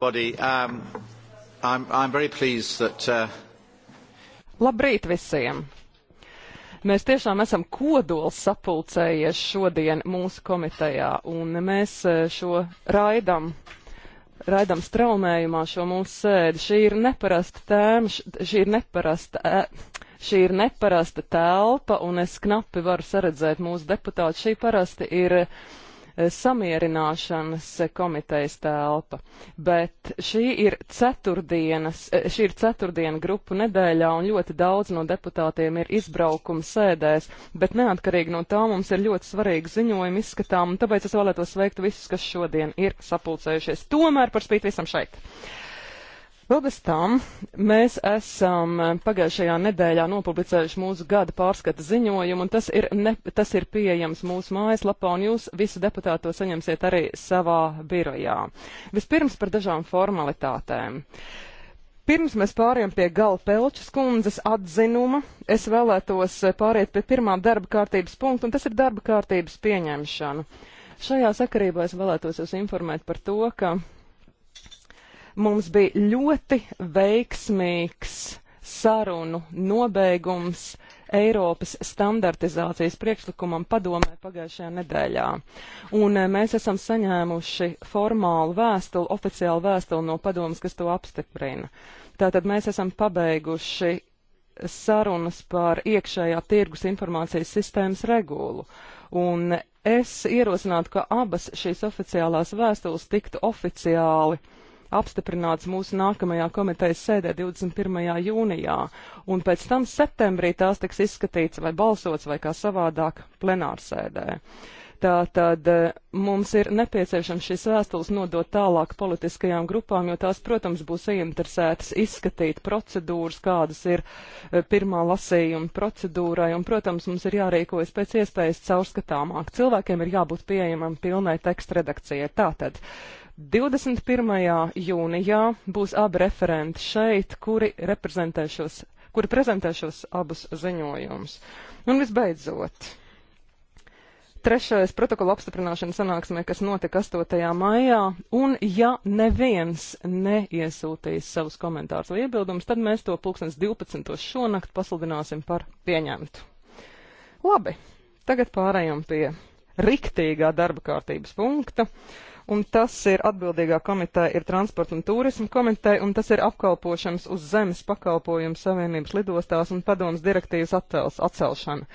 Body, um, I'm, I'm very pleased that, uh... Labrīt visiem! Mēs tiešām esam kodols sapulcējies šodien mūsu komitejā, un mēs uh, šo raidam, raidam straumējumā šo mūsu sēdi. Šī ir neparasta tēma, šī ir neparasta, šī ir neparasta telpa, un es knapi varu saredzēt mūsu deputātu. Šī parasti ir uh, samierināšanas komitejas telpa. Bet šī ir, ceturtdienas, eh, šī ir ceturtdiena grupu nedēļā un ļoti daudz no deputātiem ir izbraukuma sēdēs, bet neatkarīgi no tā mums ir ļoti svarīgi ziņojumi izskatām, un tāpēc es vēlētos sveikt visus, kas šodien ir sapulcējušies tomēr par spīti visam šeit. Vēl bez tam mēs esam eh, pagājušajā nedēļā nopublicējuši mūsu gada pārskata ziņojumu, un tas ir, ne, tas ir pieejams mūsu mājaslapā, un jūs visu deputātu to saņemsiet arī savā birojā. Vispirms par dažām formalitātēm. Pirms mēs pāriem pie gala pelčas kundzes atzinuma, es vēlētos eh, pāriet pie pirmā darba kārtības punkta, un tas ir darba kārtības pieņemšana. Šajā sakarībā es vēlētos jūs informēt par to, ka Mums bija ļoti veiksmīgs sarunu nobeigums Eiropas standartizācijas priekšlikumam padomē pagājušajā nedēļā. Un eh, mēs esam saņēmuši formālu vēstuli, oficiālu vēstuli no padomas, kas to apstiprina. Tātad mēs esam pabeiguši sarunas par iekšējā tirgus informācijas sistēmas regulu. Un es ierosinātu, ka abas šīs oficiālās vēstules tiktu oficiāli uh, apstiprināts mūsu nākamajā komitejas sēdē 21. jūnijā, un pēc tam septembrī tās tiks izskatīts vai balsots vai kā savādāk plenārsēdē. Tātad eh, mums ir nepieciešams šīs vēstules nodot tālāk politiskajām grupām, jo tās, protams, būs ieinteresētas izskatīt procedūras, kādas ir eh, pirmā lasījuma procedūrai, un, protams, mums ir jārīkojas pēc iespējas caurskatāmāk. Cilvēkiem ir jābūt pieejamam pilnai teksta redakcijai. Tātad 21. jūnijā būs abi referenti šeit, kuri reprezentēšos, kuri prezentēšos abus ziņojumus. Un visbeidzot, trešais protokola apstiprināšana sanāksmē, kas notika 8. maijā, un ja neviens neiesūtīs savus komentārus vai iebildumus, tad mēs to pulkstens 12. šonakt pasludināsim par pieņemtu. Labi, tagad pārējām pie riktīgā darba kārtības punkta. Uh, un tas ir atbildīgā komiteja ir transporta un turisma komiteja, un tas ir apkalpošanas uz zemes pakalpojums Savienības lidostās un padomas direktīvas attels, atcelšana.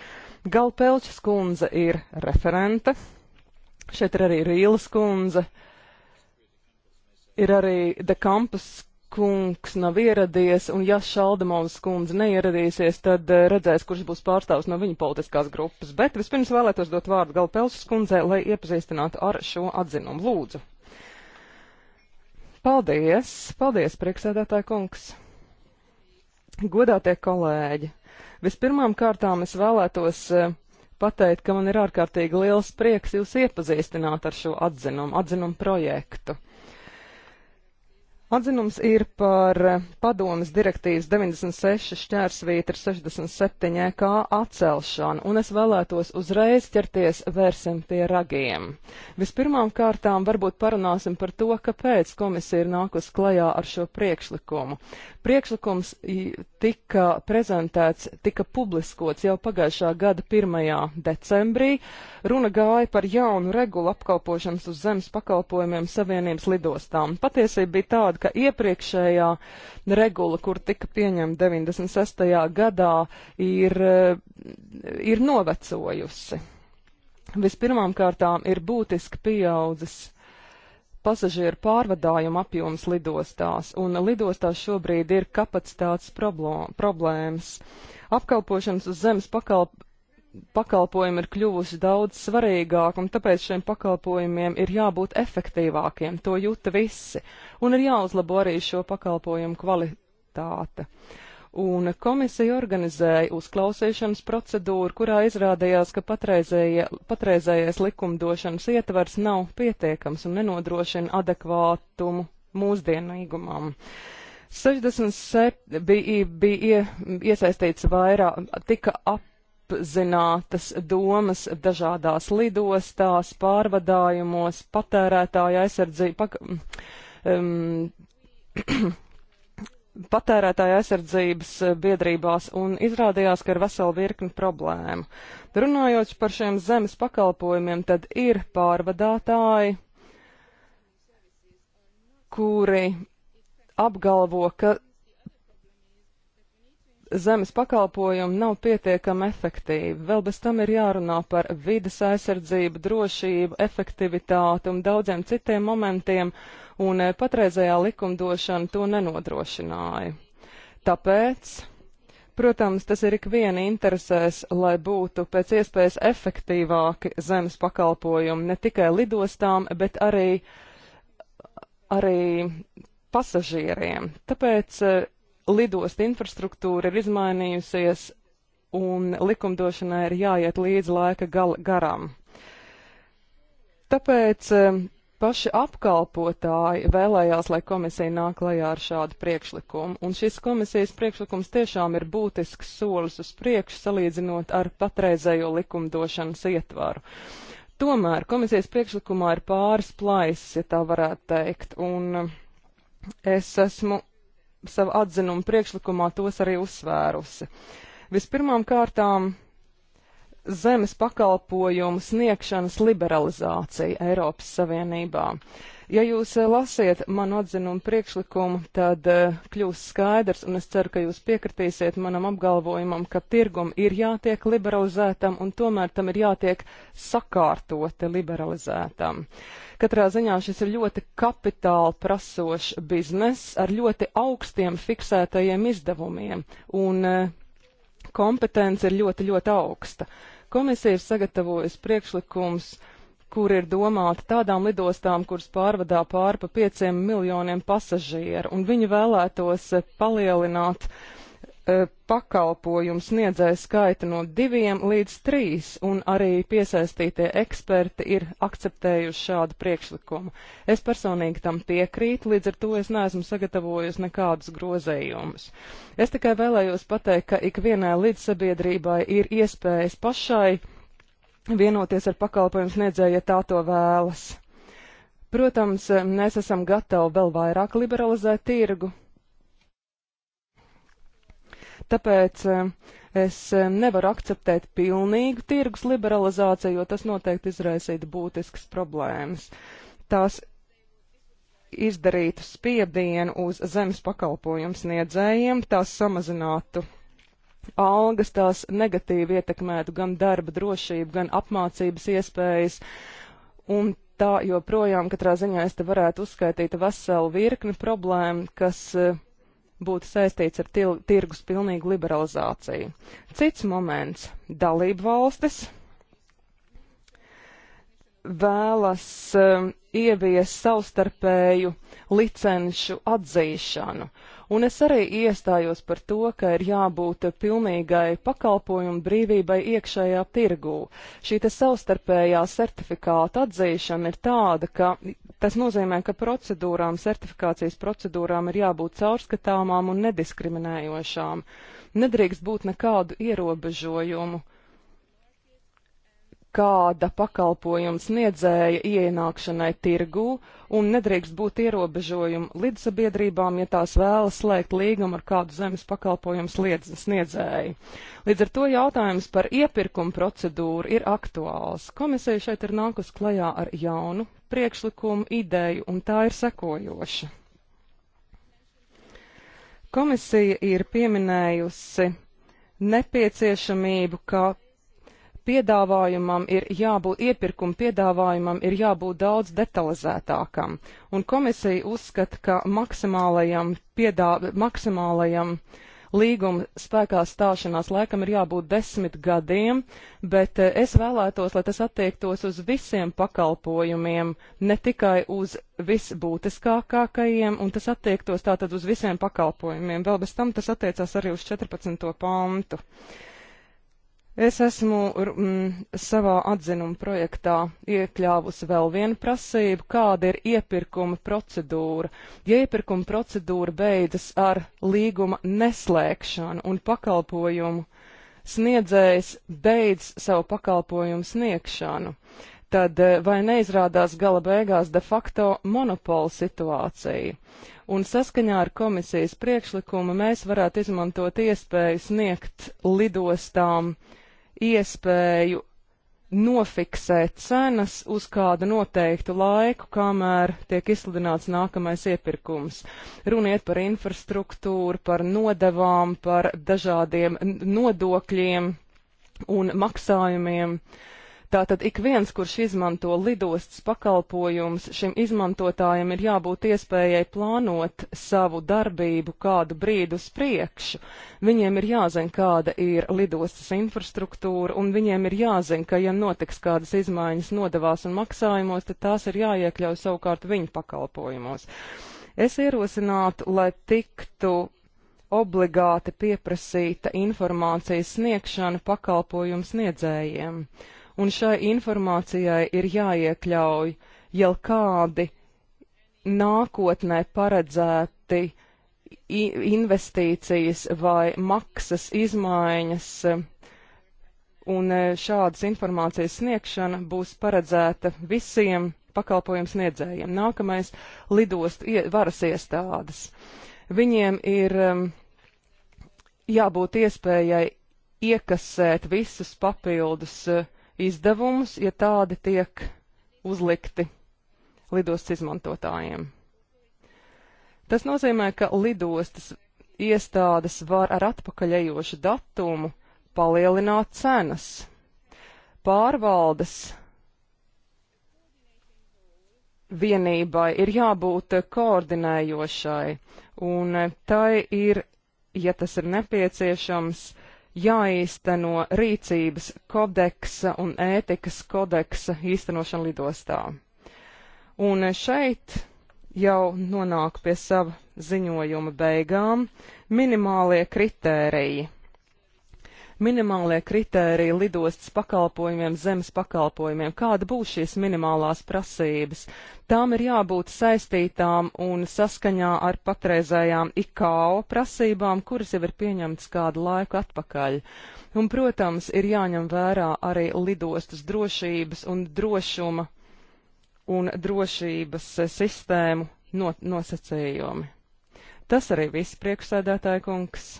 Galpelčas kundze ir referente, šeit ir arī Rīlas kundze, ir arī De Kampas kungs nav ieradies, un ja Šaldemovas kundze neieradīsies, tad eh, redzēs, kurš būs pārstāvs no viņa politiskās grupas. Bet vispirms vēlētos dot vārdu Galpelsas kundzē, lai iepazīstinātu ar šo atzinumu. Lūdzu! Paldies! Paldies, prieksēdētāja kungs! Godātie kolēģi! Vispirmām kārtām es vēlētos eh, pateikt, ka man ir ārkārtīgi liels prieks jūs iepazīstināt ar šo atzinumu, atzinumu projektu. Atzinums ir par padomas direktīvas 96 šķērsvītra 67 e kā atcelšanu, un es vēlētos uzreiz ķerties vērsim pie ragiem. Vispirmām kārtām varbūt parunāsim par to, kāpēc komisija ir nākus klajā ar šo priekšlikumu. Priekšlikums tika prezentēts, tika publiskots jau pagājušā gada 1. decembrī. Runa gāja par jaunu regulu apkalpošanas uz zemes pakalpojumiem savienības lidostām. Patiesība bija tāda, ka iepriekšējā regula, kur tika pieņemta 96. gadā, ir, ir novecojusi. Vispirmām kārtām ir būtiski pieaudzis pasažieru pārvadājuma apjoms lidostās, un lidostās šobrīd ir kapacitātes problēmas. Apkalpošanas uz zemes pakalp pakalpojumi ir kļuvusi daudz svarīgāk, un tāpēc šiem pakalpojumiem ir jābūt efektīvākiem, to jūta visi, un ir jāuzlabo arī šo pakalpojumu kvalitāte. Un komisija organizēja uzklausīšanas procedūru, kurā izrādījās, ka patreizējais likumdošanas ietvars nav pietiekams un nenodrošina adekvātumu mūsdienīgumam. 67 bija, bija iesaistīts vairāk, tika ap apzinātas domas dažādās lidostās, pārvadājumos, patērētāja aizsardzība, pak, um, patērētāja aizsardzības biedrībās un izrādījās, ka ir vesela virkni problēmu. Runājot par šiem zemes pakalpojumiem, tad ir pārvadātāji, kuri apgalvo, ka zemes pakalpojumi nav pietiekami efektīvi. Vēl bez tam ir jārunā par vidas aizsardzību, drošību, efektivitāti un daudziem citiem momentiem, un e, patreizējā likumdošana to nenodrošināja. Tāpēc, protams, tas ir ikviena interesēs, lai būtu pēc iespējas efektīvāki zemes pakalpojumi ne tikai lidostām, bet arī, arī pasažieriem. Tāpēc e, lidosta infrastruktūra ir izmainījusies un likumdošanai ir jāiet līdz laika gal, garam. Tāpēc eh, paši apkalpotāji vēlējās, lai komisija nāk klajā ar šādu priekšlikumu, un šis komisijas priekšlikums tiešām ir būtisks solis uz priekšu salīdzinot ar patreizējo likumdošanas ietvaru. Tomēr komisijas priekšlikumā ir pāris plaisas, ja tā varētu teikt, un eh, es esmu savu atzinumu priekšlikumā tos arī uzsvērusi. Vispirmām kārtām zemes pakalpojumu sniegšanas liberalizācija Eiropas Savienībā. Ja jūs eh, lasiet manu atzinumu priekšlikumu, tad eh, kļūs skaidrs, un es ceru, ka jūs piekritīsiet manam apgalvojumam, ka tirgum ir jātiek liberalizētam, un tomēr tam ir jātiek sakārtoti liberalizētam. Uh, Katrā ziņā šis ir ļoti kapitāla prasošs bizness ar ļoti augstiem fiksētajiem izdevumiem, un e, kompetence ir ļoti, ļoti augsta. Komisija ir sagatavojusi priekšlikums, kur ir domāti tādām lidostām, kuras pārvadā pāri pa pieciem miljoniem pasažieru, un viņi vēlētos e, palielināt uh, E, pakalpojumu sniedzēju skaita no diviem līdz trīs, un arī piesaistītie eksperti ir akceptējuši šādu priekšlikumu. Es personīgi tam piekrītu, līdz ar to es neesmu sagatavojusi nekādus grozējumus. Es tikai vēlējos pateikt, ka ikvienai līdzsabiedrībai ir iespējas pašai vienoties ar pakalpojumu sniedzēju, ja tā to vēlas. Protams, mēs esam gatavi vēl vairāk liberalizēt tirgu, Tāpēc eh, es eh, nevaru akceptēt pilnīgu tirgus liberalizāciju, jo tas noteikti izraisītu būtiskas problēmas. Tās izdarītu spiedienu uz zemes pakalpojumu sniedzējiem, tās samazinātu algas, tās negatīvi ietekmētu gan darba drošību, gan apmācības iespējas. Un tā joprojām katrā ziņā es te varētu uzskaitīt veselu virkni problēmu, kas uh, būtu saistīts ar til, tirgus pilnīgu liberalizāciju. Cits moments - dalību valstis vēlas um, ievies savstarpēju licenšu atzīšanu. Un es arī iestājos par to, ka ir jābūt pilnīgai pakalpojumu brīvībai iekšējā tirgū. Šī te savstarpējā certifikāta atzīšana ir tāda, ka Tas nozīmē, ka procedūrām, certifikācijas procedūrām ir jābūt caurskatāmām un nediskriminējošām. Nedrīkst būt nekādu ierobežojumu kāda pakalpojuma sniedzēja ienākšanai tirgū, un nedrīkst būt ierobežojumu lidsabiedrībām, ja tās vēlas slēgt līgumu ar kādu zemes pakalpojumu sniedzēju. Līdz ar to jautājums par iepirkumu procedūru ir aktuāls. Komisija šeit ir nākus klajā ar jaunu priekšlikumu, ideju, un tā ir sekojoša. Komisija ir pieminējusi nepieciešamību, ka piedāvājumam ir jābūt, iepirkuma piedāvājumam ir jābūt daudz detalizētākam, un komisija uzskata, ka maksimālajam, piedā, maksimālajam līguma spēkā stāšanās laikam ir jābūt desmit gadiem, bet eh, es vēlētos, lai tas attiektos uz visiem pakalpojumiem, ne tikai uz visbūtiskākajiem, un tas attiektos tātad uz visiem pakalpojumiem. Vēl bez tam tas attiecās arī uz 14. pantu. Uh, Es esmu mm, savā atzinuma projektā iekļāvusi vēl vienu prasību, kāda ir iepirkuma procedūra. Ja iepirkuma procedūra beidzas ar līguma neslēgšanu un pakalpojumu, sniedzējs beidz savu pakalpojumu sniegšanu, tad e, vai neizrādās gala beigās de facto monopola situācija? un saskaņā ar komisijas priekšlikumu mēs varētu izmantot iespēju sniegt lidostām uh, iespēju nofiksēt cenas uz kādu noteiktu laiku, kamēr tiek izsludināts nākamais iepirkums. Runiet par infrastruktūru, par nodevām, par dažādiem nodokļiem un maksājumiem. Uh, Tātad ik viens, kurš izmanto lidostas pakalpojums, šim izmantotājam ir jābūt iespējai plānot savu darbību kādu brīdu uz priekšu. Viņiem ir jāzina, kāda ir lidostas infrastruktūra, un viņiem ir jāzina, ka, ja notiks kādas izmaiņas nodevās un maksājumos, tad tās ir jāiekļauj savukārt viņu pakalpojumos. Es ierosinātu, lai tiktu obligāti pieprasīta informācijas sniegšana pakalpojumu sniedzējiem. Uh, un šai informācijai ir jāiekļauj jau kādi nākotnē paredzēti investīcijas vai maksas izmaiņas, un e, šādas informācijas sniegšana būs paredzēta visiem pakalpojumu sniedzējiem. Nākamais - lidostu varas iestādes. Viņiem ir e, jābūt iespējai iekasēt visus papildus uh, izdevumus, ja tādi tiek uzlikti lidostas izmantotājiem. Tas nozīmē, ka lidostas iestādes var ar atpakaļejošu datumu palielināt cenas. Pārvaldes vienībai ir jābūt koordinējošai, un tai ir, ja tas ir nepieciešams, jāīsteno rīcības kodeksa un ētikas kodeksa īstenošana lidostā. Un šeit jau nonāk pie sava ziņojuma beigām minimālie kritēriji minimālie kritēriji lidostas pakalpojumiem, zemes pakalpojumiem, kāda būs šīs minimālās prasības. Tām ir jābūt saistītām un saskaņā ar patreizējām IKO prasībām, kuras jau ir pieņemtas kādu laiku atpakaļ. Un, protams, ir jāņem vērā arī lidostas drošības un drošuma un drošības sistēmu not, nosacījumi. Tas arī viss priekšsēdētāja kungs.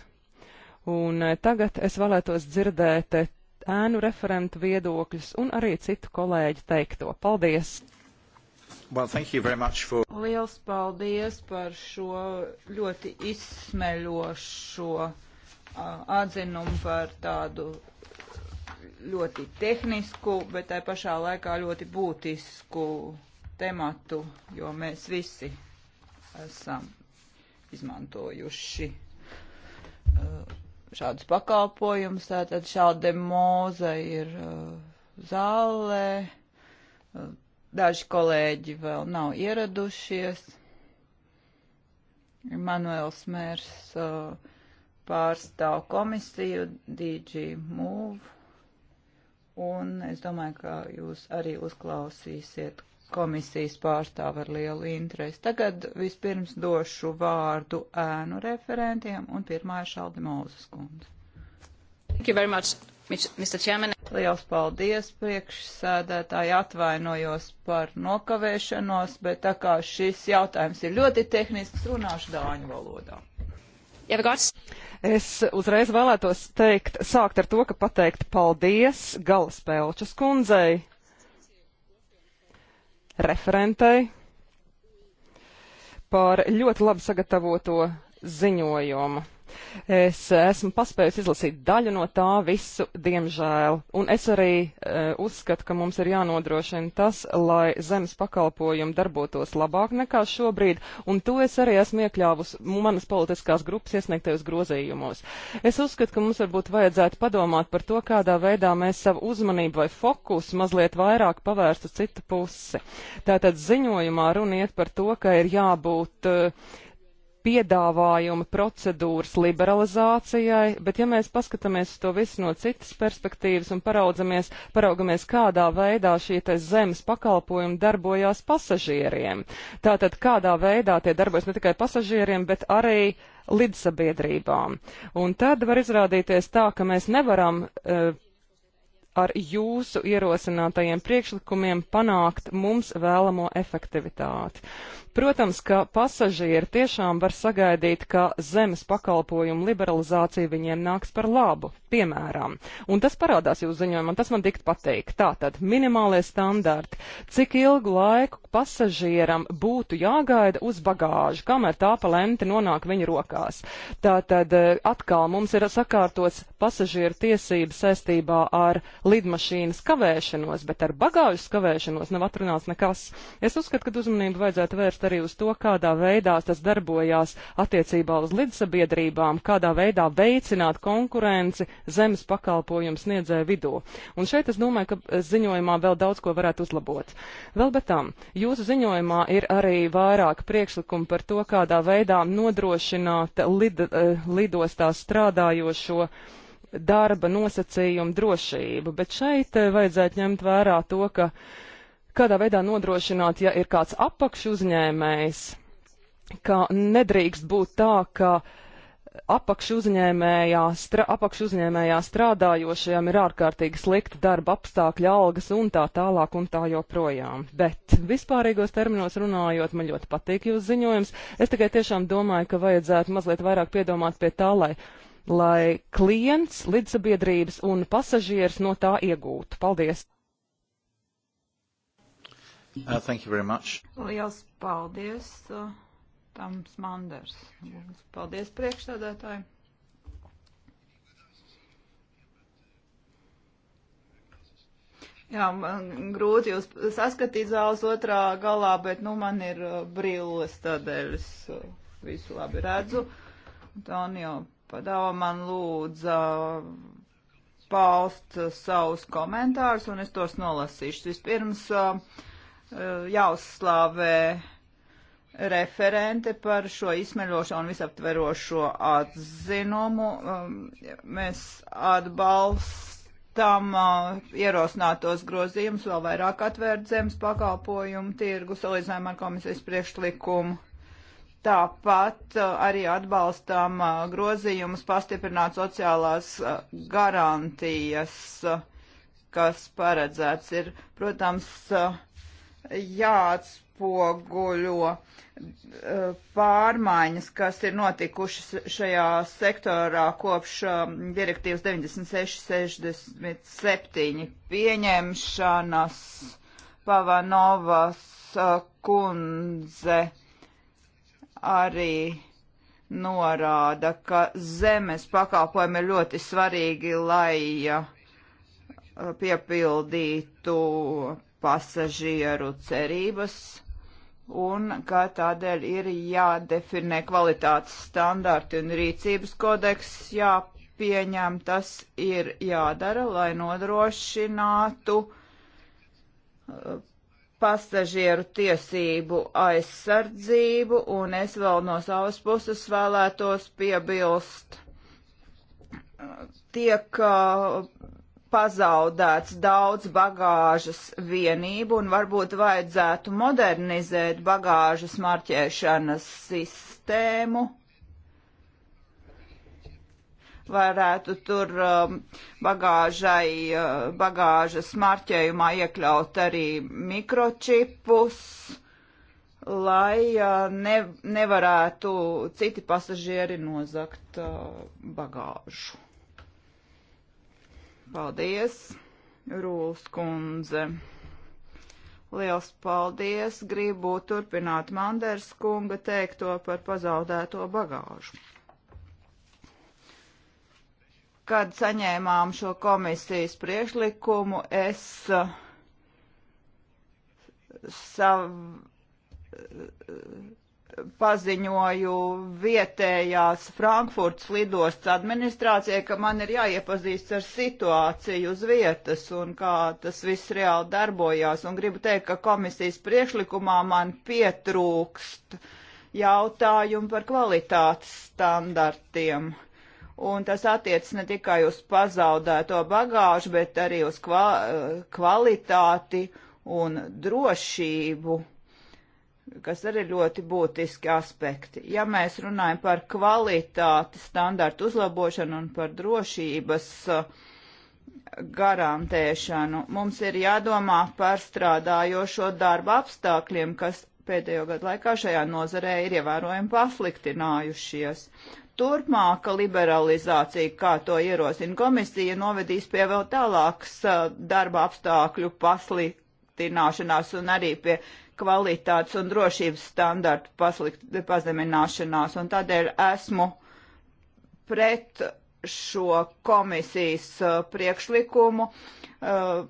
Un eh, tagad es vēlētos dzirdēt eh, ēnu referentu viedokļus un arī citu kolēģu teikto. Paldies! Well, for... Liels paldies par šo ļoti izsmeļošo eh, atzinumu par tādu ļoti tehnisku, bet tai pašā laikā ļoti būtisku tematu, jo mēs visi esam izmantojuši uh, šādus pakalpojumus. Tātad šāda mūza ir uh, zālē. Uh, daži kolēģi vēl nav ieradušies. Manuels Mērs uh, pārstāv komisiju DG Move. Un es domāju, ka jūs arī uzklausīsiet komisijas pārstāv ar lielu interesi. Tagad vispirms došu vārdu ēnu referentiem un pirmā ir Šaldi Mūzes kundze. Thank you very much, Mr. Chairman. Liels paldies priekšsēdētāji, atvainojos par nokavēšanos, bet tā kā šis jautājums ir ļoti tehnisks, runāšu dāņu valodā. Es uzreiz vēlētos teikt, sākt ar to, ka pateikt paldies Galaspēlčas kundzei referentei par ļoti labi sagatavoto ziņojumu. Es esmu paspējusi izlasīt daļu no tā visu, diemžēl, un es arī uh, uzskatu, ka mums ir jānodrošina tas, lai zemes pakalpojumi darbotos labāk nekā šobrīd, un to es arī esmu iekļāvusi manas politiskās grupas iesniegtajos grozījumos. Es uzskatu, ka mums varbūt vajadzētu padomāt par to, kādā veidā mēs savu uzmanību vai fokusu mazliet vairāk pavērstu citu pusi. Tātad ziņojumā runiet par to, ka ir jābūt uh, piedāvājuma procedūras liberalizācijai, bet ja mēs paskatāmies to visu no citas perspektīvas un paraudzamies, paraugamies, kādā veidā šī zemes pakalpojumi darbojās pasažieriem, tātad kādā veidā tie darbojas ne tikai pasažieriem, bet arī lidsabiedrībām. Un tad var izrādīties tā, ka mēs nevaram uh, ar jūsu ierosinātajiem priekšlikumiem panākt mums vēlamo efektivitāti. Protams, ka pasažieri tiešām var sagaidīt, ka zemes pakalpojumu liberalizācija viņiem nāks par labu, piemēram. Un tas parādās jūsu ziņojumā, tas man tikt pateikt. Tātad, minimālie standarti. Cik ilgu laiku pasažieram būtu jāgaida uz bagāžu, kamēr tā palenti nonāk viņa rokās. Tātad, eh, atkal mums ir sakārtots pasažieru tiesības saistībā ar lidmašīnas kavēšanos, bet ar bagāžas kavēšanos nav atrunāts nekas. Es uzskatu, ka uzmanību vajadzētu vērst vērst arī uz to, kādā veidā tas darbojās attiecībā uz lidsabiedrībām, kādā veidā veicināt konkurenci zemes pakalpojumu sniedzēju vidū. Un šeit es domāju, ka eh, ziņojumā vēl daudz ko varētu uzlabot. Vēl bet tam, jūsu ziņojumā ir arī vairāk priekšlikumu par to, kādā veidā nodrošināt lid, eh, lidostā strādājošo darba nosacījumu drošību, bet šeit eh, vajadzētu ņemt vērā to, ka uh, kādā veidā nodrošināt, ja ir kāds apakš uzņēmējs, ka nedrīkst būt tā, ka apakšuzņēmējā, stra, apakšuzņēmējā strādājošajam ir ārkārtīgi slikti darba apstākļi, algas un tā tālāk un tā joprojām. Bet vispārīgos terminos runājot, man ļoti patīk jūs ziņojums. Es tikai tiešām domāju, ka vajadzētu mazliet vairāk piedomāt pie tā, lai, lai klients, lidsabiedrības un pasažieris no tā iegūtu. Paldies! Uh, thank you very much. Liels paldies, uh, Tams Manders. Paldies priekšstādētāji. Jā, man grūti jūs saskatīt zāles otrā galā, bet, nu, man ir uh, brilles, tādēļ es uh, visu labi redzu. Tonio padāva man lūdza uh, paust savus komentārus, un es tos nolasīšu. Vispirms. Uh, Eh, jāuzslavē referente par šo izsmeļošo un visaptverošo atzinumu. Um, mēs atbalstam uh, ierosinātos grozījumus, vēl vairāk atvērt zemes pakalpojumu tirgu salīdzinājumā ar komisijas priekšlikumu. Tāpat uh, arī atbalstām uh, grozījumus pastiprināt sociālās garantijas, kas paredzēts ir, protams, jāatspoguļo eh, pārmaiņas, kas ir notikušas šajā sektorā kopš eh, direktīvas 96-67 pieņemšanas Pavanovas eh, kundze arī norāda, ka zemes pakalpojumi ir ļoti svarīgi, lai piepildītu pasažieru cerības un ka tādēļ ir jādefinē kvalitātes standarti un rīcības kodeks jāpieņem. Tas ir jādara, lai nodrošinātu uh, pasažieru tiesību aizsardzību, un es vēl no savas puses vēlētos piebilst, uh, tiek uh, pazaudēts daudz bagāžas vienību un varbūt vajadzētu modernizēt bagāžas marķēšanas sistēmu. Varētu tur um, bagāžai, uh, bagāžas marķējumā iekļaut arī mikročipus, lai uh, ne, nevarētu citi pasažieri nozakt uh, bagāžu. Paldies, Rūls kundze. Liels paldies! Gribu turpināt Manders kunga teikto par pazaudēto bagāžu. Kad saņēmām šo komisijas priekšlikumu, es uh, sav, paziņoju vietējās Frankfurts lidostas administrācijai, ka man ir jāiepazīst ar situāciju uz vietas un kā tas viss reāli darbojās. Un gribu teikt, ka komisijas priekšlikumā man pietrūkst jautājumu par kvalitātes standartiem. Un tas attiec ne tikai uz pazaudēto bagāžu, bet arī uz kva kvalitāti un drošību kas arī ir ļoti būtiski aspekti. Ja mēs runājam par kvalitāti, standartu uzlabošanu un par drošības uh, garantēšanu, mums ir jādomā par strādājošo darba apstākļiem, kas pēdējo gadu laikā šajā nozarē ir ievērojami pasliktinājušies. Turpmāka liberalizācija, kā to ierosina komisija, novedīs pie vēl tālākas uh, darba apstākļu pasliktināšanās un arī pie kvalitātes un drošības standartu paslikt, pazemināšanās, un tādēļ esmu pret šo komisijas uh, priekšlikumu. Uh,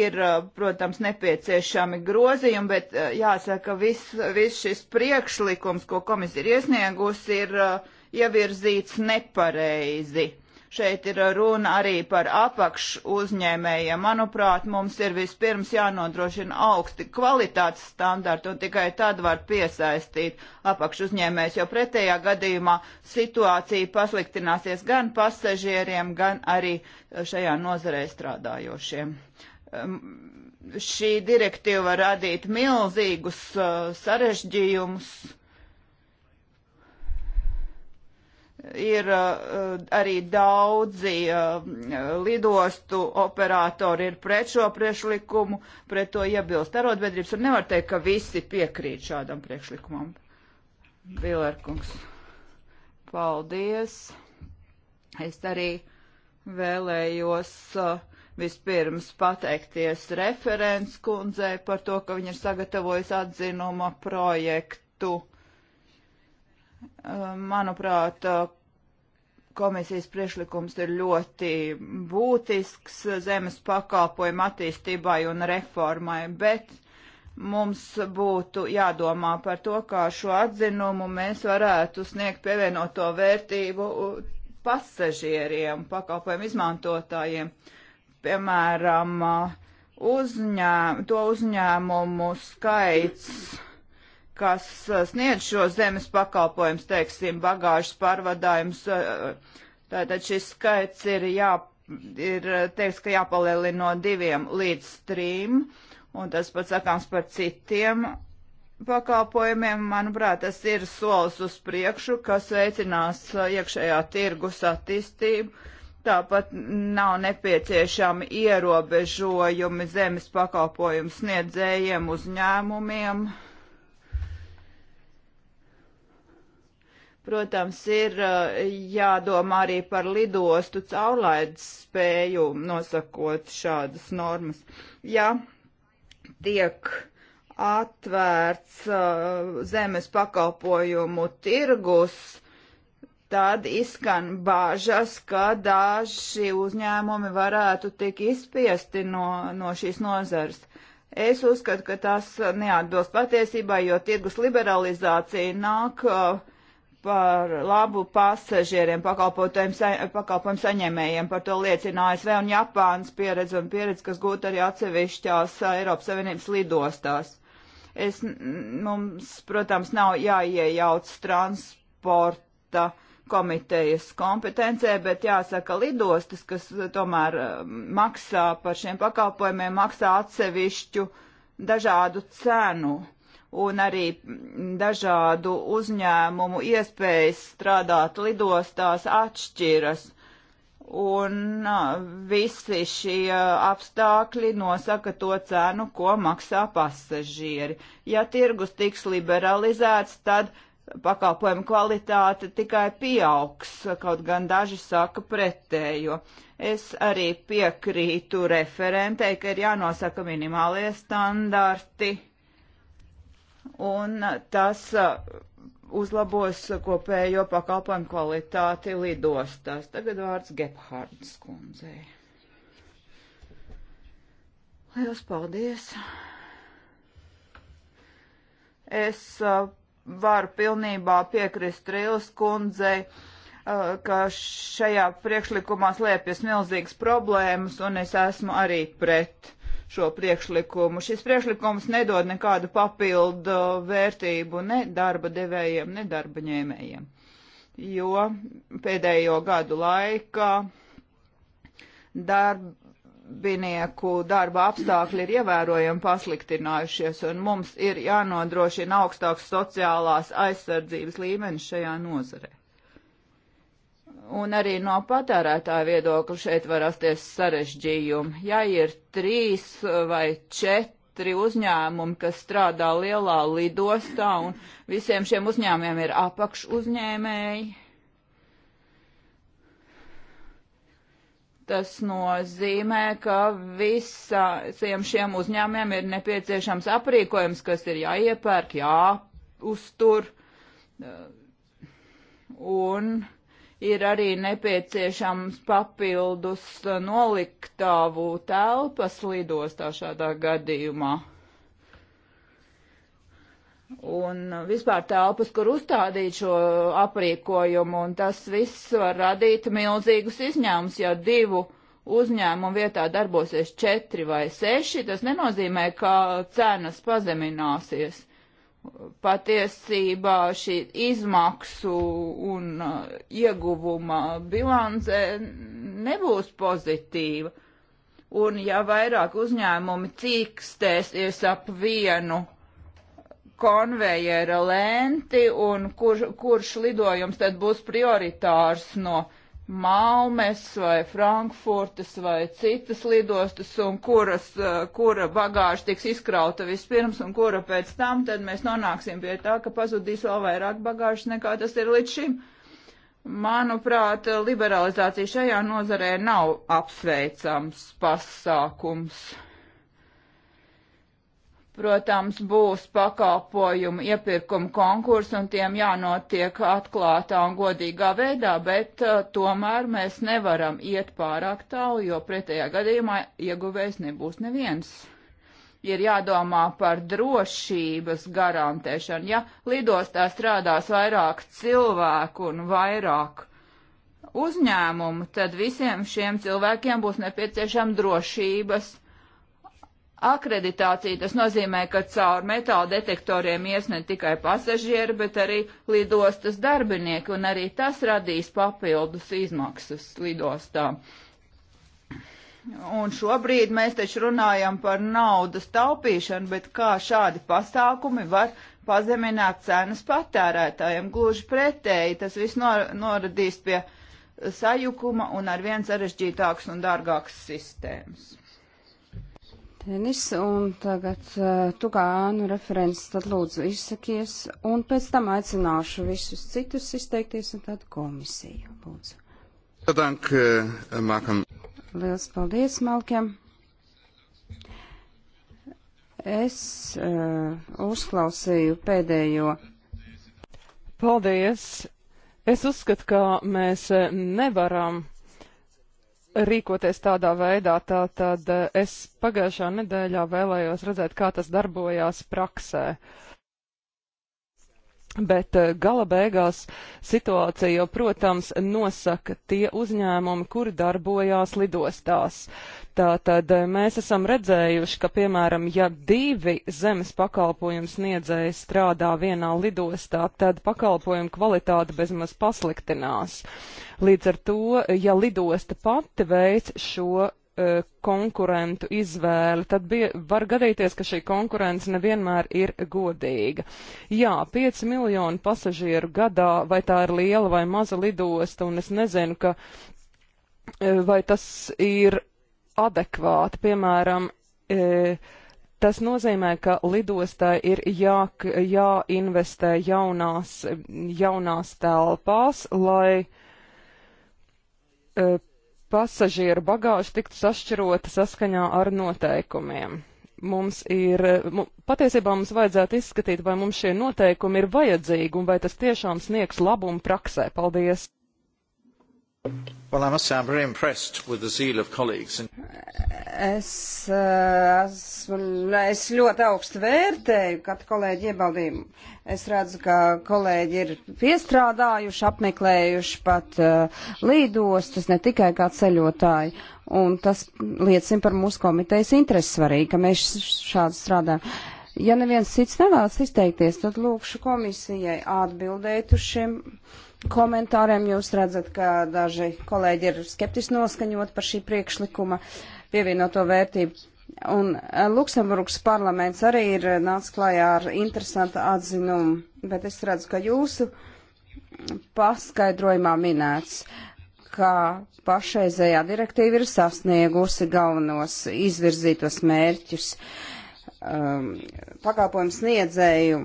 ir, uh, protams, nepieciešami grozījumi, bet uh, jāsaka, viss vis šis priekšlikums, ko komisija ir iesniegusi, ir uh, ievirzīts nepareizi. Šeit ir runa arī par apakš uzņēmējiem. Manuprāt, mums ir vispirms jānodrošina augsti kvalitātes standarti un tikai tad var piesaistīt apakš uzņēmējs, jo pretējā gadījumā situācija pasliktināsies gan pasažieriem, gan arī šajā nozarē strādājošiem. Ehm, šī direktīva radīt milzīgus eh, sarežģījumus ir uh, arī daudzi uh, lidostu operatori ir pret šo priekšlikumu, pret to iebilst arotbiedrības, un nevar teikt, ka visi piekrīt šādam priekšlikumam. Bilerkungs, paldies. Es arī vēlējos uh, vispirms pateikties referents kundzei par to, ka viņa ir sagatavojis atzinuma projektu Manuprāt, komisijas priešlikums ir ļoti būtisks zemes pakalpojumu attīstībai un reformai, bet mums būtu jādomā par to, kā šo atzinumu mēs varētu sniegt pievienoto vērtību pasažieriem, pakalpojumu izmantotājiem. Piemēram, uzņēm, to uzņēmumu skaits kas uh, sniedz šo zemes pakalpojums, teiksim, bagāžas pārvadājums. Uh, tātad šis skaits ir, jā, ir uh, teiks, ka jāpalielina no diviem līdz trim, un tas pats sakāms par citiem pakalpojumiem. Manuprāt, tas ir solis uz priekšu, kas veicinās iekšējā tirgus attīstību. Tāpat nav nepieciešami ierobežojumi zemes pakalpojumu sniedzējiem uzņēmumiem. Uh, Protams, ir eh, jādomā arī par lidostu caurlaides spēju nosakot šādas normas. Ja tiek atvērts uh, zemes pakalpojumu tirgus, tad izskan bāžas, ka daži uzņēmumi varētu tik izspiesti no, no šīs nozares. Es uzskatu, ka tas neatbilst patiesībai, jo tirgus liberalizācija nāk uh, par labu pasažieriem, pakalpojumu sa, saņēmējiem. Par to liecina ASV un Japānas pieredze un pieredze, kas gūta arī atsevišķās Eiropas Savienības lidostās. Es, mums, protams, nav jāiejauc transporta komitejas kompetencē, bet jāsaka lidostas, kas tomēr maksā par šiem pakalpojumiem, maksā atsevišķu dažādu cenu un arī dažādu uzņēmumu iespējas strādāt lidostās atšķiras. Un visi šie apstākļi nosaka to cenu, ko maksā pasažieri. Ja tirgus tiks liberalizēts, tad pakalpojumu kvalitāte tikai pieaugs, kaut gan daži saka pretējo. Es arī piekrītu referentei, ka ir jānosaka minimālie standarti un tas uh, uzlabos kopējo pakalpojumu kvalitāti lidostās. Tagad vārds Gephardas kundzei. Lielas paldies! Es uh, varu pilnībā piekrist Rīles kundzei, uh, ka šajā priekšlikumā slēpjas milzīgas problēmas, un es esmu arī pret šo priekšlikumu. Šis priekšlikums nedod nekādu papildu vērtību ne darba devējiem, ne darba ņēmējiem, jo pēdējo gadu laikā darbinieku darba apstākļi ir ievērojami pasliktinājušies, un mums ir jānodrošina augstāks sociālās aizsardzības līmenis šajā nozarē. Un arī no patērētāja viedokļa šeit var rasties sarežģījumi. Ja ir trīs vai četri uzņēmumi, kas strādā lielā lidostā, un visiem šiem uzņēmumiem ir apakš uzņēmēji, tas nozīmē, ka visiem šiem uzņēmumiem ir nepieciešams aprīkojums, kas ir jāiepērk, jāuztur. Un ir arī nepieciešams papildus uh, noliktavu telpas lidostā šādā gadījumā. Un uh, vispār telpas, kur uzstādīt šo aprīkojumu, un tas viss var radīt milzīgus izņēmumus, ja divu uzņēmumu vietā darbosies četri vai seši, tas nenozīmē, ka cenas pazemināsies patiesībā šī izmaksu un uh, ieguvuma bilance nebūs pozitīva. Un ja vairāk uzņēmumi cīkstēsies ap vienu konvejera lenti un kur, kurš lidojums tad būs prioritārs no uh, Malmes vai Frankfurtas vai citas lidostas un kuras, eh, kura bagāža tiks izkrauta vispirms un kura pēc tam, tad mēs nonāksim pie tā, ka pazudīs vēl vairāk bagāžas nekā tas ir līdz šim. Manuprāt, liberalizācija šajā nozarē nav apsveicams pasākums. Protams, būs pakalpojumu iepirkumu konkursi un tiem jānotiek atklātā un godīgā veidā, bet uh, tomēr mēs nevaram iet pārāk tālu, jo pretējā gadījumā ieguvējs nebūs neviens. Ir jādomā par drošības garantēšanu. Ja lidostā strādās vairāk cilvēku un vairāk uzņēmumu, tad visiem šiem cilvēkiem būs nepieciešama drošības garantēšana Akreditācija tas nozīmē, ka caur metāla detektoriem ies ne tikai pasažieri, bet arī lidostas darbinieki, un arī tas radīs papildus izmaksas lidostām. Un šobrīd mēs taču runājam par naudas taupīšanu, bet kā šādi pasākumi var pazemināt cenas patērētājiem? Gluži pretēji, tas viss nor noradīs pie sajukuma un arvien sarežģītāks un dārgāks sistēmas. Tenis, un tagad uh, eh, tu kā ānu referents, tad lūdzu izsakies, un pēc tam aicināšu visus citus izteikties, un tad komisiju, lūdzu. Tadank, uh, eh, Malkam. Liels paldies, Malkam. Es uh, uzklausīju pēdējo. Paldies. Es uzskatu, ka mēs nevaram rīkoties tādā veidā. Tātad eh, es pagājušā nedēļā vēlējos redzēt, kā tas darbojās praksē. Uh, Bet eh, gala beigās situācija jau, protams, nosaka tie uzņēmumi, kuri darbojās lidostās. Tātad eh, mēs esam redzējuši, ka, piemēram, ja divi zemes pakalpojumu sniedzēji strādā vienā lidostā, tad pakalpojumu kvalitāte bezmaz pasliktinās. Līdz ar to, ja lidosta pati veic šo uh, konkurentu izvēle, tad bija, var gadīties, ka šī konkurence nevienmēr ir godīga. Jā, 5 miljoni pasažieru gadā, vai tā ir liela vai maza lidosta, un es nezinu, ka, uh, vai tas ir adekvāti, piemēram, uh, Tas nozīmē, ka lidostai ir jā, jāinvestē jaunās, jaunās telpās, lai uh, pasažieru bagāža tiktu sašķirota saskaņā ar noteikumiem. Mums ir, patiesībā mums vajadzētu izskatīt, vai mums šie noteikumi ir vajadzīgi un vai tas tiešām sniegs labumu praksē. Paldies! Well, I must say I'm very impressed with the zeal of colleagues. And... Es, eh, esmu, es ļoti augstu vērtēju katru kolēģi iebaldījumu. Es redzu, ka kolēģi ir piestrādājuši, apmeklējuši pat uh, eh, līdostas, ne tikai kā ceļotāji. Un tas liecina par mūsu komitejas interesi svarīgi, ka mēs šādi strādājam. Ja neviens cits nevēlas izteikties, tad lūkšu komisijai atbildēt uz šiem. Uh, komentāriem jūs redzat, ka daži kolēģi ir skeptiski noskaņot par šī priekšlikuma pievienoto vērtību. Un eh, Luksemburgas parlaments arī ir eh, nācis klājā ar interesantu atzinumu, bet es redzu, ka jūsu paskaidrojumā minēts, ka pašreizējā direktīva ir sasniegusi galvenos izvirzītos mērķus um, pakāpojumu sniedzēju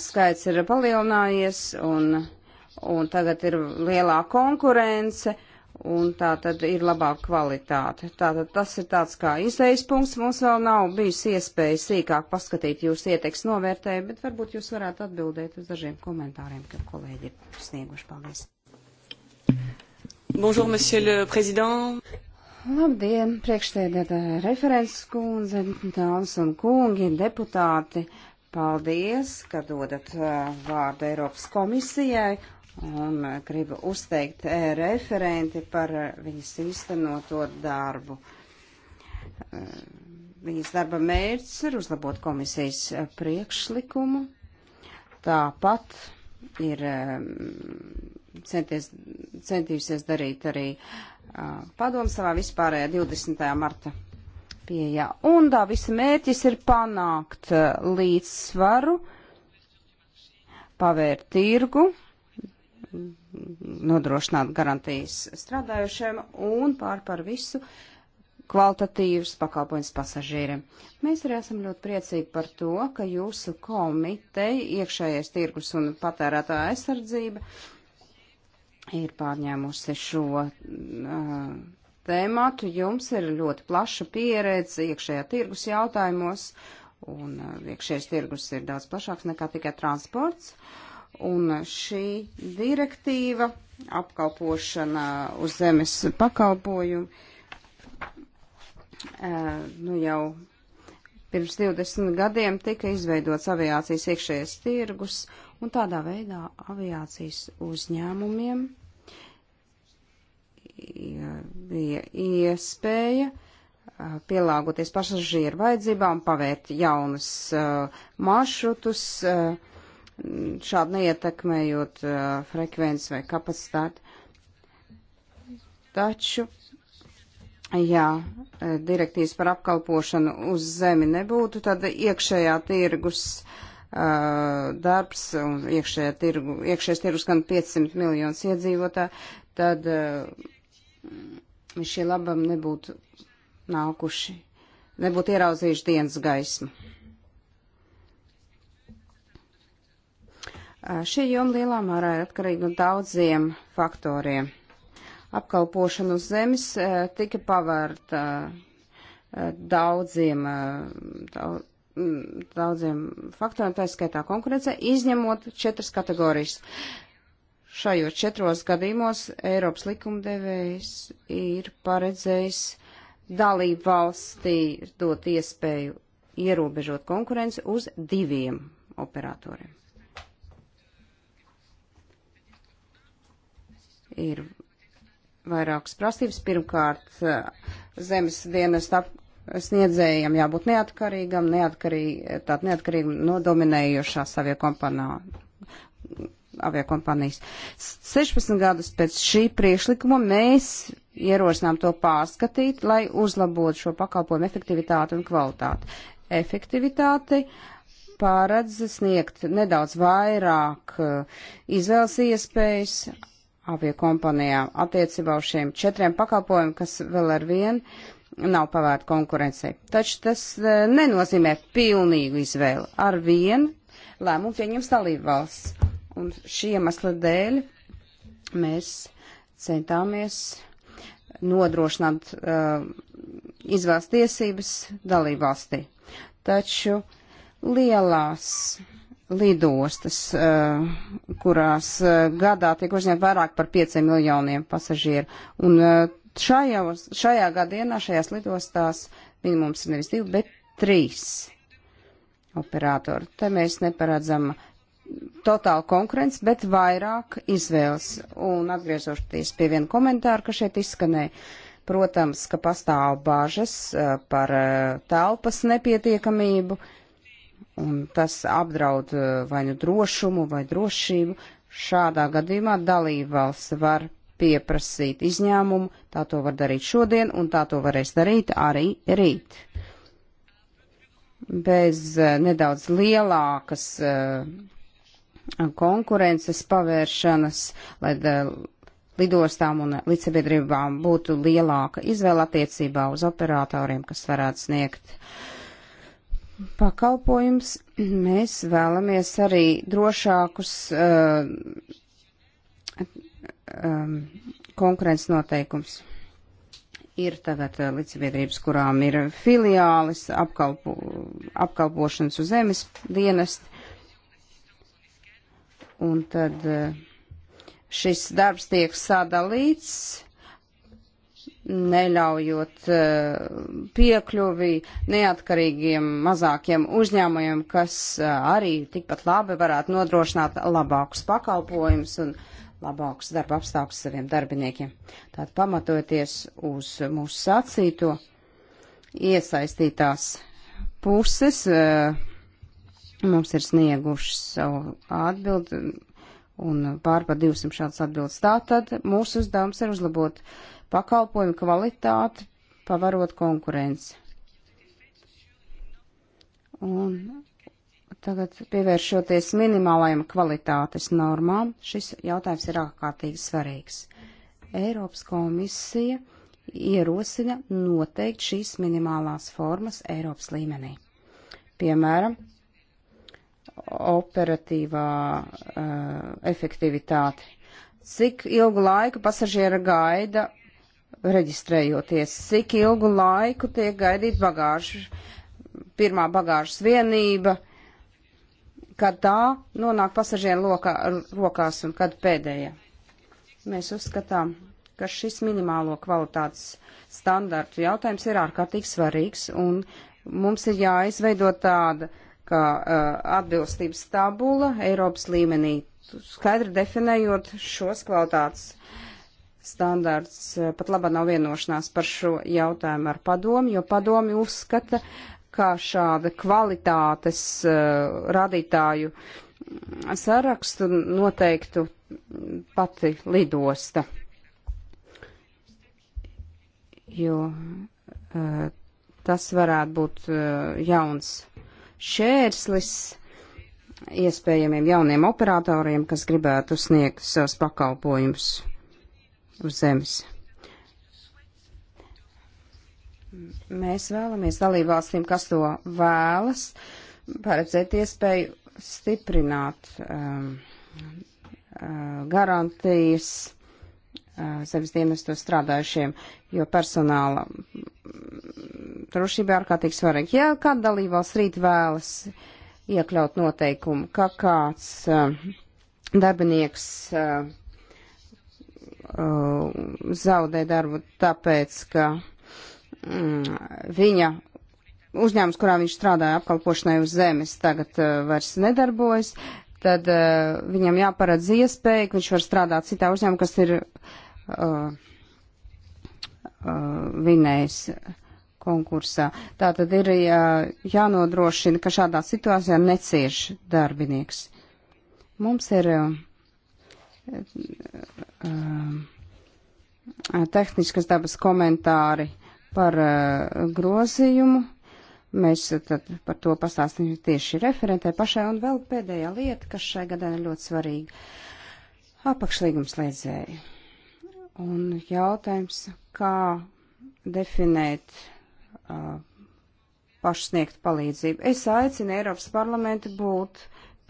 skaits ir palielinājies un, un tagad ir lielā konkurence un tā tad ir labāka kvalitāte. Tātad tas ir tāds kā izējas punkts. Mums vēl nav bijis iespēja sīkāk paskatīt jūsu ieteiks novērtējumu, bet varbūt jūs varētu atbildēt uz dažiem komentāriem, ka kolēģi ir snieguši. Paldies. Bonjour, monsieur le président. Labdien, priekšstādātāja referents kundze, dāmas un kungi, deputāti. Uh, Paldies, ka dodat uh, vārdu Eiropas komisijai un uh, gribu uzteikt uh, referenti par viņas īstenoto darbu. Viņas darba mērķis ir uzlabot komisijas priekšlikumu. Tāpat ir um, centies, centījusies darīt arī padomu savā vispārējā 20. marta pieejā. Un tā visa mērķis ir panākt eh, līdzsvaru, pavērt tirgu, nodrošināt garantijas strādājušiem un pār par visu kvalitatīvs pakalpojums pasažīriem. Mēs arī esam ļoti priecīgi par to, ka jūsu komiteja iekšējais tirgus un patērētā aizsardzība ir pārņēmusi šo uh, tēmatu. Jums ir ļoti plaša pieredze iekšējā tirgus jautājumos, un uh, iekšējais tirgus ir daudz plašāks nekā tikai transports. Un šī direktīva apkalpošana uz zemes pakalpojumu uh, nu jau pirms 20 gadiem tika izveidots aviācijas iekšējais tirgus, un tādā veidā aviācijas uzņēmumiem ja bija iespēja pielāgoties pasažieru vajadzībām, pavērt jaunus uh, maršrutus, uh, šādi neietekmējot uh, frekvenci vai kapacitāti. Taču, ja direktīvas par apkalpošanu uz zemi nebūtu, tad iekšējā tirgus uh, darbs un iekšējā tirgu, iekšējais tirgus gan 500 miljonus iedzīvotāju, tad uh, šie labam nebūtu nākuši, nebūtu ieraudzījuši dienas gaismu. Šī joma lielā mērā ir atkarīga no daudziem faktoriem. Apkalpošana uz zemes tika pavērta daudziem, daudz, daudziem faktoriem, tā skaitā konkurence, izņemot četras kategorijas. Šajos četros gadījumos Eiropas likumdevējs ir paredzējis dalību valstī dot iespēju ierobežot konkurenci uz diviem operatoriem. Ir vairākas prasības. Pirmkārt, zemes dienas sniedzējiem jābūt neatkarīgam, neatkarīgi, tātad neatkarīgi no dominējošā savie kompanā aviokompānijas. 16 gadus pēc šī priešlikuma mēs ierosinām to pārskatīt, lai uzlabotu šo pakalpojumu efektivitāti un kvalitāti. Efektivitāti pāredz sniegt nedaudz vairāk eh, izvēles iespējas aviokompanijām attiecībā uz šiem četriem pakalpojumiem, kas vēl ar vienu nav pavērta konkurencei. Taču tas eh, nenozīmē pilnīgu izvēli. Ar vienu lēmumu pieņems dalību valsts. Un šī iemesla dēļ mēs centāmies nodrošināt uh, izvēles tiesības dalībvalstī. Taču lielās lidostas, uh, kurās uh, gadā tiek uzņemt vairāk par 5 miljoniem pasažieru, un uh, šajā, šajā gadienā šajās lidostās minimums ir nevis divi, bet trīs operatori. Te mēs neparedzam totāla konkurence, bet vairāk izvēles. Un atgriezoties pie viena komentāra, kas šeit izskanēja. Protams, ka pastāv bāžas eh, par eh, telpas nepietiekamību, un tas apdraud eh, vai nu drošumu vai drošību. Šādā gadījumā dalībvalsts var pieprasīt izņēmumu, tā to var darīt šodien, un tā to varēs darīt arī rīt bez nedaudz lielākas konkurences pavēršanas, lai lidostām un līdzsabiedrībām būtu lielāka izvēle attiecībā uz operatoriem, kas varētu sniegt pakalpojums. Mēs vēlamies arī drošākus uh, um, konkurences noteikums. Ir tagad uh, līdzsabiedrības, kurām ir filiālis, apkalpo, apkalpošanas uz zemes dienestu Un tad eh, šis darbs tiek sadalīts, neļaujot eh, piekļuvi neatkarīgiem mazākiem uzņēmumiem, kas eh, arī tikpat labi varētu nodrošināt labākus pakalpojumus un labākus darba apstākļus saviem darbiniekiem. Tātad pamatoties uz mūsu sacīto, iesaistītās puses, uh, mums ir snieguši savu atbildi un pārpa 200 šādas atbildes. Tātad mūsu uzdevums ir uzlabot pakalpojumu kvalitāti, pavarot konkurenci. Un tagad pievēršoties minimālajām kvalitātes normām, šis jautājums ir ārkārtīgi svarīgs. Eiropas komisija ierosina noteikt šīs minimālās formas Eiropas līmenī. Piemēram, operatīvā uh, efektivitāte. Cik ilgu laiku pasažiera gaida reģistrējoties, cik ilgu laiku tiek gaidīt bagāžu, pirmā bagāžas vienība, kad tā nonāk pasažiera lokā, rokās un kad pēdējā. Mēs uzskatām, ka šis minimālo kvalitātes standartu jautājums ir ārkārtīgi svarīgs un mums ir jāizveido tāda uh, kā uh, atbilstības tabula Eiropas līmenī, skaidri definējot šos kvalitātes standārts. Pat labā nav vienošanās par šo jautājumu ar padomu, jo padomi uzskata, kā šāda kvalitātes uh, radītāju sarakstu noteiktu pati lidosta. Jo uh, tas varētu būt uh, jauns šērslis iespējamiem jauniem operatoriem, kas gribētu sniegt savus pakalpojumus uz zemes. Mēs vēlamies dalībvalstīm, kas to vēlas, paredzēt iespēju stiprināt um, uh, garantijas zemes dienestu strādājušiem, jo personāla drošība ārkārtīgi svarīga. Ja kāda dalībvalsts rīt vēlas iekļaut noteikumu, ka kāds darbinieks zaudē darbu tāpēc, ka mm, viņa uzņēmums, kurā viņš strādāja apkalpošanai uz zemes, tagad vairs nedarbojas, tad viņam jāparedz iespēja, ka viņš var strādāt citā uzņēmumā, kas ir uh, uh vinējis konkursā. Tā tad ir jānodrošina, ka šādā situācijā necieš darbinieks. Mums ir uh, uh, tehniskas dabas komentāri par grozījumu. Mēs tad par to pastāstīsim tieši referentē pašai. Un vēl pēdējā lieta, kas šai gadā ir ļoti svarīga - apakšlīgums lēdzēji Un jautājums, kā definēt uh, pašsniegt palīdzību. Es aicinu Eiropas parlamentu būt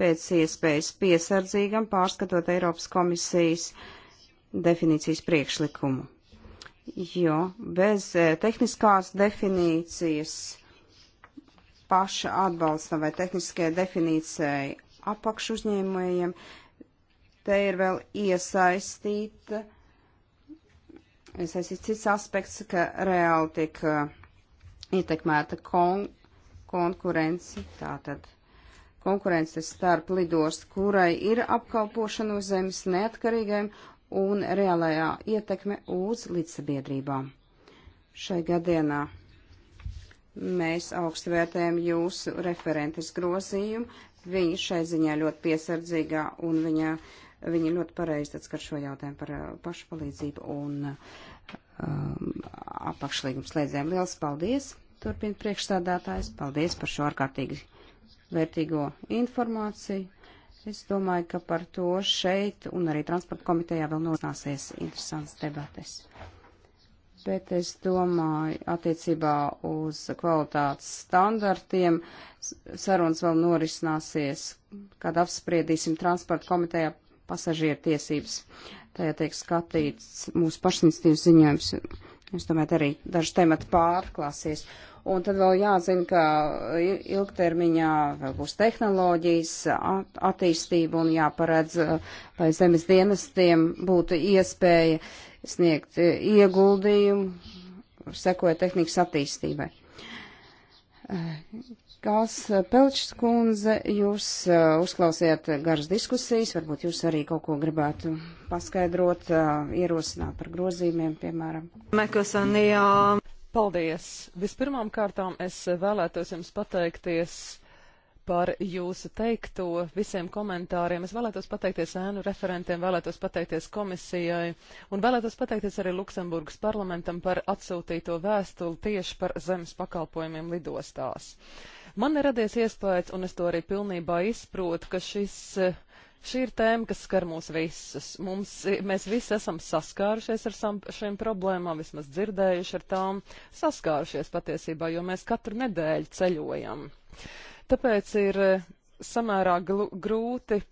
pēc iespējas piesardzīgam, pārskatot Eiropas komisijas definīcijas priekšlikumu. Jo bez eh, tehniskās definīcijas paša atbalsta vai tehniskai definīcijai apakšuzņēmējiem, te ir vēl iesaistīta uh, Es esmu cits aspekts, ka reāli tiek uh, ietekmēta kon konkurence, tātad konkurence starp lidostu, kurai ir apkalpošana uz zemes neatkarīgiem un reālajā ietekme uz līdzsabiedrībām. Šai gadienā mēs augstu vērtējam jūsu referentes grozījumu. Viņa šai ziņā ļoti piesardzīgā un viņa uh, Viņi ļoti pareizi atskat šo jautājumu par uh, pašpalīdzību un um, apakšlīgumu slēdzēm. Liels paldies! Turpin priekšstādātājs. Paldies par šo ārkārtīgi vērtīgo informāciju. Es domāju, ka par to šeit un arī transporta komitejā vēl nosnāsies interesants debates. Bet es domāju, attiecībā uz kvalitātes standartiem sarunas vēl norisināsies, kad apspriedīsim transporta komitejā pasažieru tiesības. Tajā tiek skatīts mūsu pašinstīvas ziņojums. Es domāju, arī daži temati pārklāsies. Un tad vēl jāzina, ka ilgtermiņā vēl būs tehnoloģijas attīstība un jāparedz, eh, lai zemes dienestiem būtu iespēja sniegt eh, ieguldījumu, sekoja tehnikas attīstībai eh, Kās eh, Pelčs kundze, jūs eh, uzklausījāt garas diskusijas, varbūt jūs arī kaut ko gribētu paskaidrot, eh, ierosināt par grozījumiem, piemēram. Mekosanijā. Paldies! Vispirmām kārtām es vēlētos jums pateikties par jūsu teikto, visiem komentāriem. Es vēlētos pateikties ēnu referentiem, vēlētos pateikties komisijai un vēlētos pateikties arī Luksemburgas parlamentam par atsūtīto vēstuli tieši par zemes pakalpojumiem lidostās. Uh, Man ir radies iespējas, un es to arī pilnībā izprotu, ka šis, eh, šī ir tēma, kas skar mūs visus. Mums, eh, mēs visi esam saskārušies ar sam, šiem problēmām, vismaz dzirdējuši ar tām, saskārušies patiesībā, jo mēs katru nedēļu ceļojam. Tāpēc ir eh, samērā grūti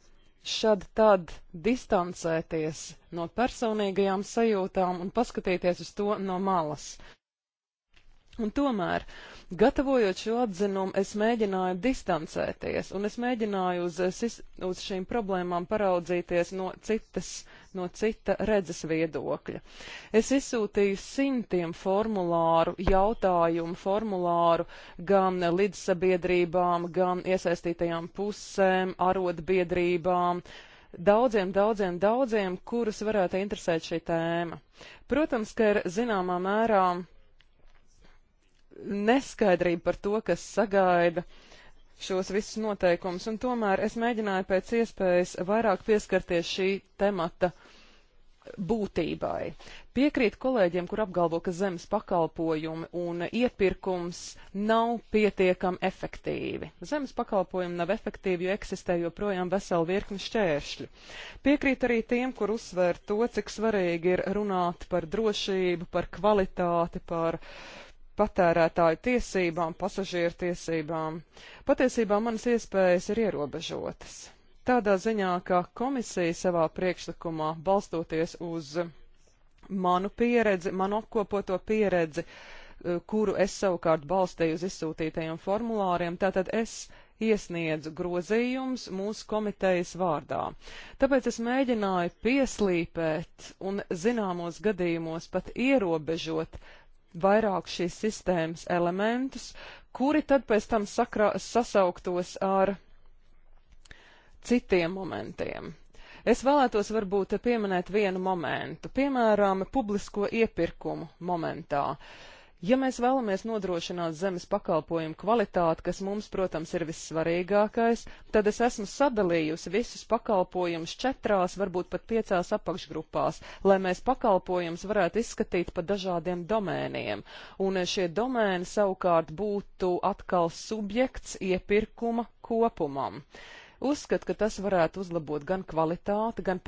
šad tad distancēties no personīgajām sajūtām un paskatīties uz to no malas. Un tomēr Gatavojot šo atzinumu, es mēģināju distancēties, un es mēģināju uz, eh, uz šīm problēmām paraudzīties no citas, no cita redzes viedokļa. Es izsūtīju simtiem formulāru, jautājumu formulāru gan līdzsabiedrībām, gan iesaistītajām pusēm, arotbiedrībām, daudziem, daudziem, daudziem, kurus varētu interesēt šī tēma. Protams, ka ir zināmā mērā neskaidrība par to, kas sagaida šos visus noteikumus, un tomēr es mēģināju pēc iespējas vairāk pieskarties šī temata būtībai. Piekrīt kolēģiem, kur apgalvo, ka zemes pakalpojumi un iepirkums nav pietiekami efektīvi. Zemes pakalpojumi nav efektīvi, jo eksistē joprojām vesela virkni šķēršļu. Piekrīt arī tiem, kur uzsver to, cik svarīgi ir runāt par drošību, par kvalitāti, par uh, patērētāju tiesībām, pasažieru tiesībām. Patiesībā manas iespējas ir ierobežotas. Tādā ziņā, ka komisija savā priekšlikumā balstoties uz manu pieredzi, manu apkopoto pieredzi, eh, kuru es savukārt balstīju uz izsūtītajiem formulāriem, tātad es iesniedzu grozījums mūsu komitejas vārdā. Tāpēc es mēģināju pieslīpēt un zināmos gadījumos pat ierobežot vairāk šīs sistēmas elementus, kuri tad pēc tam sakrā, sasauktos ar citiem momentiem. Es vēlētos varbūt pieminēt vienu momentu, piemēram, publisko iepirkumu momentā. Uh, Ja mēs vēlamies nodrošināt zemes pakalpojumu kvalitāti, kas mums, protams, ir vissvarīgākais, tad es esmu sadalījusi visus pakalpojumus četrās, varbūt pat piecās apakšgrupās, lai mēs pakalpojumus varētu izskatīt pa dažādiem domēniem. Un šie domēni savukārt būtu atkal subjekts iepirkuma kopumam uzskata, ka tas varētu uzlabot gan kvalitāti, gan,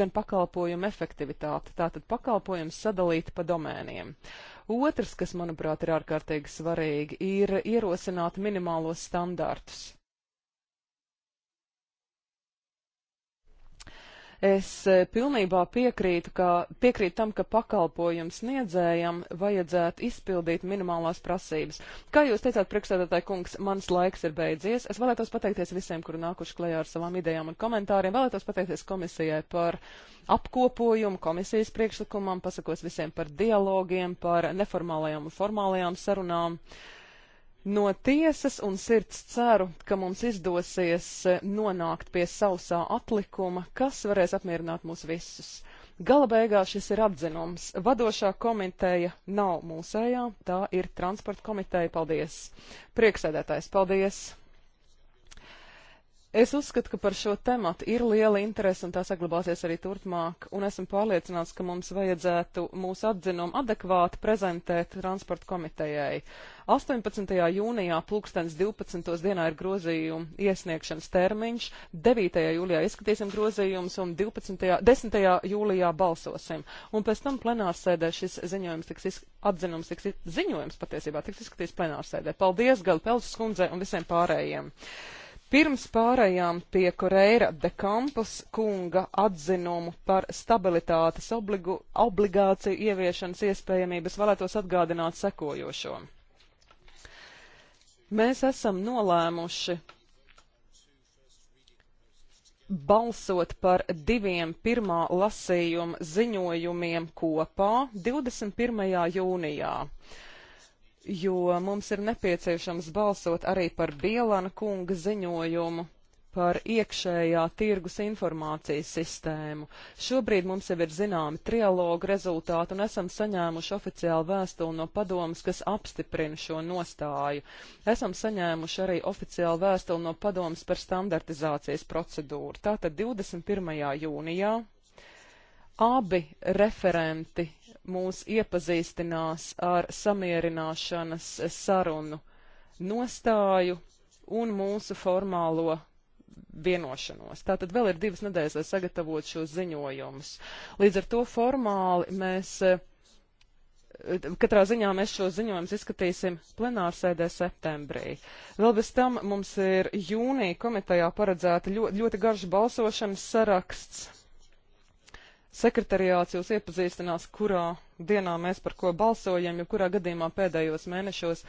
gan pakalpojumu efektivitāti. Tātad pakalpojums sadalīt pa domēniem. Otrs, kas, manuprāt, ir ārkārtīgi svarīgi, ir ierosināt minimālos standartus. Es eh, pilnībā piekrītu, ka, piekrītu tam, ka pakalpojumu sniedzējam vajadzētu izpildīt minimālās prasības. Kā jūs teicāt, priekšstādātāji kungs, mans laiks ir beidzies. Es vēlētos pateikties visiem, kuri nākuši klajā ar savām idejām un komentāriem. Vēlētos pateikties komisijai par apkopojumu, komisijas priekšlikumam, pasakos visiem par dialogiem, par neformālajām un formālajām sarunām. Uh, no tiesas un sirds ceru, ka mums izdosies e, nonākt pie sausā atlikuma, kas varēs apmierināt mūs visus. Gala beigās šis ir atzinums. Vadošā komiteja nav mūsējā, tā ir transporta komiteja. Paldies! Prieksēdētājs, paldies! Es uzskatu, ka par šo tematu ir liela interese un tā saglabāsies arī turpmāk, un esmu pārliecināts, ka mums vajadzētu mūsu atzinumu adekvāti prezentēt transporta komitejai. 18. jūnijā pulkstens 12. dienā ir grozījuma iesniegšanas termiņš, 9. jūlijā izskatīsim grozījumus un 12. 10. jūlijā balsosim. Un pēc tam plenārsēdē šis ziņojums tiks iz, atzinums, tiks iz, ziņojums patiesībā tiks izskatīts plenārsēdē. Paldies Galpelskundzei un visiem pārējiem. Pirms pārējām pie Koreira de Campus kunga atzinumu par stabilitātes obligu, obligāciju ieviešanas iespējamības vēlētos atgādināt sekojošo. Mēs esam nolēmuši balsot par diviem pirmā lasījuma ziņojumiem kopā 21. jūnijā jo mums ir nepieciešams balsot arī par Bielana kunga ziņojumu par iekšējā tirgus informācijas sistēmu. Šobrīd mums jau ir zināmi trialogu rezultāti un esam saņēmuši oficiālu vēstuli no padomas, kas apstiprina šo nostāju. Esam saņēmuši arī oficiālu vēstuli no padomas par standartizācijas procedūru. Tātad 21. jūnijā Abi referenti mūs iepazīstinās ar samierināšanas sarunu nostāju un mūsu formālo vienošanos. Tātad vēl ir divas nedēļas, lai sagatavotu šos ziņojumus. Līdz ar to formāli mēs, eh, katrā ziņā mēs šos ziņojumus izskatīsim plenārsēdē septembrī. Vēl bez tam mums ir jūnija komitejā paredzēta ļoti, ļoti garš balsošanas saraksts Sekretariāts jūs iepazīstinās, kurā dienā mēs par ko balsojam, jo kurā gadījumā pēdējos mēnešos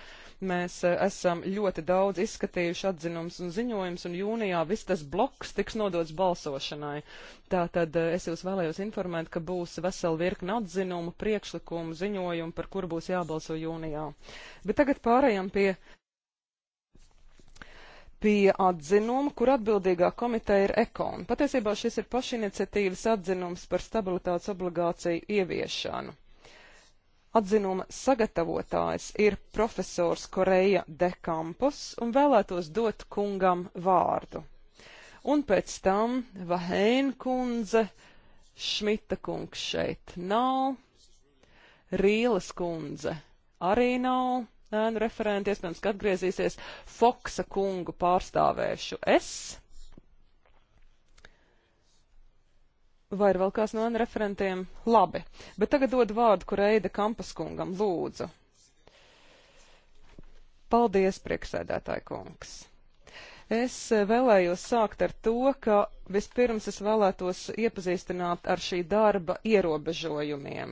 mēs eh, esam ļoti daudz izskatījuši atzinums un ziņojums, un jūnijā viss tas bloks tiks nodots balsošanai. Tātad eh, es jūs vēlējos informēt, ka būs vesela virkna atzinumu, priekšlikumu, ziņojumu, par kuru būs jābalso jūnijā. Bet tagad pārējām pie pie atzinuma, kur atbildīgā komiteja ir ekon. Patiesībā šis ir pašiniciatīvas atzinums par stabilitātes obligāciju ieviešanu. Atzinuma sagatavotājs ir profesors Koreja de Campos un vēlētos dot kungam vārdu. Un pēc tam Vahēna kundze, Šmita kungs šeit nav, Rīles kundze arī nav, ēnu referenti, iespējams, ka atgriezīsies Foksa kungu pārstāvēšu es. Vai ir vēl kāds no ēnu referentiem? Labi, bet tagad dod vārdu, kur Eida Kampaskungam lūdzu. Paldies, prieksēdētāji kungs! Es vēlējos sākt ar to, ka vispirms es vēlētos iepazīstināt ar šī darba ierobežojumiem,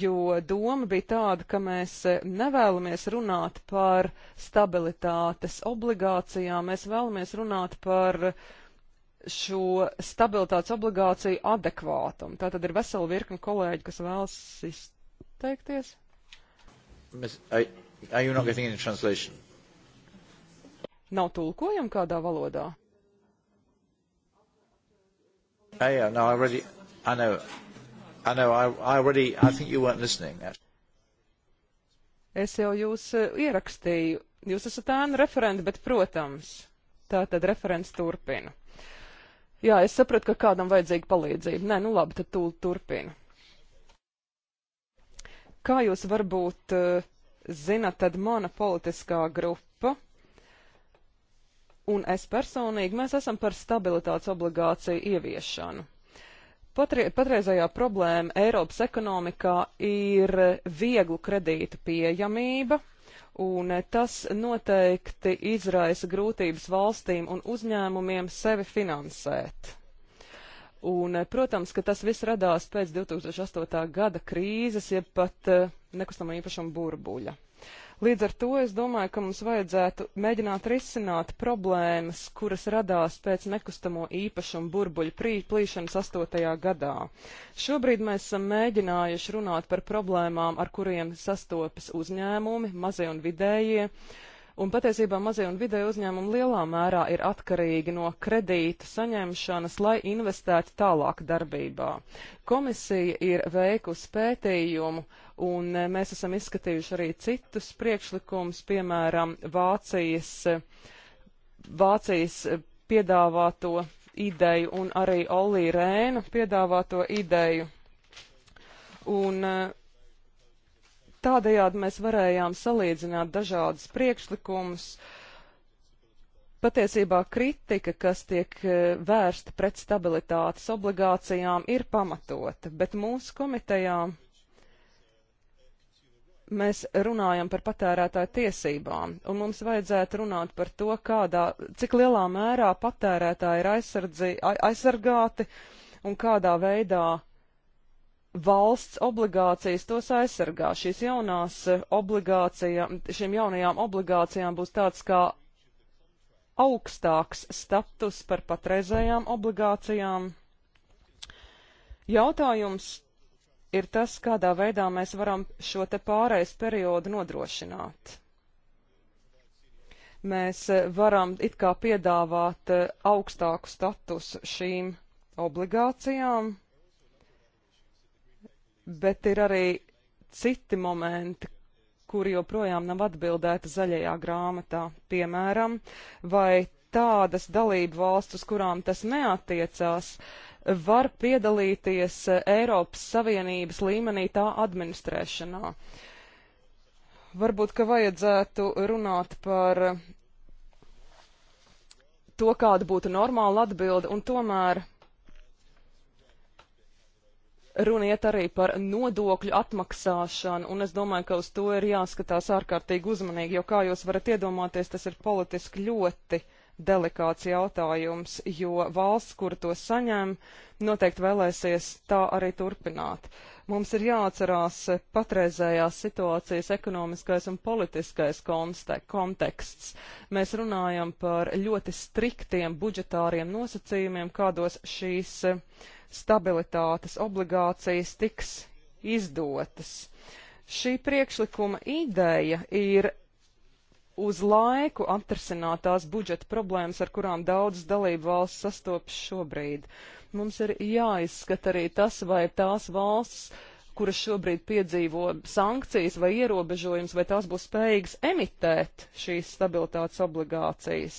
jo doma bija tāda, ka mēs nevēlamies runāt par stabilitātes obligācijām, mēs vēlamies runāt par šo stabilitātes obligāciju adekvātumu. Tā tad ir vesela virkni kolēģi, kas vēlas izteikties. Miss, are, are you not getting any translation? nav tulkojumi kādā valodā? Oh, yeah, no, I already, I know, I know, I, I already, I think you weren't listening. Es jau jūs eh, ierakstīju, jūs esat ēna referents, bet, protams, tā tad referents turpina. Jā, es sapratu, ka kādam vajadzīga palīdzība. Nē, nu labi, tad tūl turpina. Kā jūs varbūt eh, zinat, tad mana politiskā grupa un es personīgi, mēs esam par stabilitātes obligāciju ieviešanu. Patrie, patreizējā problēma Eiropas ekonomikā ir vieglu kredītu pieejamība, un tas noteikti izraisa grūtības valstīm un uzņēmumiem sevi finansēt. Un, protams, ka tas viss radās pēc 2008. gada krīzes, jeb pat eh, nekustamo īpašumu burbuļa. Līdz ar to es domāju, ka mums vajadzētu mēģināt risināt problēmas, kuras radās pēc nekustamo īpašumu burbuļu plīšanas 8. gadā. Šobrīd mēs esam mēģinājuši runāt par problēmām, ar kuriem sastopas uzņēmumi, mazie un vidējie. Uh, Un patiesībā mazie un vidēji uzņēmumi lielā mērā ir atkarīgi no kredītu saņemšanas, lai investētu tālāk darbībā. Komisija ir veikusi pētījumu, un e, mēs esam izskatījuši arī citus priekšlikumus, piemēram, Vācijas, e, Vācijas e, piedāvāto ideju un arī Olī Rēna piedāvāto ideju. Un, uh, Tādējādi mēs varējām salīdzināt dažādas priekšlikumus. Patiesībā kritika, kas tiek e, vērsta pret stabilitātes obligācijām, ir pamatota, bet mūsu komitejā mēs runājam par patērētāju tiesībām, un mums vajadzētu runāt par to, kādā, cik lielā mērā patērētāji ir aizsardzi, aizsargāti un kādā veidā valsts obligācijas tos aizsargā. Šīs jaunās eh, obligācijām, šīm jaunajām obligācijām būs tāds kā augstāks status par patreizējām obligācijām. Jautājums ir tas, kādā veidā mēs varam šo te pārējais periodu nodrošināt. Mēs eh, varam it kā piedāvāt eh, augstāku statusu šīm obligācijām, bet ir arī citi momenti, kuri joprojām nav atbildēti zaļajā grāmatā. Piemēram, vai tādas dalību valsts, uz kurām tas neatiecās, var piedalīties Eiropas Savienības līmenī tā administrēšanā. Varbūt, ka vajadzētu runāt par to, kāda būtu normāla atbilde, un tomēr runiet arī par nodokļu atmaksāšanu, un es domāju, ka uz to ir jāskatās ārkārtīgi uzmanīgi, jo, kā jūs varat iedomāties, tas ir politiski ļoti delikāts jautājums, jo valsts, kur to saņem, noteikti vēlēsies tā arī turpināt. Mums ir jāatcerās patreizējās situācijas ekonomiskais un politiskais konteksts. Mēs runājam par ļoti striktiem budžetāriem nosacījumiem, kādos šīs stabilitātes obligācijas tiks izdotas. Šī priekšlikuma ideja ir uz laiku atrasināt tās budžeta problēmas, ar kurām daudzas dalību valsts sastopas šobrīd. Mums ir jāizskata arī tas, vai tās valsts, kuras šobrīd piedzīvo sankcijas vai ierobežojums, vai tās būs spējīgas emitēt šīs stabilitātes obligācijas.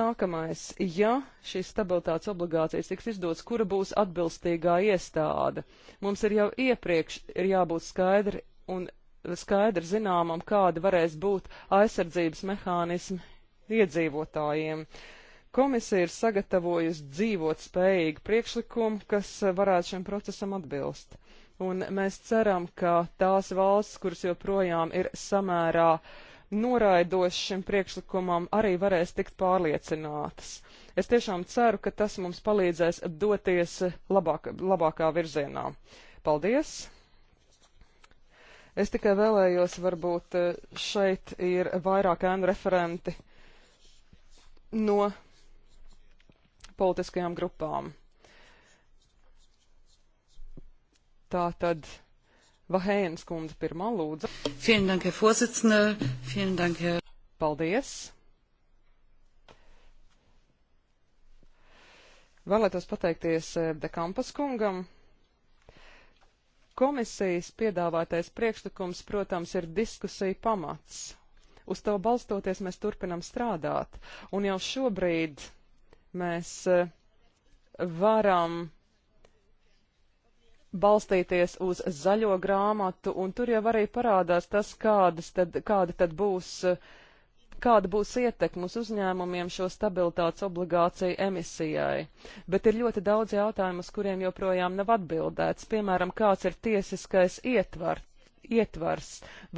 Nākamais, ja šīs stabilitātes obligācijas tiks izdots, kura būs atbilstīgā iestāde, mums ir jau iepriekš ir jābūt skaidri un skaidri zināmam, kāda varēs būt aizsardzības mehānismi iedzīvotājiem. Komisija ir sagatavojusi dzīvot spējīgu priekšlikumu, kas varētu šim procesam atbilst. Un mēs ceram, ka tās valsts, kuras joprojām ir samērā noraidošas šim priekšlikumam, arī varēs tikt pārliecinātas. Es tiešām ceru, ka tas mums palīdzēs doties labāk, labākā virzienā. Paldies! Es tikai vēlējos, varbūt eh, šeit ir vairāk ēnu referenti no politiskajām grupām. Tā tad Vahēnas kundze pirmā lūdza. Vielen dank, Herr Vorsitzende. Vielen dank, Herr. Paldies. Vēlētos pateikties eh, Dekampas kungam Komisijas piedāvātais priekšlikums, protams, ir diskusija pamats. Uz to balstoties mēs turpinam strādāt, un jau šobrīd mēs eh, varam balstīties uz zaļo grāmatu, un tur jau arī parādās tas, kādas tad, kāda tad būs uh, kāda būs ietekme uz uzņēmumiem šo stabilitātes obligāciju emisijai. Bet ir ļoti daudz jautājumu, uz kuriem joprojām nav atbildēts. Piemēram, kāds ir tiesiskais ietvar, ietvars,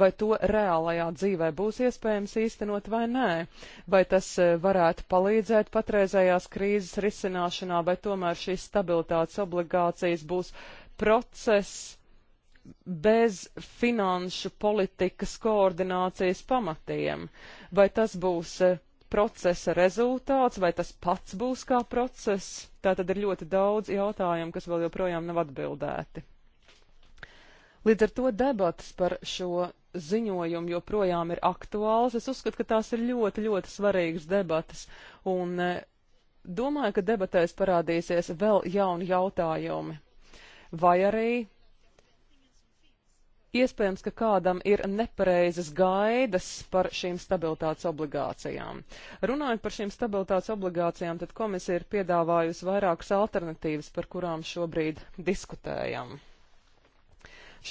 vai to reālajā dzīvē būs iespējams īstenot vai nē, vai tas e, varētu palīdzēt patreizējās krīzes risināšanā, vai tomēr šīs stabilitātes obligācijas būs process, bez finanšu politikas koordinācijas pamatiem. Vai tas būs eh, procesa rezultāts, vai tas pats būs kā process? Tā tad ir ļoti daudz jautājumu, kas vēl joprojām nav atbildēti. Līdz ar to debatas par šo ziņojumu joprojām ir aktuāls. Es uzskatu, ka tās ir ļoti, ļoti svarīgas debatas, un eh, domāju, ka debatēs parādīsies vēl jauni jautājumi. Vai arī Iespējams, ka kādam ir nepareizas gaidas par šīm stabilitātes obligācijām. Runājot par šīm stabilitātes obligācijām, tad komisija ir piedāvājusi vairākas alternatīvas, par kurām šobrīd diskutējam.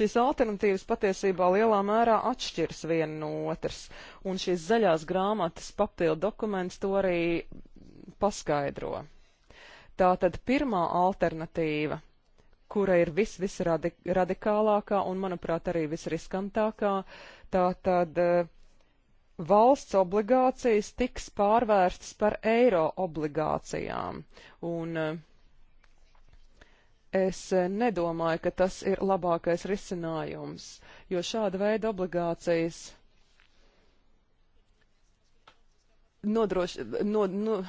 Šīs alternatīvas patiesībā lielā mērā atšķiras viena no otras, un šīs zaļās grāmatas papildu dokuments to arī paskaidro. Tātad pirmā alternatīva kura ir vis, visradikālākā un, manuprāt, arī visriskantākā. Tā tad eh, valsts obligācijas tiks pārvērstas par eiro obligācijām. Un eh, es nedomāju, ka tas ir labākais risinājums, jo šāda veida obligācijas nodroši, no, no,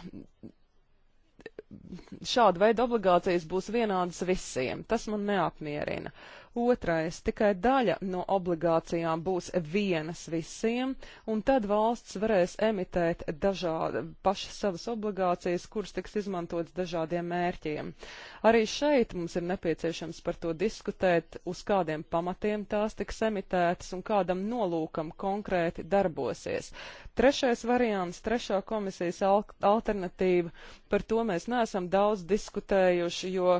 šāda veida obligācijas būs vienādas visiem. Tas man neapmierina. Otrais, tikai daļa no obligācijām būs vienas visiem, un tad valsts varēs emitēt dažādi paši savas obligācijas, kuras tiks izmantotas dažādiem mērķiem. Arī šeit mums ir nepieciešams par to diskutēt, uz kādiem pamatiem tās tiks emitētas un kādam nolūkam konkrēti darbosies. Trešais variants, trešā komisijas al alternatīva, par to mēs neesam daudz diskutējuši, jo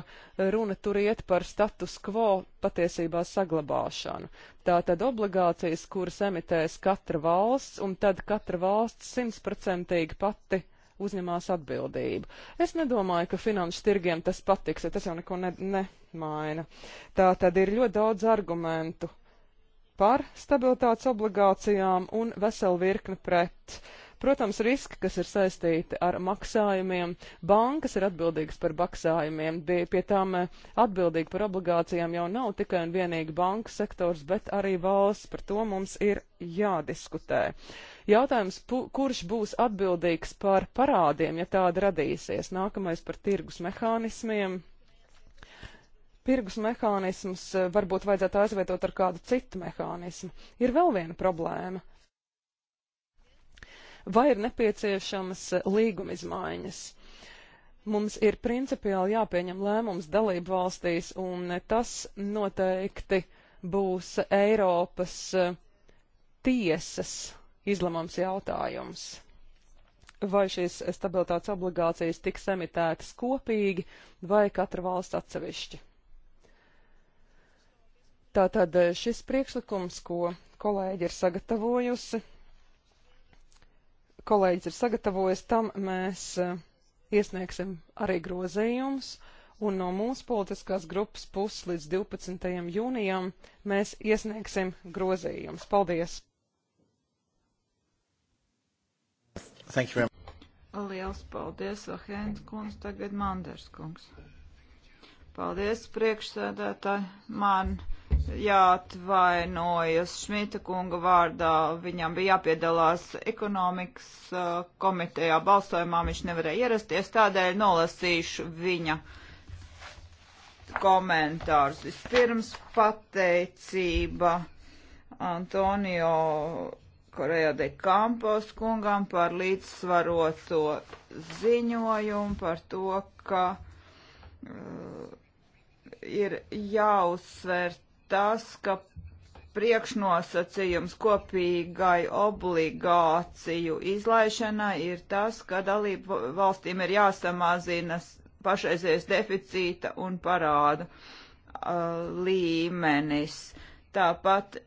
runa tur iet par status quo patiesībā autortiesībās saglabāšanu. Tātad obligācijas, kuras emitēs katra valsts, un tad katra valsts simtprocentīgi pati uzņemās atbildību. Es nedomāju, ka finanšu tirgiem tas patiks, jo tas jau neko nemaina. Ne, ne Tā tad ir ļoti daudz argumentu par stabilitātes obligācijām un veselu virkni pret. Uh, Protams, riski, kas ir saistīti ar maksājumiem, bankas ir atbildīgas par maksājumiem, pie tām eh, atbildīgi par obligācijām jau nav tikai un vienīgi banku sektors, bet arī valsts. Par to mums ir jādiskutē. Jautājums, kurš būs atbildīgs par parādiem, ja tāda radīsies? Nākamais par tirgus mehānismiem tirgus mehānismus eh, varbūt vajadzētu aizvietot ar kādu citu mehānismu. Ir vēl viena problēma vai ir nepieciešamas līguma izmaiņas. Mums ir principiāli jāpieņem lēmums dalību valstīs, un tas noteikti būs Eiropas eh, tiesas izlemams jautājums. Vai šīs stabilitātes obligācijas tiks emitētas kopīgi vai katra valsts atsevišķi? Tātad eh, šis priekšlikums, ko kolēģi ir sagatavojusi, kolēģis ir sagatavojis, tam mēs eh, iesniegsim arī grozījumus. Un no mūsu politiskās grupas puses līdz 12. jūnijam mēs iesniegsim grozījumus. Paldies! Liels paldies, Vahēns kungs, tagad Manders kungs. Paldies, priekšsēdētāji, man jāatvainojas Šmita kunga vārdā. Viņam bija jāpiedalās ekonomikas uh, komitejā balsojumā, viņš nevarēja ierasties, tādēļ nolasīšu viņa komentārus. Vispirms pateicība Antonio Korea de Campos kungam par līdzsvaroto ziņojumu, par to, ka uh, ir jāuzsver tas, ka priekšnosacījums kopīgai obligāciju izlaišanai ir tas, ka dalību valstīm ir jāsamazina pašreizies deficīta un parāda uh, līmenis. Tāpat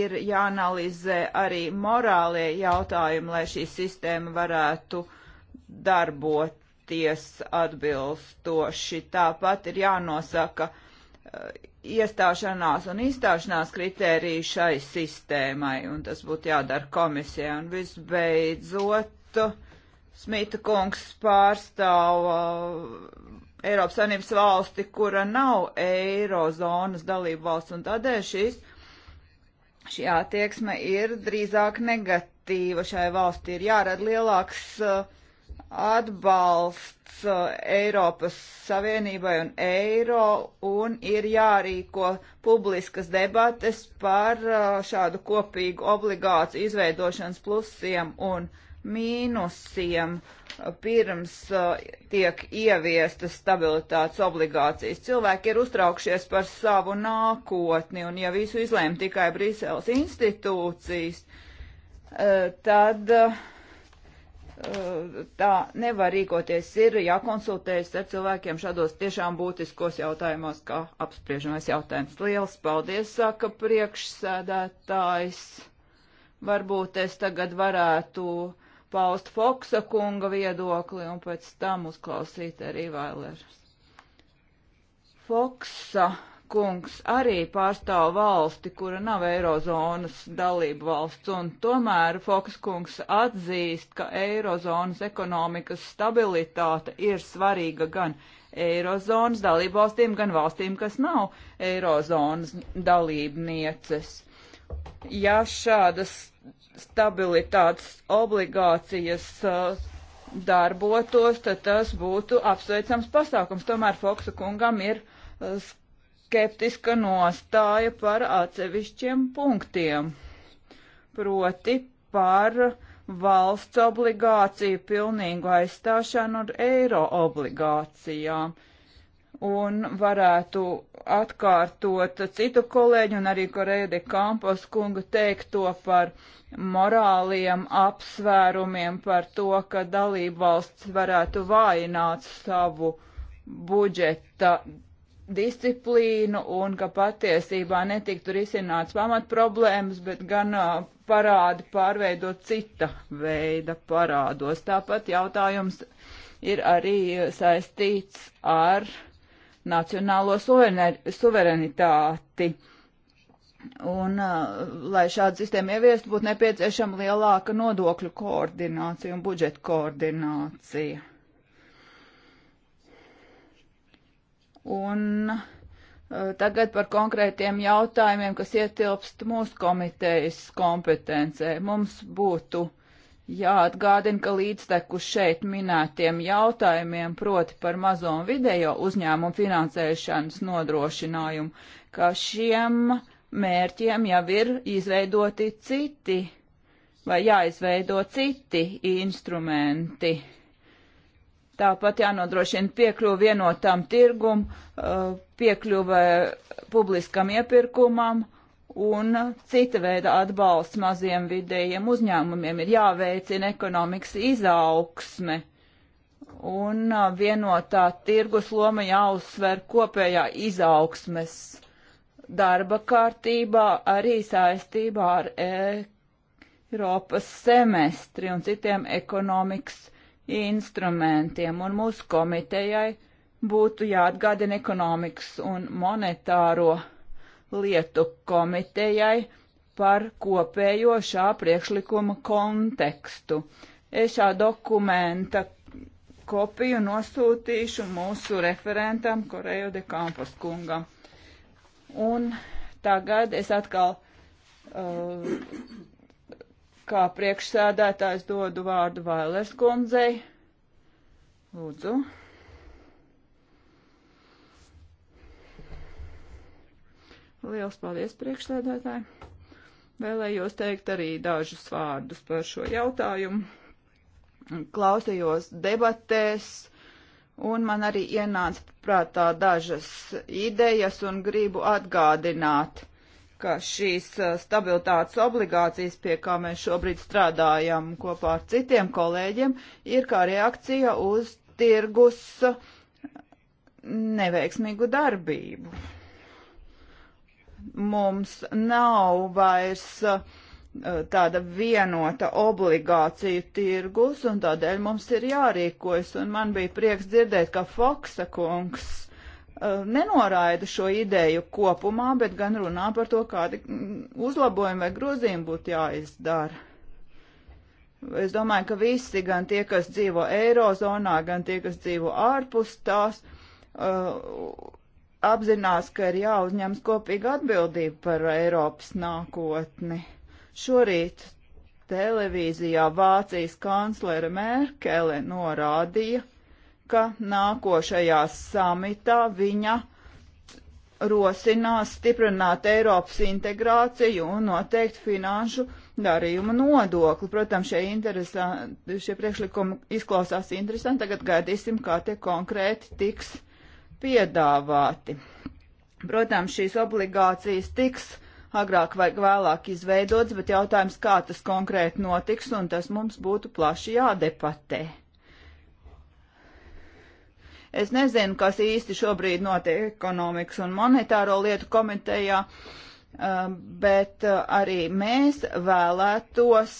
ir jāanalizē arī morālie jautājumi, lai šī sistēma varētu darboties atbilstoši. Tāpat ir jānosaka uh, iestāšanās un izstāšanās kritēriju šai sistēmai, un tas būtu jādara komisijai. Un visbeidzot, Smita kungs pārstāv uh, Eiropas Savienības valsti, kura nav eirozonas dalība valsts, un tādēļ šis, šī attieksme ir drīzāk negatīva. Šai valsti ir jārada lielāks uh, atbalsts uh, Eiropas Savienībai un eiro un ir jārīko publiskas debates par uh, šādu kopīgu obligāciju izveidošanas plusiem un mīnusiem uh, pirms tiek ieviestas stabilitātes obligācijas. Cilvēki ir uztraukšies par savu nākotni un ja visu izlēma tikai Briseles institūcijas, tad uh, Eh, tā nevar rīkoties, ir jākonsultējas ar cilvēkiem šādos tiešām būtiskos jautājumos, kā apspriežamais jautājums. Liels paldies, saka priekšsēdētājs. Varbūt es tagad varētu paust Foksa kunga viedokli un pēc tam uzklausīt arī Vailers. Foksa kungs arī pārstāv valsti, kura nav eirozonas dalība valsts, un tomēr Foks kungs atzīst, ka eirozonas ekonomikas stabilitāte ir svarīga gan eirozonas dalību valstīm, gan valstīm, kas nav eirozonas dalībnieces. Ja šādas stabilitātes obligācijas uh, darbotos, tad tas būtu apsveicams pasākums. Tomēr Foksa kungam ir uh, skeptiska nostāja par atsevišķiem punktiem, proti par valsts obligāciju pilnīgu aizstāšanu ar eiro obligācijām. Un varētu atkārtot citu kolēģu un arī Koreidi Kampos kunga teikto par morāliem apsvērumiem, par to, ka dalību valsts varētu vājināt savu budžeta disciplīnu un ka patiesībā netiktu risināts pamatproblēmas, bet gan uh, parādi pārveidot cita veida parādos. Tāpat jautājums ir arī saistīts ar nacionālo suverenitāti. Un, uh, lai šādu sistēmu ieviestu, būtu nepieciešama lielāka nodokļu koordinācija un budžeta koordinācija. un eh, tagad par konkrētiem jautājumiem, kas ietilpst mūsu komitejas kompetencē. Mums būtu jāatgādina, ka līdztekus šeit minētiem jautājumiem, proti par mazo un vidējo uzņēmumu finansēšanas nodrošinājumu, ka šiem mērķiem jau ir izveidoti citi vai jāizveido citi instrumenti Tāpat jānodrošina piekļuva vienotam tirgum, uh, piekļuva publiskam iepirkumam un cita veida atbalsts maziem vidējiem uzņēmumiem ir jāveicina ekonomikas izaugsme. Un uh, vienotā tirgus loma jāuzsver kopējā izaugsmes darba kārtībā arī saistībā ar Eiropas semestri un citiem ekonomikas instrumentiem, un mūsu komitejai būtu jāatgādina ekonomikas un monetāro lietu komitejai par kopējo šā priekšlikuma kontekstu. Es šā dokumenta kopiju nosūtīšu mūsu referentam Korejo de Kampas kungam. Un tagad es atkal uh, kā priekšsēdētājs dodu vārdu Vailers kundzei. Lūdzu. Liels paldies priekšsēdētāji. Vēlējos teikt arī dažus vārdus par šo jautājumu. Klausījos debatēs, un man arī ienāca prātā dažas idejas, un gribu atgādināt, ka šīs eh, stabilitātes obligācijas, pie kā mēs šobrīd strādājam kopā ar citiem kolēģiem, ir kā reakcija uz tirgus eh, neveiksmīgu darbību. Mums nav vairs eh, tāda vienota obligāciju tirgus, un tādēļ mums ir jārīkojas, un man bija prieks dzirdēt, ka Foksa kungs Eh, nenoraida šo ideju kopumā, bet gan runā par to, kādi mm, uzlabojumi vai grozījumi būtu jāizdara. Es domāju, ka visi, gan tie, kas dzīvo Eirozonā, gan tie, kas dzīvo ārpus tās, uh, apzinās, ka ir jāuzņems kopīga atbildība par Eiropas nākotni. Šorīt televīzijā Vācijas kanclere Merkele norādīja, ka nākošajā samitā viņa rosinās stiprināt Eiropas integrāciju un noteikt finanšu darījumu nodokli. Protams, šie, šie priekšlikumi izklausās interesanti. Tagad gaidīsim, kā tie konkrēti tiks piedāvāti. Protams, šīs obligācijas tiks agrāk vai vēlāk izveidots, bet jautājums, kā tas konkrēti notiks, un tas mums būtu plaši jādebatē. Es nezinu, kas īsti šobrīd notiek ekonomikas un monetāro lietu komitejā, uh, bet uh, arī mēs vēlētos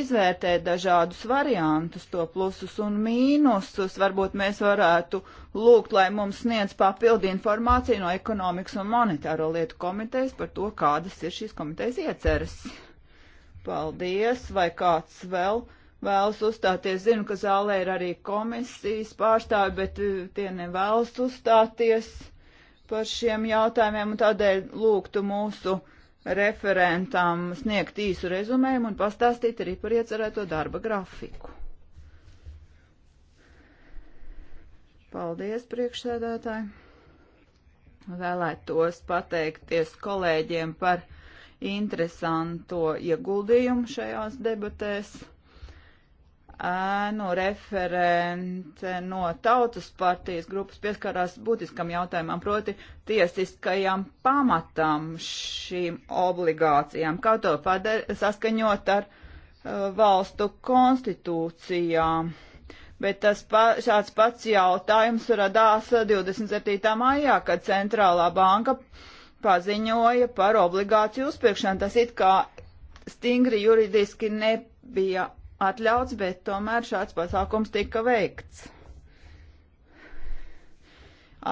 izvērtēt dažādus variantus, to plusus un mīnusus. Varbūt mēs varētu lūgt, lai mums sniedz papildi informāciju no ekonomikas un monetāro lietu komitejas par to, kādas ir šīs komitejas ieceras. Paldies, vai kāds vēl? Uh, vēlas uzstāties. Zinu, ka zālē ir arī komisijas pārstāvi, bet eh, tie nevēlas uzstāties par šiem jautājumiem, un tādēļ lūgtu mūsu referentam sniegt īsu rezumējumu un pastāstīt arī par iecerēto darba grafiku. Paldies, priekšsēdētāji! Vēlētos pateikties kolēģiem par interesanto ieguldījumu šajās debatēs ēnu referente no Tautas partijas grupas pieskārās būtiskam jautājumam, proti tiesiskajam pamatam šīm obligācijām, kā to padar, saskaņot ar uh, valstu konstitūcijām. Bet tas pa, šāds pats jautājums radās 27. maijā, kad Centrālā banka paziņoja par obligāciju uzpirkšanu. Tas it kā stingri juridiski nebija atļauts, bet tomēr šāds pasākums tika veikts.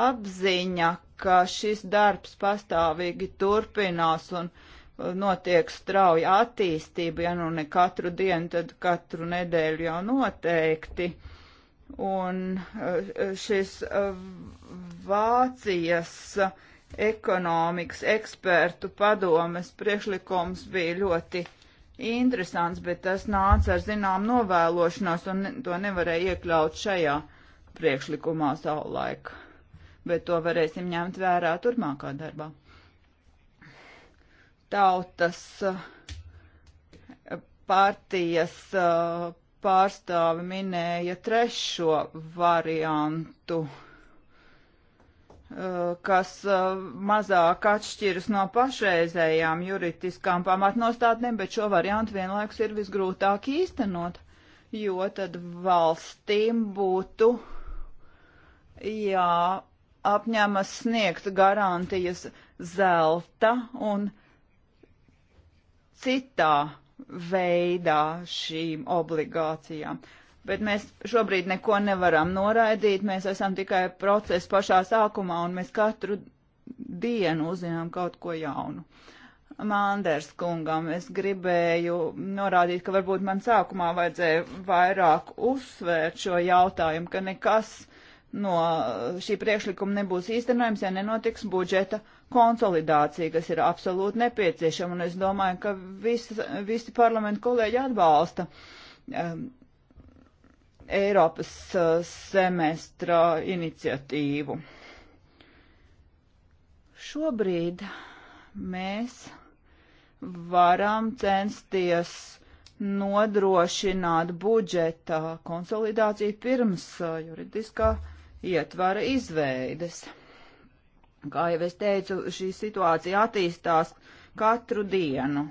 Apziņa, ka šis darbs pastāvīgi turpinās un uh, notiek strauja attīstība, ja nu ne katru dienu, tad katru nedēļu jau noteikti. Un uh, šis uh, Vācijas ekonomikas ekspertu padomes priekšlikums bija ļoti interesants, bet tas nāca ar zinām novēlošanos un to nevarēja iekļaut šajā priekšlikumā savulaik. Bet to varēsim ņemt vērā turpmākā darbā. Tautas eh, partijas eh, pārstāvi minēja trešo variantu. Uh, Eh, kas eh, mazāk atšķiras no pašreizējām juridiskām pamatnostādnēm, bet šo variantu vienlaikus ir visgrūtāk īstenot, jo tad valstīm būtu jāapņemas sniegt garantijas zelta un citā veidā šīm obligācijām. Bet mēs šobrīd neko nevaram noraidīt, mēs esam tikai procesa pašā sākumā un mēs katru dienu uzzinām kaut ko jaunu. Manders kungam es gribēju norādīt, ka varbūt man sākumā vajadzēja vairāk uzsvērt šo jautājumu, ka nekas no šī priekšlikuma nebūs īstenojams, ja nenotiks budžeta konsolidācija, kas ir absolūti nepieciešama. Un es domāju, ka visi, visi parlamentu kolēģi atbalsta um, Eiropas uh, semestra iniciatīvu. Šobrīd mēs varam censties nodrošināt budžeta konsolidāciju pirms uh, juridiskā ietvara izveides. Kā jau es teicu, šī situācija attīstās katru dienu.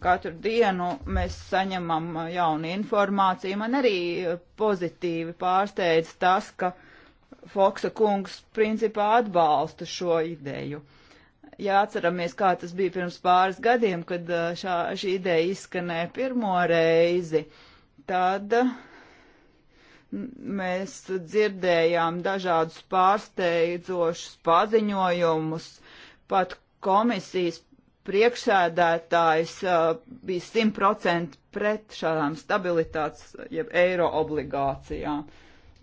Katru dienu mēs saņemam jaunu informāciju. Man arī pozitīvi pārsteidz tas, ka Foksa kungs principā atbalsta šo ideju. Ja atceramies, kā tas bija pirms pāris gadiem, kad uh, šā, šī ideja izskanēja pirmo reizi, tad uh, mēs dzirdējām dažādus pārsteidzošus paziņojumus, pat komisijas priekšsēdētājs uh, bija 100% pret šādām stabilitātes, jeb eiro obligācijām.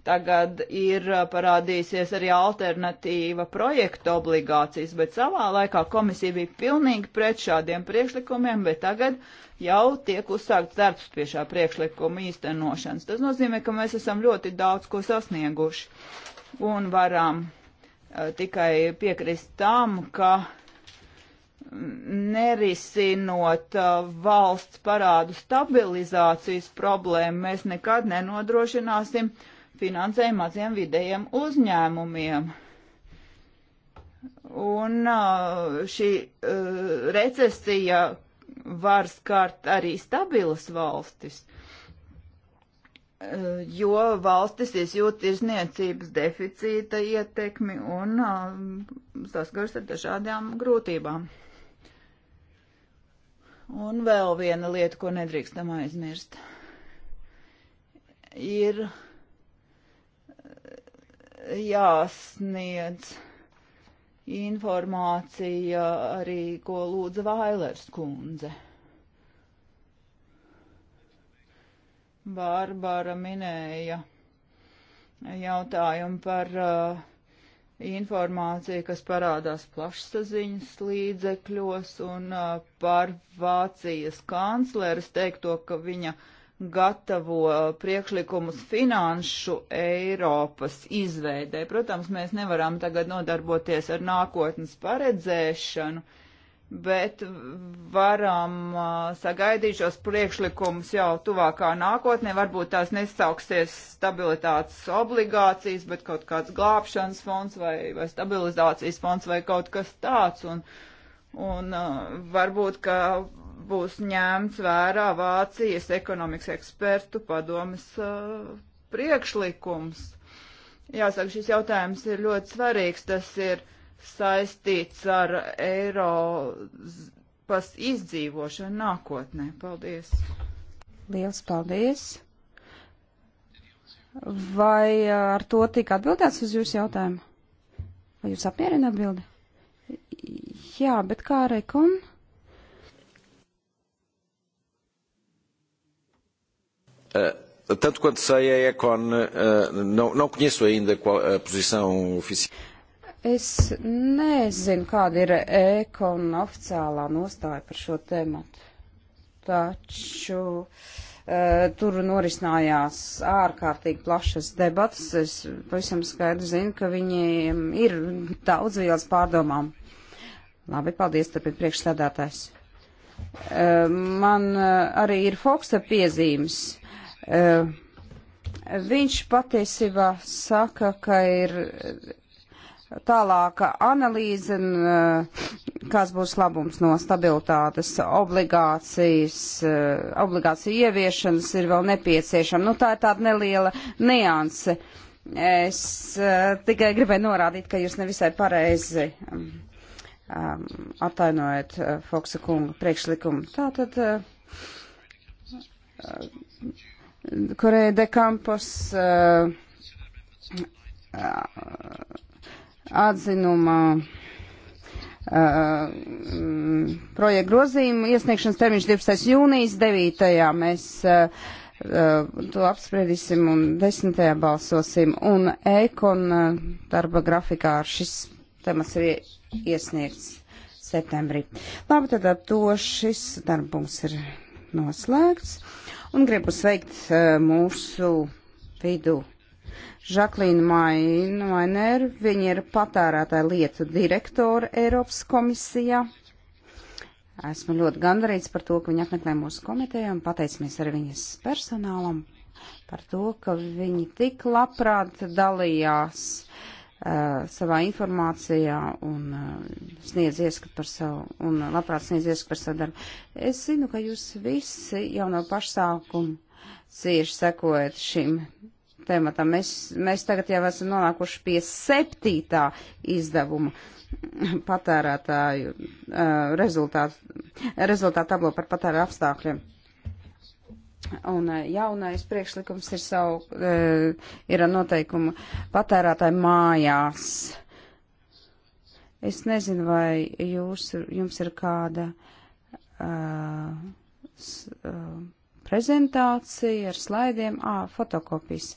Tagad ir uh, parādīsies arī alternatīva projekta obligācijas, bet savā laikā komisija bija pilnīgi pret šādiem priekšlikumiem, bet tagad jau tiek uzsākts darbs pie šā priekšlikuma īstenošanas. Tas nozīmē, ka mēs esam ļoti daudz ko sasnieguši un varam uh, tikai piekrist tam, ka uh, nerisinot uh, valsts parādu stabilizācijas problēmu, mēs nekad nenodrošināsim finansējumu maziem vidējiem uzņēmumiem. Un uh, šī uh, recesija var skart arī stabilas valstis, jo valstis izjūt tirzniecības deficīta ietekmi un saskars ar dažādām grūtībām. Un vēl viena lieta, ko nedrīkstam aizmirst, ir jāsniedz informācija arī, ko lūdza Vailers kundze. Bārbara minēja jautājumu par uh, informācija, kas parādās plašsaziņas līdzekļos un uh, par Vācijas kancleres teikto, ka viņa gatavo uh, priekšlikumus finanšu Eiropas izveidē. Protams, mēs nevaram tagad nodarboties ar nākotnes paredzēšanu, bet varam sagaidīt šos priekšlikumus jau tuvākā nākotnē. Varbūt tās nesauksies stabilitātes obligācijas, bet kaut kāds glābšanas fonds vai, vai stabilizācijas fonds vai kaut kas tāds. Un, un varbūt, ka būs ņemts vērā Vācijas ekonomikas ekspertu padomas uh, priekšlikums. Jāsaka, šis jautājums ir ļoti svarīgs. Tas ir saistīts ar Eiropas izdzīvošanu nākotnē. Paldies! Liels paldies! Vai ar to tika atbildēts uz jūsu jautājumu? Vai jūs apmierina atbildi? Jā, bet kā rekom? Uh, tanto quanto sei, a Econ uh, não, não conheço ainda qual, a posição oficial. Es nezinu, kāda ir ekona oficiālā nostāja par šo tēmatu, taču uh, tur norisinājās ārkārtīgi plašas debatas. Es pavisam skaidri zinu, ka viņiem ir daudz vielas pārdomām. Labi, paldies, turpin priekšstādātājs. Uh, eh, man uh, arī ir Foksa piezīmes. Uh, viņš patiesībā saka, ka ir tālāka analīze, eh, kāds būs labums no stabilitātes obligācijas, eh, obligāciju ieviešanas ir vēl nepieciešama. Nu, tā ir tāda neliela nianse. Es eh, tikai gribēju norādīt, ka jūs nevisai pareizi um, ehm, attainojat uh, Foksa kunga priekšlikumu. Tātad, uh, Koreja de Campos uh, uh, atzinuma uh, projekta grozījuma iesniegšanas termiņš 12. jūnijas 9. mēs uh, uh, to apspriedīsim un 10. balsosim. Un ekon uh, darba grafikā šis temats ir iesniegts septembrī. Labi, tad ar to šis darbums ir noslēgts. Un gribu sveikt uh, mūsu vidu Žaklīna Mainer, viņa ir patērētāja lietu direktora Eiropas komisijā. Esmu ļoti gandarīts par to, ka viņa apmeklē mūsu komiteju un pateicamies arī viņas personālam par to, ka viņi tik labprāt dalījās uh, savā informācijā un uh, sniedz ieskatu par savu, un labprāt sniedz ieskatu par savu darbu. Es zinu, ka jūs visi jau no pašsākuma cieši sekojat šim tematam. Mēs, mēs tagad jau esam nonākuši pie septītā izdevuma patērētāju uh, rezultātu, rezultātu tablo par patērētāju apstākļiem. Un eh, jaunais priekšlikums ir savu, uh, ir noteikumu patērētāju mājās. Es nezinu, vai jūs, jums ir kāda uh, s, uh, prezentācija ar slaidiem, ā, fotokopijas.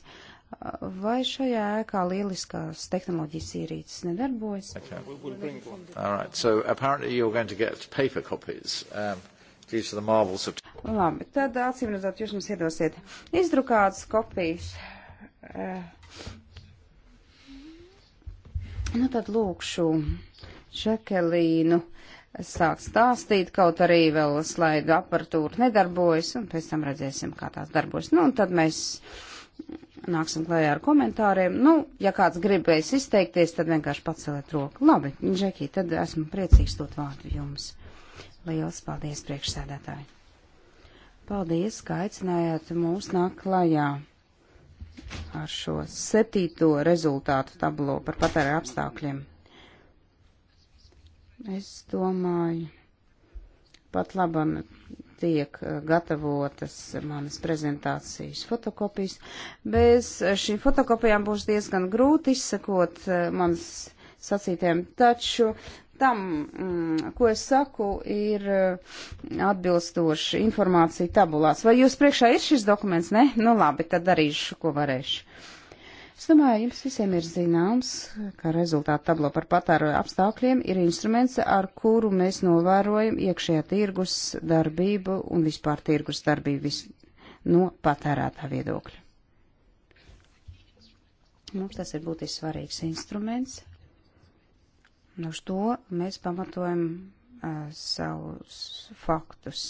Vai šajā ēkā lieliskās tehnoloģijas ierīces nedarbojas? Okay. Right. So um, of... Labi, tad acīm redzot, jūs mums iedosiet izdrukātas kopijas. Uh, nu tad lūkšu Žekelīnu. Uh, sāk stāstīt, kaut arī vēl slaidu aparatūra nedarbojas, un pēc tam redzēsim, kā tās darbojas. Nu, un tad mēs nāksim klējā ar komentāriem. Nu, ja kāds gribēs izteikties, tad vienkārši paceliet roku. Labi, Džekī, tad esmu priecīgs dot vārdu jums. Lielas paldies, priekšsēdētāji! Paldies, ka aicinājāt mūs nāk klajā ar šo septīto rezultātu tablo par patērē apstākļiem Es domāju, pat labam tiek eh, gatavotas manas prezentācijas fotokopijas. Bez šīm fotokopijām būs diezgan grūti izsakot eh, manas sacītēm, taču tam, mm, ko es saku, ir eh, atbilstoši informācija tabulās. Vai jūs priekšā ir šis dokuments? Nē, nu labi, tad darīšu, ko varēšu. Es domāju, jums visiem ir zināms, ka rezultātu tablo par patēroju apstākļiem ir instruments, ar kuru mēs novērojam iekšējā tirgus darbību un vispār tirgus darbību vis no patērētā viedokļa. Mums tas ir būtiski svarīgs instruments. Un uz to mēs pamatojam uh, savus faktus.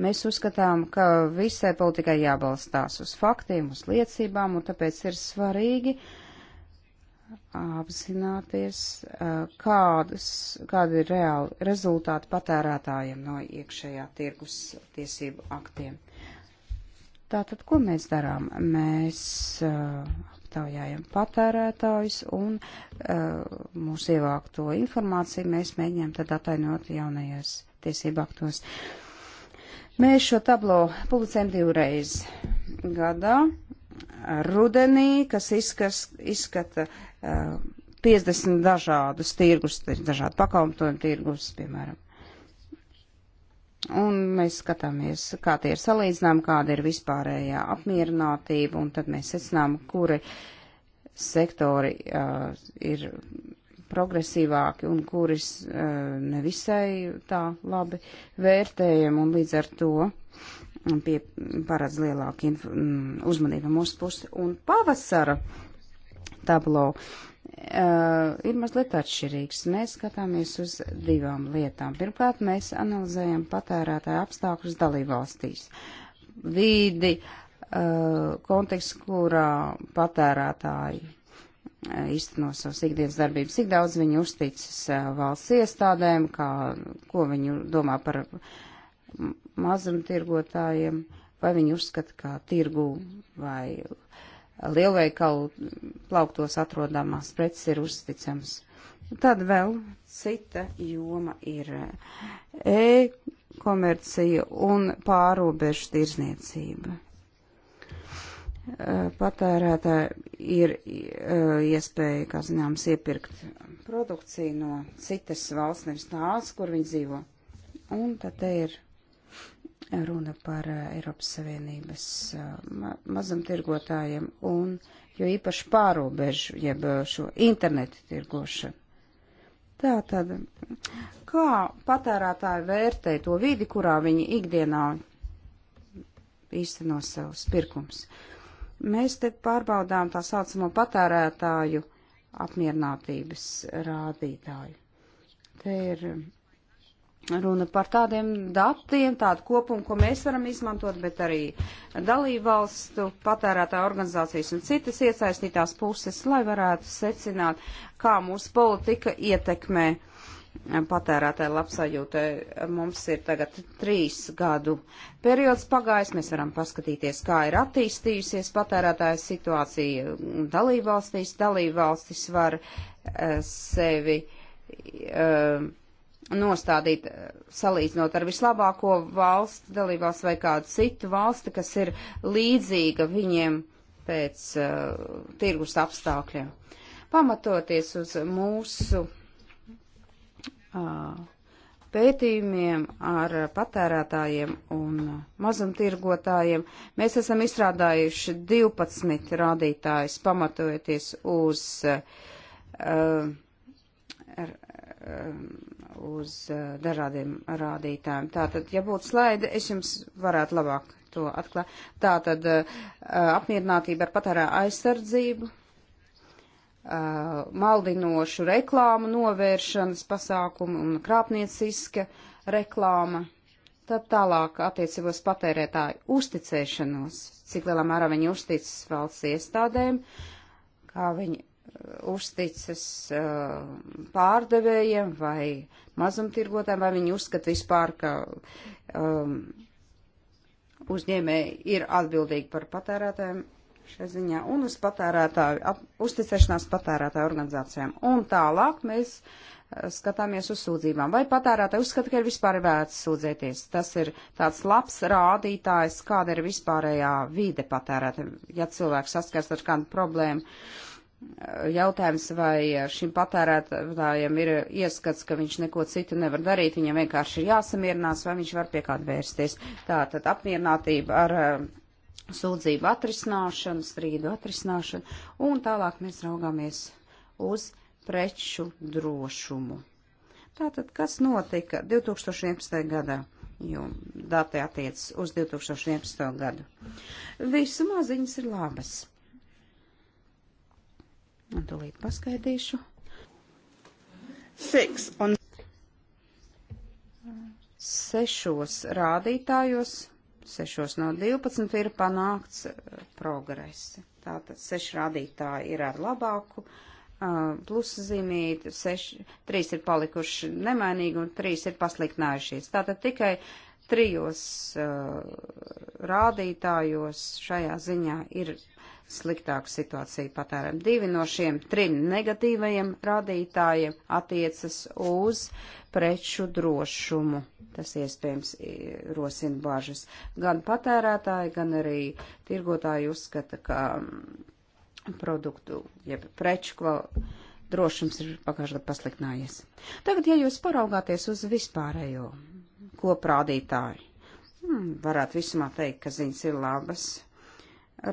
Mēs uzskatām, ka visai politikai jābalstās uz faktiem, uz liecībām, un tāpēc ir svarīgi apzināties, kādas, kāda ir reāli rezultāti patērētājiem no iekšējā tirgus tiesību aktiem. Tātad, ko mēs darām? Mēs uh, aptaujājam patērētājus un uh, mūsu ievākto informāciju mēs mēģinām tad atainot jaunajos tiesību aktos. Uh, Mēs šo tablo publicējam divreiz gadā. Rudenī, kas izkas, izskata uh, eh, 50 dažādus tirgus, dažādu pakalpojumu tirgus, piemēram. Un mēs skatāmies, kā tie ir salīdzinām, kāda ir vispārējā apmierinātība, un tad mēs secinām, kuri sektori uh, ir progresīvāki un kuris eh, nevisai tā labi vērtējam un līdz ar to pie, paredz lielāku mm, uzmanību mūsu pusi. Un pavasara tablo uh, ir mazliet atšķirīgs. Mēs skatāmies uz divām lietām. Pirmkārt, mēs analizējam patērētāju apstākļus dalībvalstīs. Vīdi, uh, konteksts, kurā patērētāji Eh, īsteno savas ikdienas darbības, cik daudz viņi uzticas eh, valsts iestādēm, kā, ko viņi domā par mazumtirgotājiem, vai viņi uzskata, ka tirgu vai lielveikalu plauktos atrodamās preces ir uzticams. Tad vēl cita joma ir eh, e-komercija un pārobežu tirzniecība. Eh, patērētāji ir eh, iespēja, kā zināms, iepirkt produkciju no citas valsts, nevis tās, kur viņi dzīvo. Un tad te ir runa par eh, Eiropas Savienības ma mazumtirgotājiem un jo īpaši pārobežu, jeb šo internetu tirgošanu. Tā tad, kā patērētāji vērtē to vidi, kurā viņi ikdienā īsteno savus pirkums? Uh, Mēs te pārbaudām tā saucamo patērētāju apmierinātības rādītāju. Te ir runa par tādiem datiem, tādu kopumu, ko mēs varam izmantot, bet arī dalībvalstu, patērētā organizācijas un citas iesaistītās puses, lai varētu secināt, kā mūsu politika ietekmē patērētāju labsajūtai. Mums ir tagad trīs gadu periods pagājis, mēs varam paskatīties, kā ir attīstījusies patērētāja situācija dalībvalstīs. Dalībvalstis var eh, sevi eh, nostādīt, salīdzinot ar vislabāko valstu dalībvalstu vai kādu citu valsti, kas ir līdzīga viņiem pēc uh, tirgus apstākļiem. Pamatoties uz mūsu pētījumiem ar patērētājiem un mazumtirgotājiem. Mēs esam izstrādājuši 12 rādītājus, pamatojoties uz, uh, uz dažādiem rādītājiem. Tātad, ja būtu slaidi, es jums varētu labāk to atklāt. Tātad, uh, apmierinātība ar patērē aizsardzību, maldinošu reklāmu novēršanas pasākumu un krāpnieciska reklāma. Tad tālāk attiecībos patērētāju uzticēšanos, cik lielā mērā viņi uzticas valsts iestādēm, kā viņi uzticas uh, pārdevējiem vai mazumtirgotājiem, vai viņi uzskata vispār, ka um, uzņēmēji ir atbildīgi par patērētājiem šai ziņā un uz patērētāju, ap, uzticēšanās patērētāju organizācijām. Un tālāk mēs eh, skatāmies uz sūdzībām. Vai patērētāji uzskata, ka ir vispār vērts sūdzēties? Tas ir tāds labs rādītājs, kāda ir vispārējā vīde patērētājiem, ja cilvēks saskars ar kādu problēmu eh, jautājums, vai šim patērētājam ir ieskats, ka viņš neko citu nevar darīt, viņam vienkārši ir jāsamierinās, vai viņš var pie kāda vērsties. Tā tad apmierinātība ar eh, sūdzību atrisināšanu, strīdu atrisināšanu, un tālāk mēs raugāmies uz preču drošumu. Tātad, kas notika 2011. gadā? Jo dati attiec uz 2011. gadu. Visumā ziņas ir labas. Un tūlīt paskaidīšu. Six on... Sešos rādītājos 6 no 12 ir panākts eh, progress. Tātad 6 rādītāji ir ar labāku eh, plusa zīmīti, 6, 3 ir palikuši nemainīgi un 3 ir pasliktinājušies. Tātad tikai trijos uh, rādītājos šajā ziņā ir sliktāka situācija patērēm. Divi no šiem trim negatīvajiem rādītājiem attiecas uz uh, preču drošumu. Tas iespējams rosina bažas. Gan patērētāji, gan arī tirgotāji uzskata, ka mm, produktu, jeb preču kvalitāti drošums ir pagājušajā gadā pasliktinājies. Tagad, ja jūs paraugāties uz vispārējo koprādītāju, hmm, varētu visumā teikt, ka ziņas ir labas.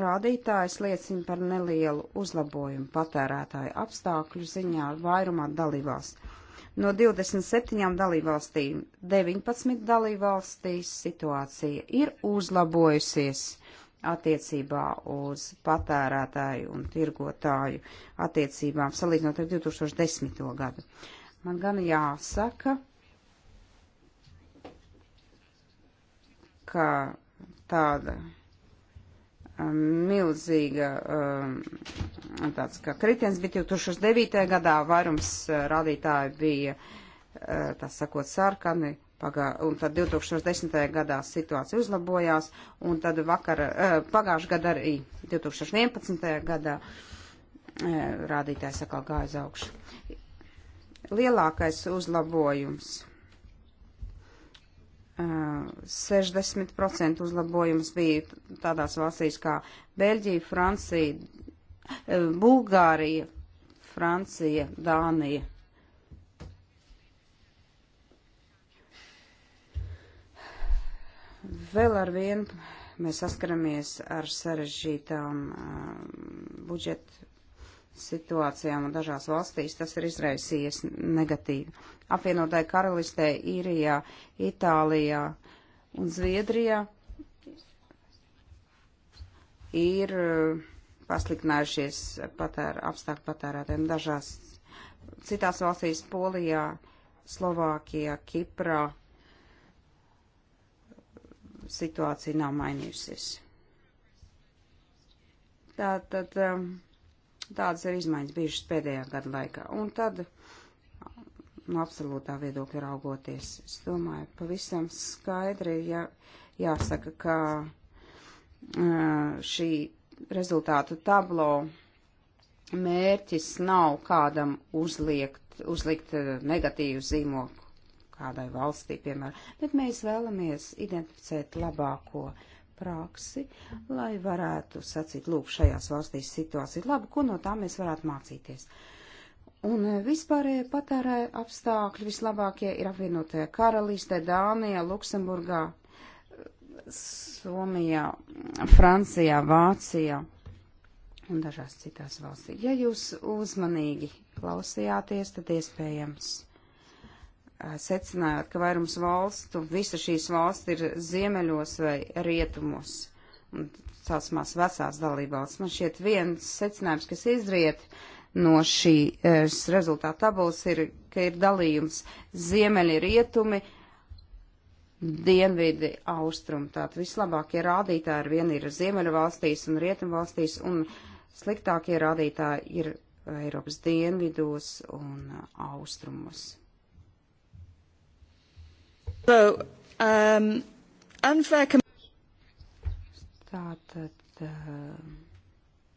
Rādītājs liecina par nelielu uzlabojumu patērētāju apstākļu ziņā vairumā dalībās. No 27 dalībvalstīm 19 dalībvalstīs situācija ir uzlabojusies attiecībā uz patērētāju un tirgotāju attiecībām salīdzinot ar 2010. gadu. Man gan jāsaka, ka tāda Um, milzīga um, tāds kā kritiens, bet 2009. gadā vairums uh, rādītāji bija, uh, tā sakot, sarkani, pagā, un tad 2010. gadā situācija uzlabojās, un tad vakar, uh, pagājušajā gadā arī 2011. gadā rādītājs atkal gāja uz augšu. Lielākais uzlabojums 60% uzlabojums bija tādās valstīs kā Beļģija, Francija, eh, Bulgārija, Francija, Dānija. Vēl ar vienu mēs saskaramies ar sarežģītām eh, budžeta situācijām un dažās valstīs tas ir izraisījies negatīvi apvienotai karalistē, Īrijā, Itālijā un Zviedrijā ir eh, pasliktinājušies patēr, apstākļu patērētiem dažās citās valstīs - Polijā, Slovākijā, Kiprā. Situācija nav mainījusies. Tātad eh, tādas ir izmaiņas bijušas pēdējā gada laikā. Un tad no absolūtā viedokļa raugoties. Es domāju, pavisam skaidri jā, jāsaka, ka šī rezultātu tablo mērķis nav kādam uzliekt, uzlikt negatīvu zīmoku kādai valstī, piemēram, bet mēs vēlamies identificēt labāko praksi, lai varētu sacīt, lūk, šajās valstīs situācija ir laba, ko no tā mēs varētu mācīties. Uh, Un eh, vispārējie patērē apstākļi vislabākie ir apvienotie karalistē, Dānijā, Luksemburgā, Somijā, Francijā, Vācijā un dažās citās valstīs. Ja jūs uzmanīgi klausījāties, tad iespējams eh, secinājāt, ka vairums valstu, visa šīs valsts ir ziemeļos vai rietumos. Un tās mās vecās dalībvalsts. Man šķiet viens secinājums, kas izriet no šīs eh, rezultātu tabulas ir, ka ir dalījums ziemeļi rietumi, dienvidi austrumi. Tātad vislabākie rādītāji ar vienu ir ziemeļu valstīs un rietumu valstīs, un sliktākie rādītāji ir Eiropas dienvidos un eh, austrumos. So, um, unfair... Tātad. Uh,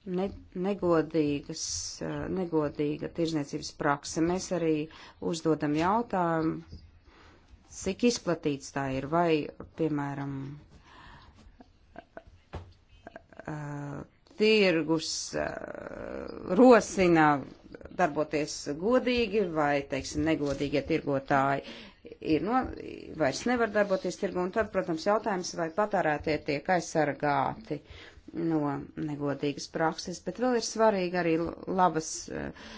ne, negodīgas, eh, negodīga tirzniecības prakse. Mēs arī uzdodam jautājumu, cik izplatīts tā ir, vai, piemēram, eh, tirgus eh, rosina darboties godīgi, vai, teiksim, negodīgie tirgotāji ir no, vairs nevar darboties tirgu, un tad, protams, jautājums, vai patērētie tiek aizsargāti. Uh, no negodīgas prakses, bet vēl ir svarīgi arī labas uh,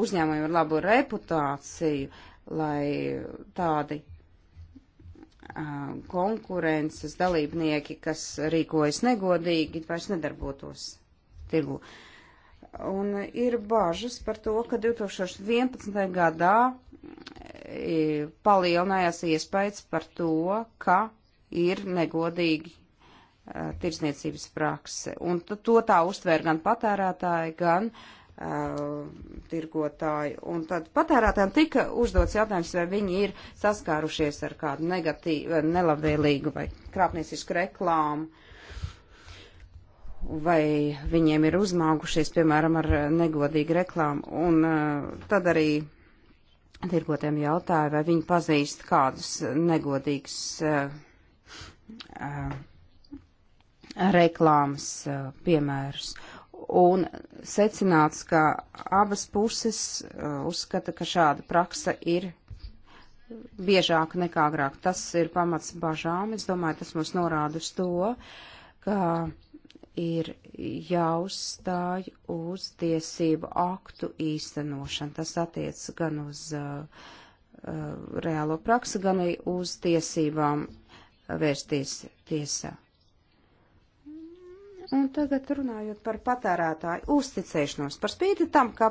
uzņēmumi ar labu reputāciju, lai tādi uh, konkurences dalībnieki, kas rīkojas negodīgi, vairs nedarbotos tirgu. Un ir bažas par to, ka 2011. gadā palielinājās iespējas par to, ka ir negodīgi tirsniecības prakse. Un to tā uztvēra gan patērētāji, gan uh, tirgotāji. Un tad patērētājiem tika uzdots jautājums, vai viņi ir saskārušies ar kādu negatīvu, nelabvēlīgu vai krāpniecisku reklāmu, vai viņiem ir uzmāgušies, piemēram, ar negodīgu reklāmu. Un uh, tad arī tirgotiem jautāja, vai viņi pazīst kādus negodīgus. Uh, uh, reklāmas piemērus. Un secināts, ka abas puses uzskata, ka šāda praksa ir biežāk nekā agrāk. Tas ir pamats bažām. Es domāju, tas mums norāda uz to, ka ir jāuzstāj uz tiesību aktu īstenošanu. Tas attiec gan uz uh, reālo praksi, gan arī uz tiesībām vērsties tiesā. Un tagad runājot par patērētāju uzticēšanos, par spīti tam, ka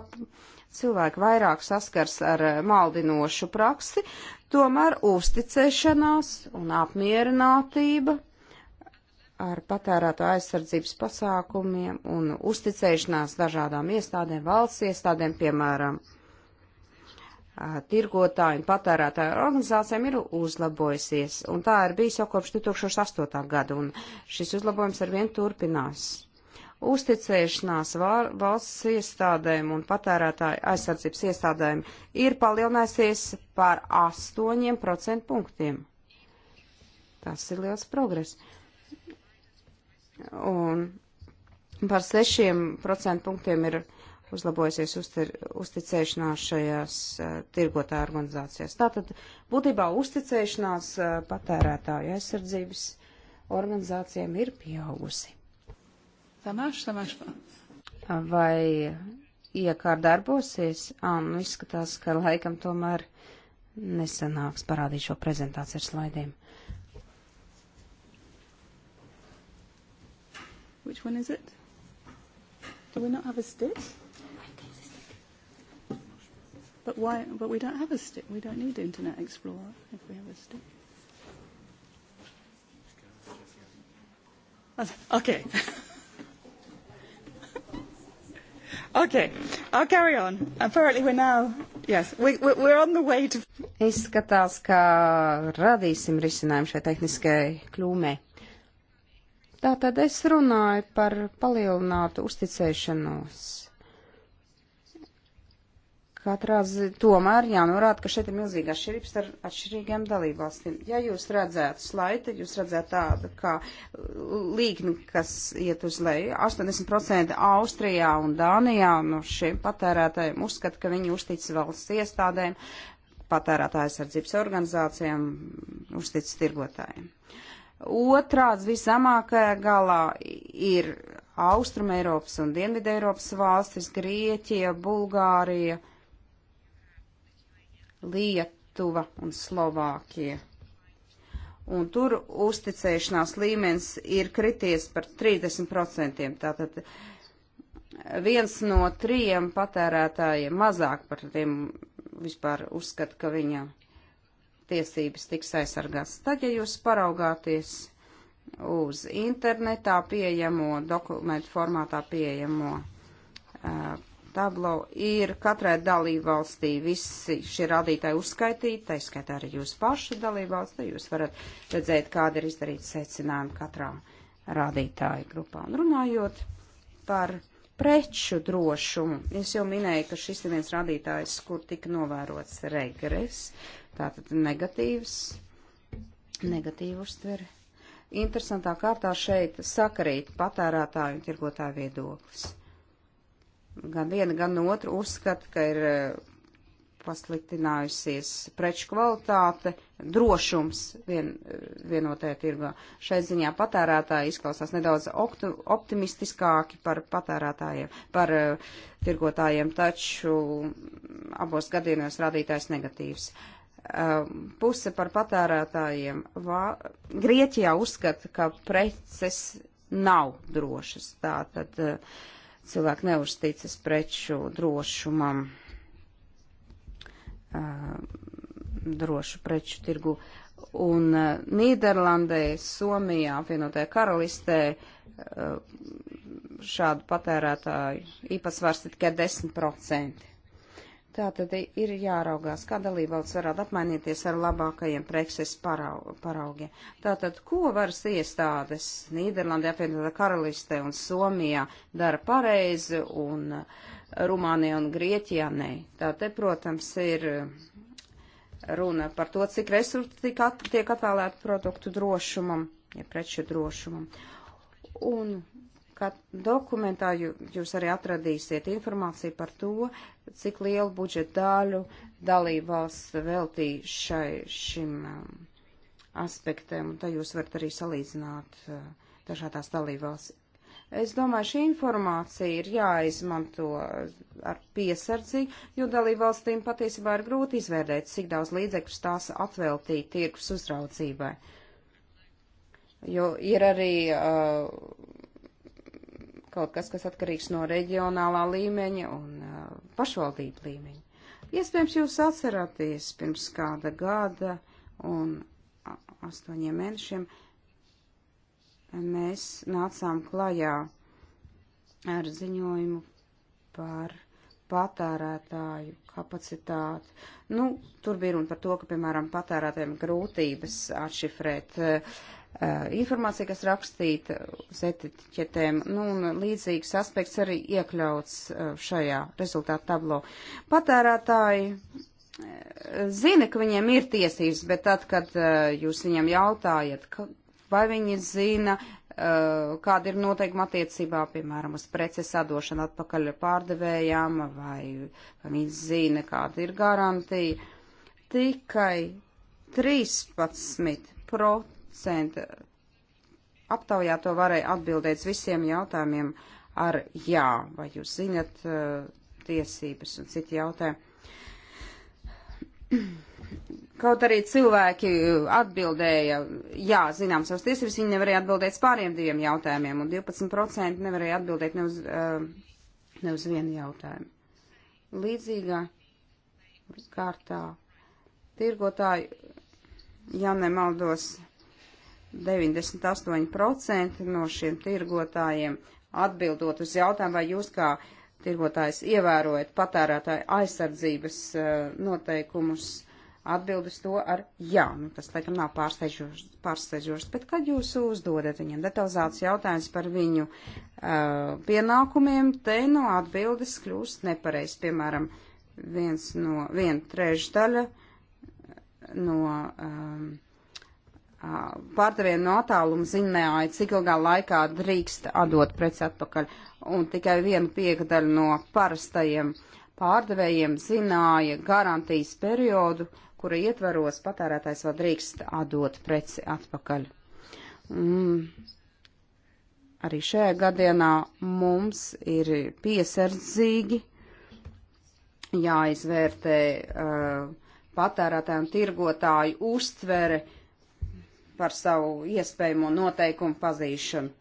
cilvēki vairāk saskars ar eh, maldinošu praksi, tomēr uzticēšanās un apmierinātība ar patērēto aizsardzības pasākumiem un uzticēšanās dažādām iestādēm, valsts iestādēm, piemēram, tirgotāju un patērētāju organizācijām ir uzlabojusies, un tā ir bijis jau kopš 2008. gada, un šis uzlabojums ar vien turpinās. Uzticēšanās vār, valsts iestādēm un patērētāju aizsardzības iestādēm ir palielinājusies par 8% punktiem. Tas ir liels progress. Un par 6% punktiem ir uzlabojusies uzter, uzticēšanās šajās uh, eh, tirgotāju organizācijās. Tātad būtībā uzticēšanās uh, patērētāju aizsardzības organizācijām ir pieaugusi. Tamāš, tamāš. Vai iekārt darbosies? Ā, nu izskatās, ka laikam tomēr nesanāks parādīt šo prezentāciju ar slaidiem. Which one is it? Do we not have a stick? But why? But we don't have a stick. We don't need Internet Explorer if we have a stick. Okay. okay, I'll carry on. Apparently we're now, yes, we, we're on the way to... Izskatās, ka radīsim risinājumu šai tehniskajai kļūmē. Tātad es runāju par palielinātu uzticēšanos Katrā ziņā tomēr jānorāda, ka šeit ir milzīga atšķirības ar atšķirīgiem dalībvalstīm. Ja jūs redzētu slaidi, jūs redzētu tādu, ka līkni, kas iet uz leju, 80% Austrijā un Dānijā no šiem patērētājiem uzskata, ka viņi uztic valsts iestādēm, patērētājas ardzības organizācijām, uztic tirgotājiem. Otrāds viszemākajā galā ir Austrum Eiropas un Dienvidē Eiropas valstis, Grieķija, Bulgārija Lietuva un Slovākija. Un tur uzticēšanās līmenis ir krities par 30%. Tātad viens no trījiem patērētājiem mazāk par tiem vispār uzskata, ka viņa tiesības tiks aizsargāts. Tad, ja jūs paraugāties uz internetā pieejamo, dokumentu formātā pieejamo uh, tablo ir katrai dalībvalstī visi šie rādītāji uzskaitīti, tā skaitā arī jūs paši dalībvalstī. Jūs varat redzēt, kāda ir izdarīta secinājuma katrā rādītāja grupā. Un runājot par preču drošumu, es jau minēju, ka šis ir viens rādītājs, kur tika novērots regres, tātad negatīvs, negatīvu uztveri. Interesantā kārtā šeit sakarīt patērētāju un tirgotāju viedoklis gan viena, gan otra uzskata, ka ir eh, pasliktinājusies preču kvalitāte, drošums vien, eh, vienotajā tirgā. Šai ziņā patērētāji izklausās nedaudz oktu, optimistiskāki par patērētājiem, par uh, tirgotājiem, taču abos gadījumos rādītājs negatīvs. Uh, puse par patērētājiem vā, Grieķijā uzskata, ka preces nav drošas. Tātad, uh, cilvēki neuzticas preču drošumam, drošu preču tirgu. Un Nīderlandē, Somijā, apvienotajā karalistē šādu patērētāju īpatsvars ir tikai 10%. Tā tad ir jāraugās, kā dalībvalsts varētu apmainīties ar labākajiem prekses paraugiem. Tātad, ko varas iestādes Nīderlandē, apvienotā karalistē un Somijā dara pareizi un eh, Rumānijā un Grieķijā nē. Tā te, protams, ir eh, runa par to, cik resursi tiek atvēlēti produktu drošumam, ja preču drošumam. Un ka dokumentā jūs arī atradīsiet informāciju par to, cik lielu budžeta daļu dalībās veltī šai, šim um, aspektam, un tā jūs varat arī salīdzināt uh, dažādās dalībās. Es domāju, šī informācija ir jāizmanto ar piesardzību, jo dalībvalstīm patiesībā ir grūti izvērtēt, cik daudz līdzekļus tās atveltīt tirkus uzraudzībai. Jo ir arī uh, kaut kas, kas atkarīgs no reģionālā līmeņa un uh, pašvaldību līmeņa. Iespējams, jūs atceraties pirms kāda gada un astoņiem mēnešiem mēs nācām klajā ar ziņojumu par patērētāju kapacitāti. Nu, tur bija runa par to, ka, piemēram, patērētājiem grūtības atšifrēt uh, Eh, informācija, kas rakstīta uz etiķetēm, nu, un līdzīgs aspekts arī iekļauts eh, šajā rezultātu tablo. Patērētāji eh, zina, ka viņiem ir tiesības, bet tad, kad jūs viņam jautājat, vai viņi zina, kāda ir noteikuma attiecībā, piemēram, uz preces atdošanu atpakaļ pārdevējām, vai, vai viņi zina, kāda ir garantija, tikai 13 procentu aptaujā to varēja atbildēt visiem jautājumiem ar jā, vai jūs zinat eh, tiesības un citi jautājumi. Kaut arī cilvēki eh, atbildēja, jā, zinām savas tiesības, viņi nevarēja atbildēt pāriem diviem jautājumiem, un 12% nevarēja atbildēt ne uz, eh, ne uz vienu jautājumu. Līdzīgā kārtā tirgotāji, ja nemaldos, 98% no šiem tirgotājiem atbildot uz jautājumu, vai jūs kā tirgotājs ievērojat patērētāju aizsardzības eh, noteikumus, atbild uz to ar jā. Nu, tas, laikam, nav pārsteidzošs, bet kad jūs uzdodat viņam detalizētus jautājumus par viņu uh, pienākumiem, te no atbildes kļūst nepareiz. Piemēram, viens no, viena trešdaļa no. Um, pārdevienu no attāluma zināja, cik ilgā laikā drīkst atdot preci atpakaļ, un tikai viena piekdaļa no parastajiem pārdevējiem zināja garantijas periodu, kura ietveros patērētājs vēl drīkst atdot preci atpakaļ. Mm. Arī šajā gadienā mums ir piesardzīgi jāizvērtē uh, patērētāju un tirgotāju uztvere uh, par savu iespējamo noteikumu pazīšanu.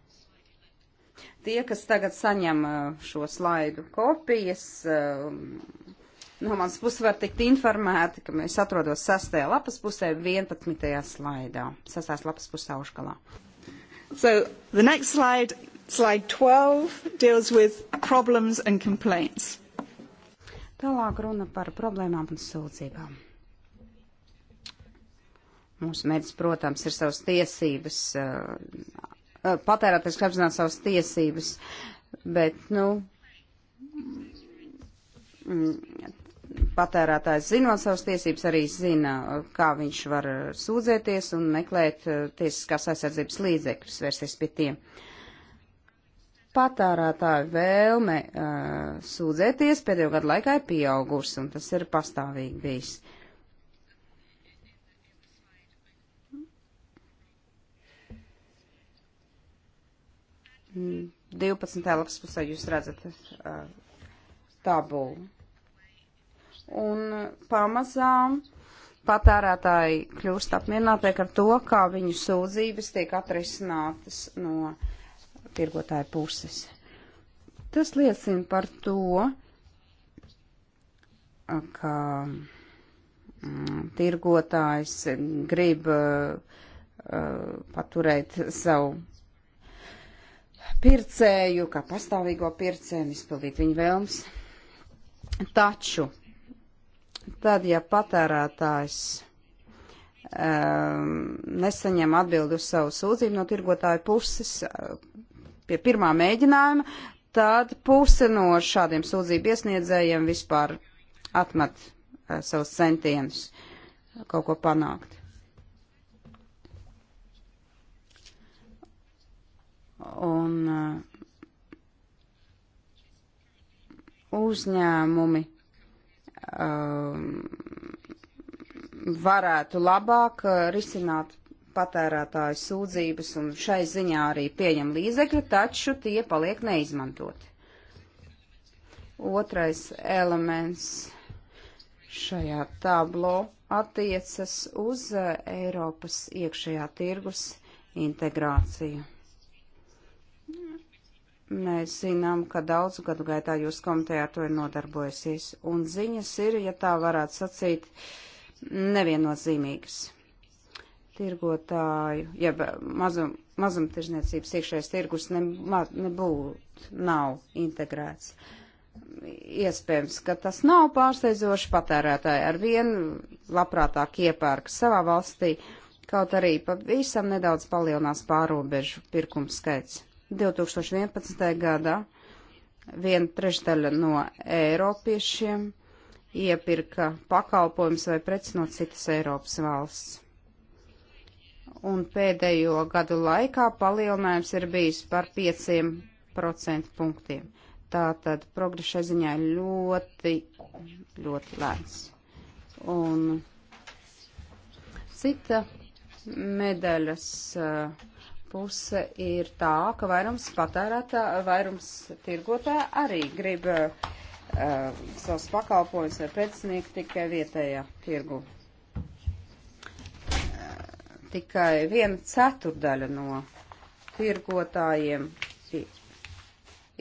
Tie, kas tagad saņem uh, šo slaidu kopijas, uh, no manas puses var tikt informēti, ka mēs atrodos 6. lapas pusē, 11. slaidā, 6. lapas pusē augšgalā. So, the next slide, slide 12, deals with problems and complaints. Tālāk runa par problēmām un sūdzībām. Mūsu mērķis, protams, ir savas tiesības, uh, uh, patērētājs apzināt savas tiesības, bet, nu, mm, patērētājs zinot savas tiesības, arī zina, uh, kā viņš var sūdzēties un meklēt tiesiskās aizsardzības līdzekļus, vērsties pie tiem. Patērētāju vēlme uh, sūdzēties pēdējo gadu laikā ir pieaugusi, un tas ir pastāvīgi bijis. Uh, 12. lapas pusē jūs redzat uh, tabulu. Un pamazām patērētāji kļūst apmierinātiek ar to, kā viņu sūdzības tiek atrisinātas no tirgotāja puses. Tas liecina par to, ka mm, tirgotājs grib uh, paturēt savu pircēju, kā pastāvīgo pircēju, izpildīt viņu vēlmes. Taču, tad, ja patērētājs um, nesaņem atbildi uz savu sūdzību no tirgotāja puses eh, pie pirmā mēģinājuma, tad puse no šādiem sūdzību iesniedzējiem vispār atmet uh, savus centienus kaut ko panākt. un uh, uzņēmumi um, varētu labāk uh, risināt patērētāju sūdzības un šai ziņā arī pieņem līdzekļi, taču tie paliek neizmantoti. Otrais elements šajā tablo attiecas uz uh, Eiropas iekšējā tirgus integrāciju. Mēs zinām, ka daudzu gadu gaitā jūs komitejā ar to ir nodarbojusies, un ziņas ir, ja tā varētu sacīt, neviennozīmīgas. Tirgotāju, jeb mazum, mazumtirzniecības iekšējais tirgus ne, nebūtu, nav integrēts. Iespējams, ka tas nav pārsteidzoši patērētāji ar vienu labprātāk iepērk savā valstī, kaut arī pavisam nedaudz palielinās pārobežu pirkums skaits. 2011. gadā viena trešdaļa no eiropiešiem iepirka pakalpojums vai preci no citas Eiropas valsts. Un pēdējo gadu laikā palielinājums ir bijis par 5% punktiem. Tātad progresa ziņā ļoti, ļoti lēns. Un cita medaļas uh, puse ir tā, ka vairums patērētā, vairums tirgotā arī grib uh, savus pakalpojumus vai pretsniegt tikai vietējā tirgu. Uh, tikai viena ceturdaļa no tirgotājiem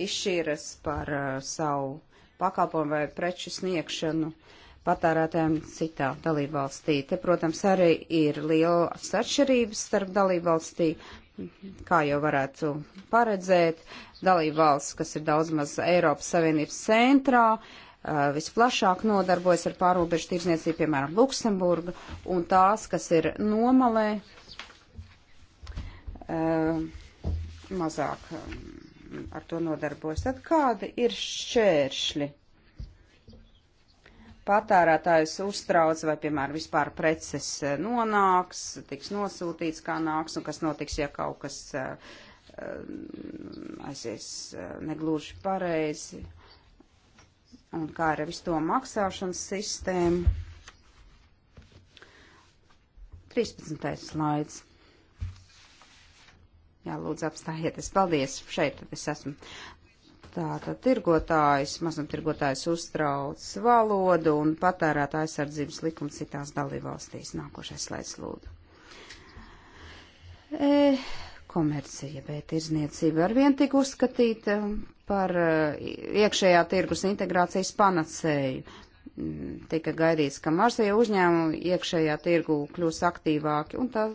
izšķīras par uh, savu pakalpojumu vai preču sniegšanu patērētājiem citā dalībvalstī. Te, protams, arī ir liela atšķirības starp dalībvalstī, kā jau varētu paredzēt, dalību valsts, kas ir daudz maz Eiropas Savienības centrā, visplašāk nodarbojas ar pārobežu tirzniecību, piemēram, Luksemburga, un tās, kas ir nomalē, mazāk ar to nodarbojas. Tad kādi ir šķēršļi? patērētājs uztrauc, vai, piemēram, vispār preces eh, nonāks, tiks nosūtīts, kā nāks, un kas notiks, ja kaut kas eh, eh, aizies negluži pareizi, un kā ir ar visu to maksāšanas sistēmu. 13. slaids. Jā, lūdzu, apstājieties. Paldies, šeit es esmu. Tātad tirgotājs, mazumtirgotājs uztrauc valodu un patērētā aizsardzības likuma citās dalībvalstīs. Nākošais slaids lūdzu. E, komercija, bet tirzniecība arvien tik uzskatīta par e, iekšējā tirgus integrācijas panacēju. Mm, tika gaidīts, ka mazie uzņēmumi iekšējā tirgu kļūs aktīvāki, un, tā,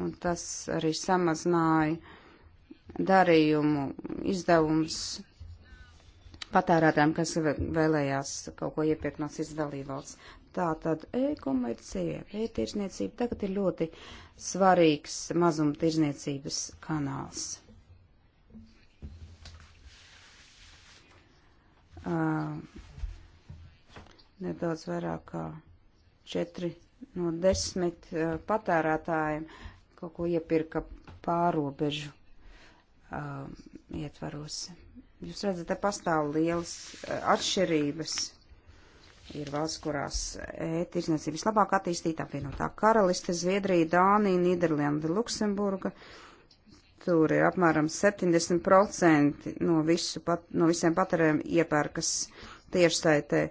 un tas arī samazināja darījumu izdevums patērētājiem, kas vēlējās kaut ko iepirkt no citas dalībvalsts. Tātad e-komercija, e-tirzniecība tagad ir ļoti svarīgs mazumtirzniecības kanāls. Uh, nedaudz vairāk kā četri no desmit uh, patērētājiem kaut ko iepirka pārobežu uh, ietvaros. Jūs redzat, te pastāv lielas uh, atšķirības. Ir valsts, kurās ētirzniecības labāk attīstīta apvienotā karaliste, Zviedrija, Dānija, Nīderlanda, Luksemburga. Tur ir apmēram 70% no, visu, pat, no visiem patērēm iepērkas tiešsaitē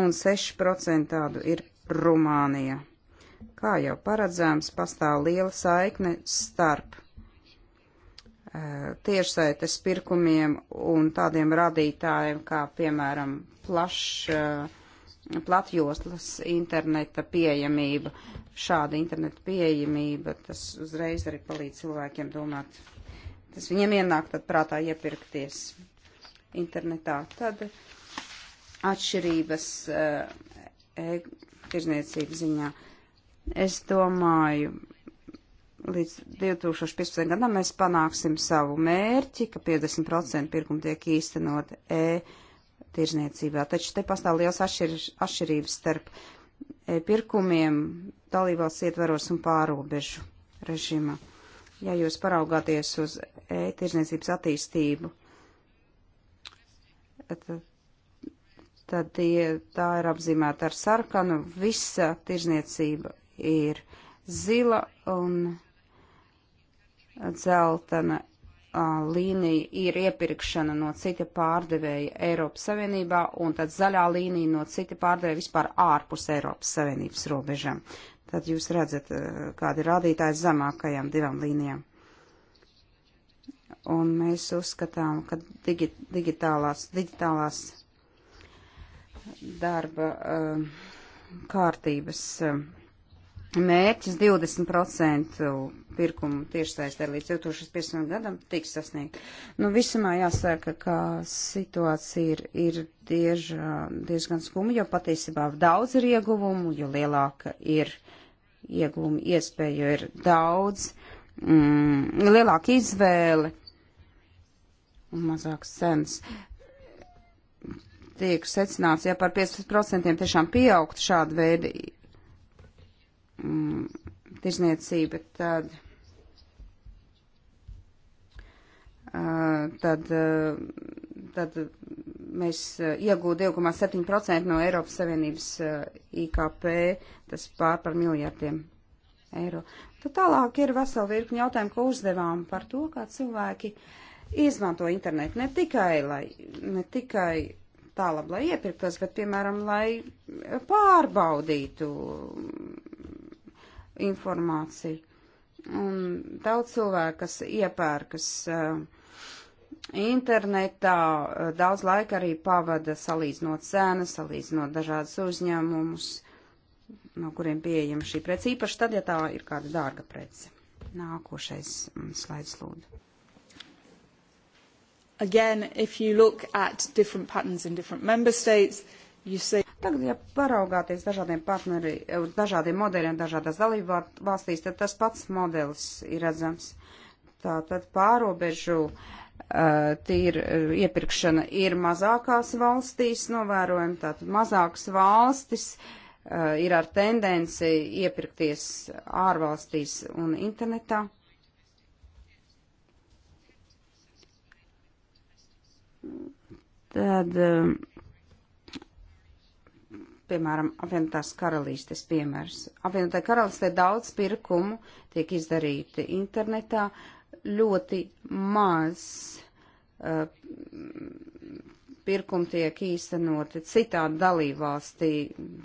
un 6% tādu ir Rumānija. Kā jau paredzēms, pastāv liela saikne starp tiešsaites pirkumiem un tādiem radītājiem, kā piemēram plašs, eh, platjoslas interneta pieejamība. Šāda interneta pieejamība, tas uzreiz arī palīdz cilvēkiem domāt. Tas viņiem ienāk tad prātā iepirkties internetā. Tad atšķirības e eh, tirzniecības ziņā. Es domāju, līdz 2015. gadam mēs panāksim savu mērķi, ka 50% pirkumu tiek īstenot e tirzniecībā. Taču te pastāv liels atšķir, atšķirības starp e pirkumiem dalībvalsts ietveros un pārobežu režīmā. Ja jūs paraugāties uz e tirzniecības attīstību, tad, tad tie, tā ir apzīmēta ar sarkanu, visa tirzniecība ir zila un Zeltana līnija ir iepirkšana no cita pārdevēja Eiropas Savienībā, un tad zaļā līnija no cita pārdevēja vispār ārpus Eiropas Savienības robežām. Tad jūs redzat, kādi rādītāji zemākajām divām līnijām. Un mēs uzskatām, ka digi, digitālās, digitālās darba kārtības. Uh, mērķis 20% pirkumu tiešsaistē līdz 2050. gadam tiks sasniegt. Nu, visumā jāsaka, ka situācija ir, ir diež, diezgan skumja, jo patiesībā daudz ir ieguvumu, jo lielāka ir ieguvumu iespēja, jo ir daudz, mm, lielāka izvēle un mazāks cenas. Tiek secināts, ja par 15% tiešām pieaugt šāda veida mm, tirzniecība, tad, uh, tad, uh, tad mēs iegūtu 2,7% no Eiropas Savienības uh, IKP, tas pār par miljardiem eiro. Tad tālāk ir vesela virkni jautājumu, ko uzdevām par to, kā cilvēki izmanto internetu ne tikai, lai, ne tikai tālāk, lai iepirktos, bet, piemēram, lai pārbaudītu informāciju. Un daudz cilvēku, kas iepērkas eh, internetā, eh, daudz laika arī pavada salīdzinot cenas, salīdzinot dažādus uzņēmumus, no kuriem pieejama šī prece, īpaši tad, ja tā ir kāda dārga prece. Nākošais mm, slaids lūdzu. Again, if you look at different patterns in different member states, uh, Tagad, ja paraugāties dažādiem partneri, dažādiem modeļiem dažādās dalību valstīs, tad tas pats modelis ir redzams. Tātad pārobežu uh, tīra iepirkšana ir mazākās valstīs, novērojam, tātad mazākas valstis uh, ir ar tendenci iepirkties ārvalstīs un internetā. Tad. Uh, piemēram, apvienotās karalīstes piemērs. Apvienotā karalistē daudz pirkumu tiek izdarīti internetā, ļoti maz uh, pirkumu tiek īstenoti citādi dalībvalstī.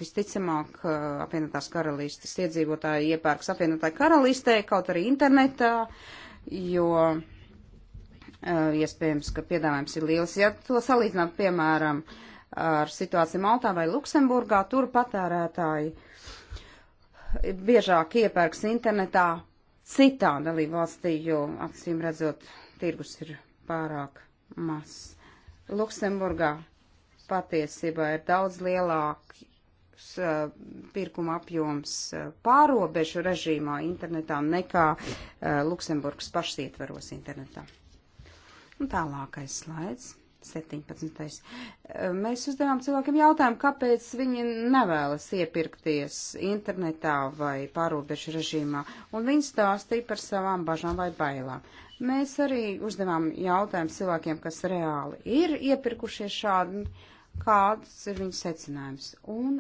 Visticamāk, uh, apvienotās karalīstes iedzīvotāji iepērks apvienotā karalīstē, kaut arī internetā, jo. Uh, iespējams, ka piedāvājums ir liels. Ja to salīdzinām, piemēram, uh, ar situāciju Maltā vai Luksemburgā, tur patērētāji biežāk iepērks internetā citā dalībvalstī, jo acīm redzot, tirgus ir pārāk mazs. Luksemburgā patiesībā ir daudz lielāks uh, pirkuma apjoms uh, pārobežu režīmā internetā nekā uh, Luksemburgas pašsietveros internetā. Un tālākais slaids. 17. Mēs uzdevām cilvēkiem jautājumu, kāpēc viņi nevēlas iepirkties internetā vai pārobežu režīmā, un viņi stāstīja par savām bažām vai bailām. Mēs arī uzdevām jautājumu cilvēkiem, kas reāli ir iepirkušies šādi, kāds ir viņu secinājums. Un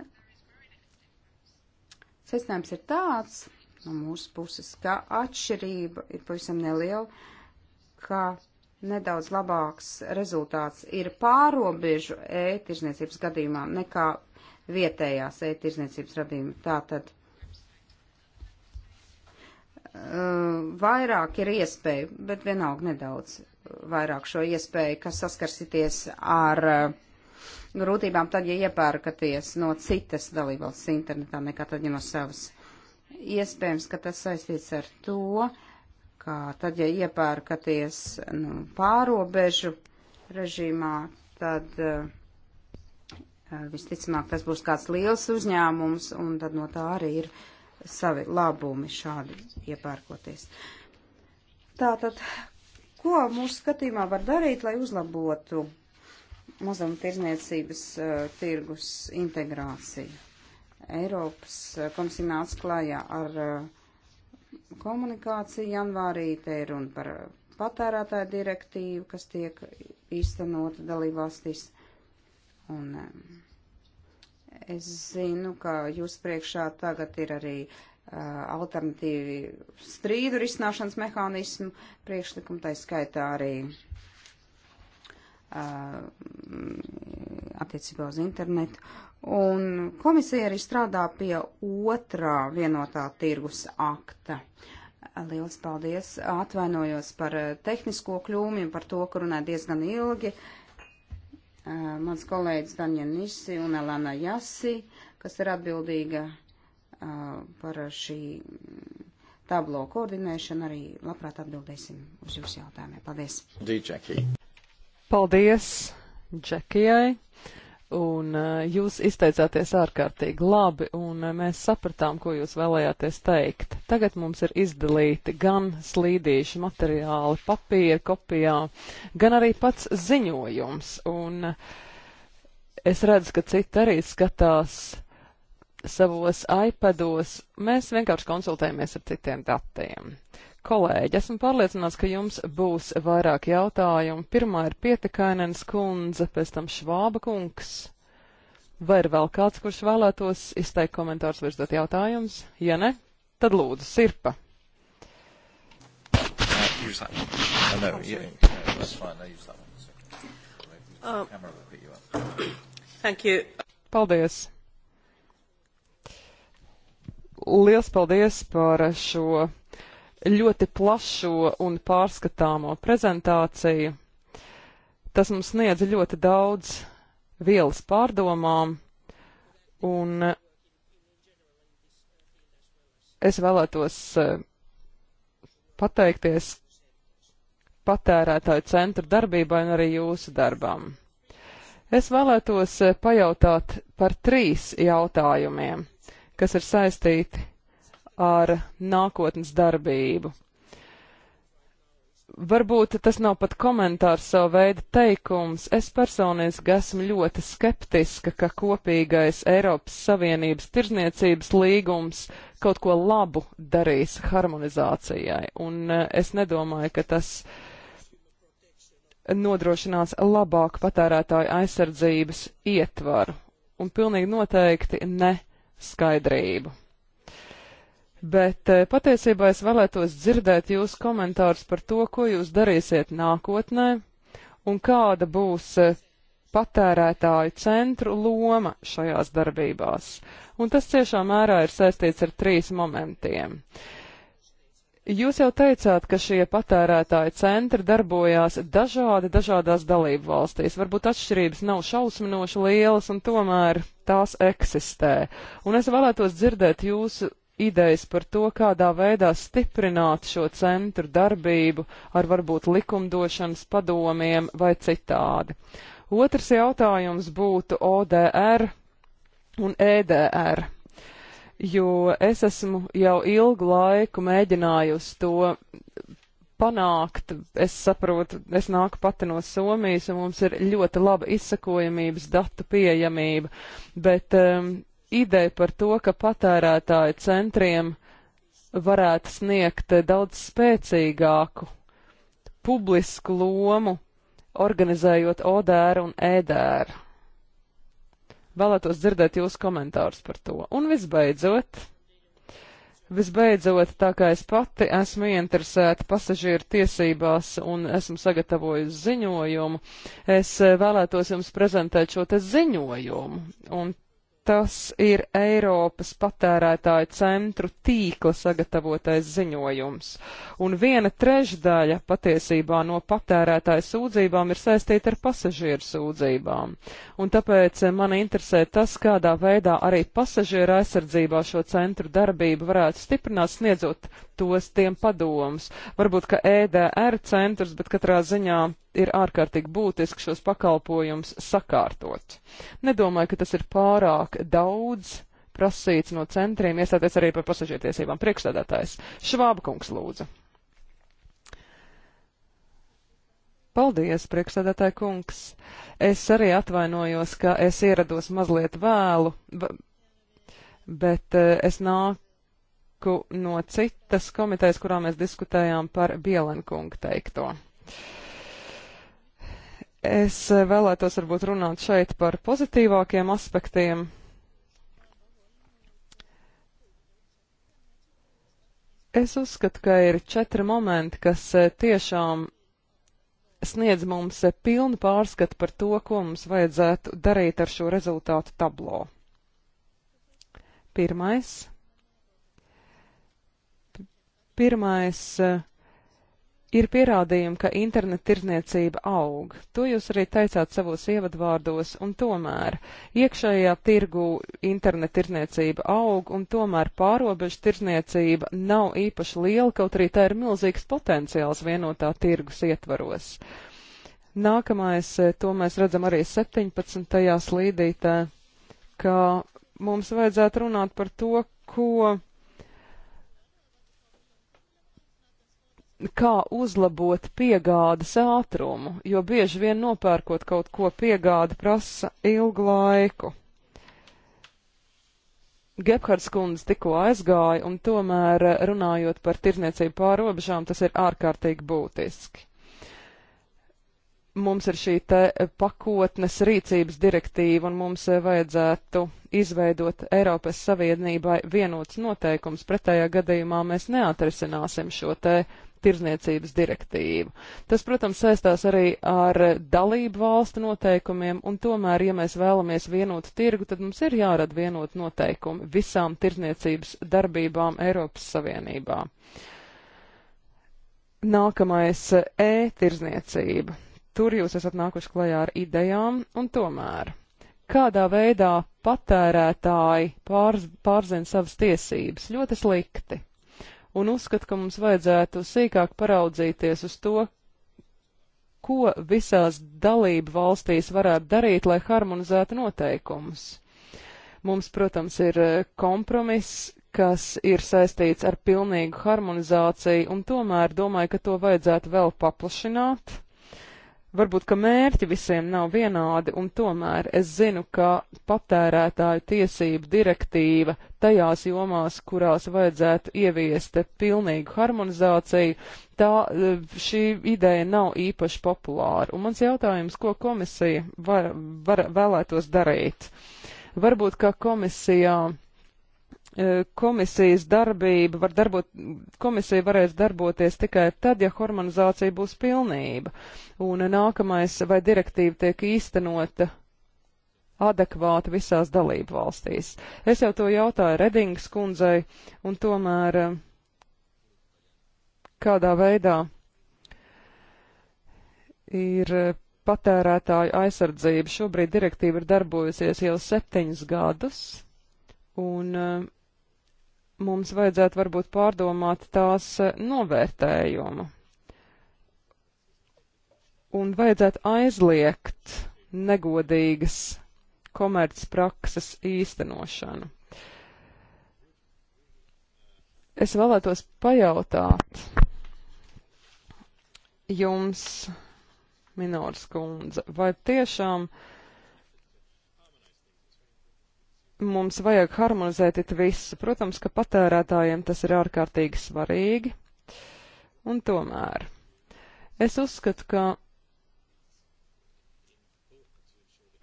secinājums ir tāds no mūsu puses, ka atšķirība ir pavisam neliela, ka nedaudz labāks rezultāts ir pārobežu ētirzniecības e gadījumā nekā vietējās ētirzniecības e radījuma. Tātad uh, vairāk ir iespēju, bet vienalga nedaudz vairāk šo iespēju, kas saskarsities ar uh, grūtībām tad, ja iepērkaties no citas dalībvalsts internetā nekā tad, ja no savas. Iespējams, ka tas saistīts ar to, uh, kā tad, ja iepērkaties nu, pārobežu režīmā, tad uh, visticamāk tas būs kāds liels uzņēmums, un tad no tā arī ir savi labumi šādi iepērkoties. Tātad, ko mūsu skatījumā var darīt, lai uzlabotu mazuma tirzniecības uh, tirgus integrāciju? Eiropas eh, komisija nāca klājā ar uh, komunikāciju janvārī, te ir runa par patērētāju direktīvu, kas tiek īstenota dalībvalstīs. Un eh, es zinu, ka jūs priekšā tagad ir arī uh, alternatīvi strīdu risināšanas mehānismu priekšlikumu, tā skaitā arī Uh, attiecībā uz internetu. Un komisija arī strādā pie otrā vienotā tirgus akta. Liels paldies! Atvainojos par uh, tehnisko kļūmi un par to, ka runāju diezgan ilgi. Uh, mans kolēģis Danja Nisi un Elena Jasi, kas ir atbildīga par šī tablo koordinēšanu, arī labprāt atbildēsim uz jūsu jautājumiem. Paldies! Dīdžekī. Paldies Džekijai! Un uh, jūs izteicāties ārkārtīgi labi, un uh, mēs sapratām, ko jūs vēlējāties teikt. Tagad mums ir izdalīti gan slīdīši materiāli papīra kopijā, gan arī pats ziņojums. Un uh, es redzu, ka citi arī skatās savos iPados, mēs vienkārši konsultējamies ar citiem datiem. Kolēģi, esmu pārliecināts, ka jums būs vairāk jautājumu. Pirmā ir Pietekainens kundze, pēc tam Švāba kungs. Vai ir vēl kāds, kurš vēlētos izteikt komentārus vai uzdot jautājumus? Ja ne, tad lūdzu, sirpa. Oh. Paldies! Liels paldies par šo ļoti plašo un pārskatāmo prezentāciju. Tas mums sniedz ļoti daudz vielas pārdomām, un es vēlētos eh, pateikties patērētāju centra darbībai un arī jūsu darbam. Es vēlētos eh, pajautāt par trīs jautājumiem, kas ir saistīti ar nākotnes darbību. Varbūt tas nav pat komentārs savu veidu teikums. Es personiski esmu ļoti skeptiska, ka kopīgais Eiropas Savienības tirzniecības līgums kaut ko labu darīs harmonizācijai, un eh, es nedomāju, ka tas nodrošinās labāku patērētāju aizsardzības ietvaru, un pilnīgi noteikti ne skaidrību bet eh, patiesībā es vēlētos dzirdēt jūsu komentārus par to, ko jūs darīsiet nākotnē un kāda būs eh, patērētāju centru loma šajās darbībās. Un tas ciešā mērā ir saistīts ar trīs momentiem. Jūs jau teicāt, ka šie patērētāju centri darbojās dažādi dažādās dalību valstīs. Varbūt atšķirības nav šausminoši lielas, un tomēr tās eksistē. Un es vēlētos dzirdēt jūsu idejas par to, kādā veidā stiprināt šo centru darbību ar varbūt likumdošanas padomiem vai citādi. Otrs jautājums būtu ODR un EDR jo es esmu jau ilgu laiku mēģinājusi to panākt. Es saprotu, es nāku pati no Somijas, un mums ir ļoti laba izsakojamības datu pieejamība, bet um, ideja par to, ka patērētāju centriem varētu sniegt daudz spēcīgāku publisku lomu, organizējot odēru un ēdēru. E vēlētos dzirdēt jūsu komentārus par to. Un visbeidzot, visbeidzot, tā kā es pati esmu ieinteresēta pasažieru tiesībās un esmu sagatavojusi ziņojumu, es vēlētos jums prezentēt šo te ziņojumu. Un tas ir Eiropas patērētāju centru tīkla sagatavotais ziņojums. Un viena trešdaļa patiesībā no patērētāju sūdzībām ir saistīta ar pasažieru sūdzībām. Un tāpēc eh, man interesē tas, kādā veidā arī pasažieru aizsardzībā šo centru darbību varētu stiprināt, sniedzot tos tiem padomus. Varbūt, ka EDR centrs, bet katrā ziņā ir ārkārtīgi būtiski šos pakalpojumus sakārtot. Nedomāju, ka tas ir pārāk daudz prasīts no centriem iestāties arī par pasažietiesībām. Priekšstādātājs Švāba kungs lūdzu. Paldies, priekšstādātāja kungs. Es arī atvainojos, ka es ierados mazliet vēlu, bet eh, es nāk, kritiku no citas komitejas, kurā mēs diskutējām par Bielenkungu teikto. Es vēlētos varbūt runāt šeit par pozitīvākiem aspektiem. Es uzskatu, ka ir četri momenti, kas e, tiešām sniedz mums e, pilnu pārskatu par to, ko mums vajadzētu darīt ar šo rezultātu tablo. Pirmais Pirmais eh, ir pierādījumi, ka interneta tirzniecība aug. To jūs arī teicāt savos ievadvārdos, un tomēr iekšējā tirgu interneta tirzniecība aug, un tomēr pārobežu tirzniecība nav īpaši liela, kaut arī tā ir milzīgs potenciāls vienotā tirgus ietvaros. Nākamais, eh, to mēs redzam arī 17. slīdītē, ka mums vajadzētu runāt par to, ko kā uzlabot piegādes ātrumu, jo bieži vien nopērkot kaut ko piegāde prasa ilgu laiku. Gebhards kundze tikko aizgāja, un tomēr eh, runājot par tirzniecību pārobežām, tas ir ārkārtīgi būtiski. Mums ir šī te pakotnes rīcības direktīva, un mums eh, vajadzētu izveidot Eiropas Savienībai vienots noteikums. Pretējā gadījumā mēs neatrisināsim šo te tirzniecības direktīvu. Tas, protams, saistās arī ar dalību valstu noteikumiem, un tomēr, ja mēs vēlamies vienotu tirgu, tad mums ir jārada vienot noteikumi visām tirzniecības darbībām Eiropas Savienībā. Nākamais - e-tirzniecība. Tur jūs esat nākuši klajā ar idejām, un tomēr kādā veidā patērētāji pār, pārzina savas tiesības. Ļoti slikti un uzskatu, ka mums vajadzētu sīkāk paraudzīties uz to, ko visās dalību valstīs varētu darīt, lai harmonizētu noteikumus. Mums, protams, ir eh, kompromiss, kas ir saistīts ar pilnīgu harmonizāciju, un tomēr domāju, ka to vajadzētu vēl paplašināt Varbūt, ka mērķi visiem nav vienādi, un tomēr es zinu, ka patērētāju tiesību direktīva tajās jomās, kurās vajadzētu ieviest pilnīgu harmonizāciju, tā e, šī ideja nav īpaši populāra. Un mans jautājums, ko komisija var, var, vēlētos darīt? Varbūt, ka komisijā Eh, komisijas darbība var darbot, komisija varēs darboties tikai tad, ja harmonizācija būs pilnība. Un nākamais, vai direktīva tiek īstenota adekvāti visās dalību valstīs. Es jau to jautāju Redingas kundzei, un tomēr eh, kādā veidā ir eh, patērētāju aizsardzība. Šobrīd direktīva ir darbojusies jau septiņus gadus, un mums vajadzētu varbūt pārdomāt tās eh, novērtējumu. Un vajadzētu aizliegt negodīgas komercprakses īstenošanu. Es vēlētos pajautāt jums, Minors kundze, vai tiešām uh, mums vajag harmonizēt it visu. Protams, ka patērētājiem tas ir ārkārtīgi svarīgi. Un tomēr es uzskatu, ka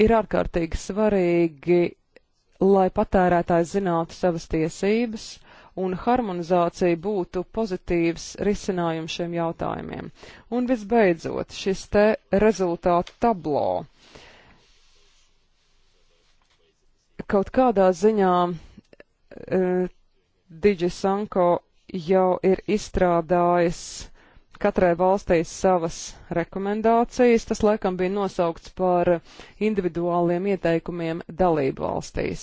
ir ārkārtīgi svarīgi, lai patērētājs zinātu savas tiesības un harmonizācija būtu pozitīvs risinājums šiem jautājumiem. Un visbeidzot, šis te rezultātu tablo Kaut kādā ziņā uh, e, Digisanko jau ir izstrādājis katrai valstī savas rekomendācijas. Tas laikam bija nosaukts par individuāliem ieteikumiem dalību valstīs.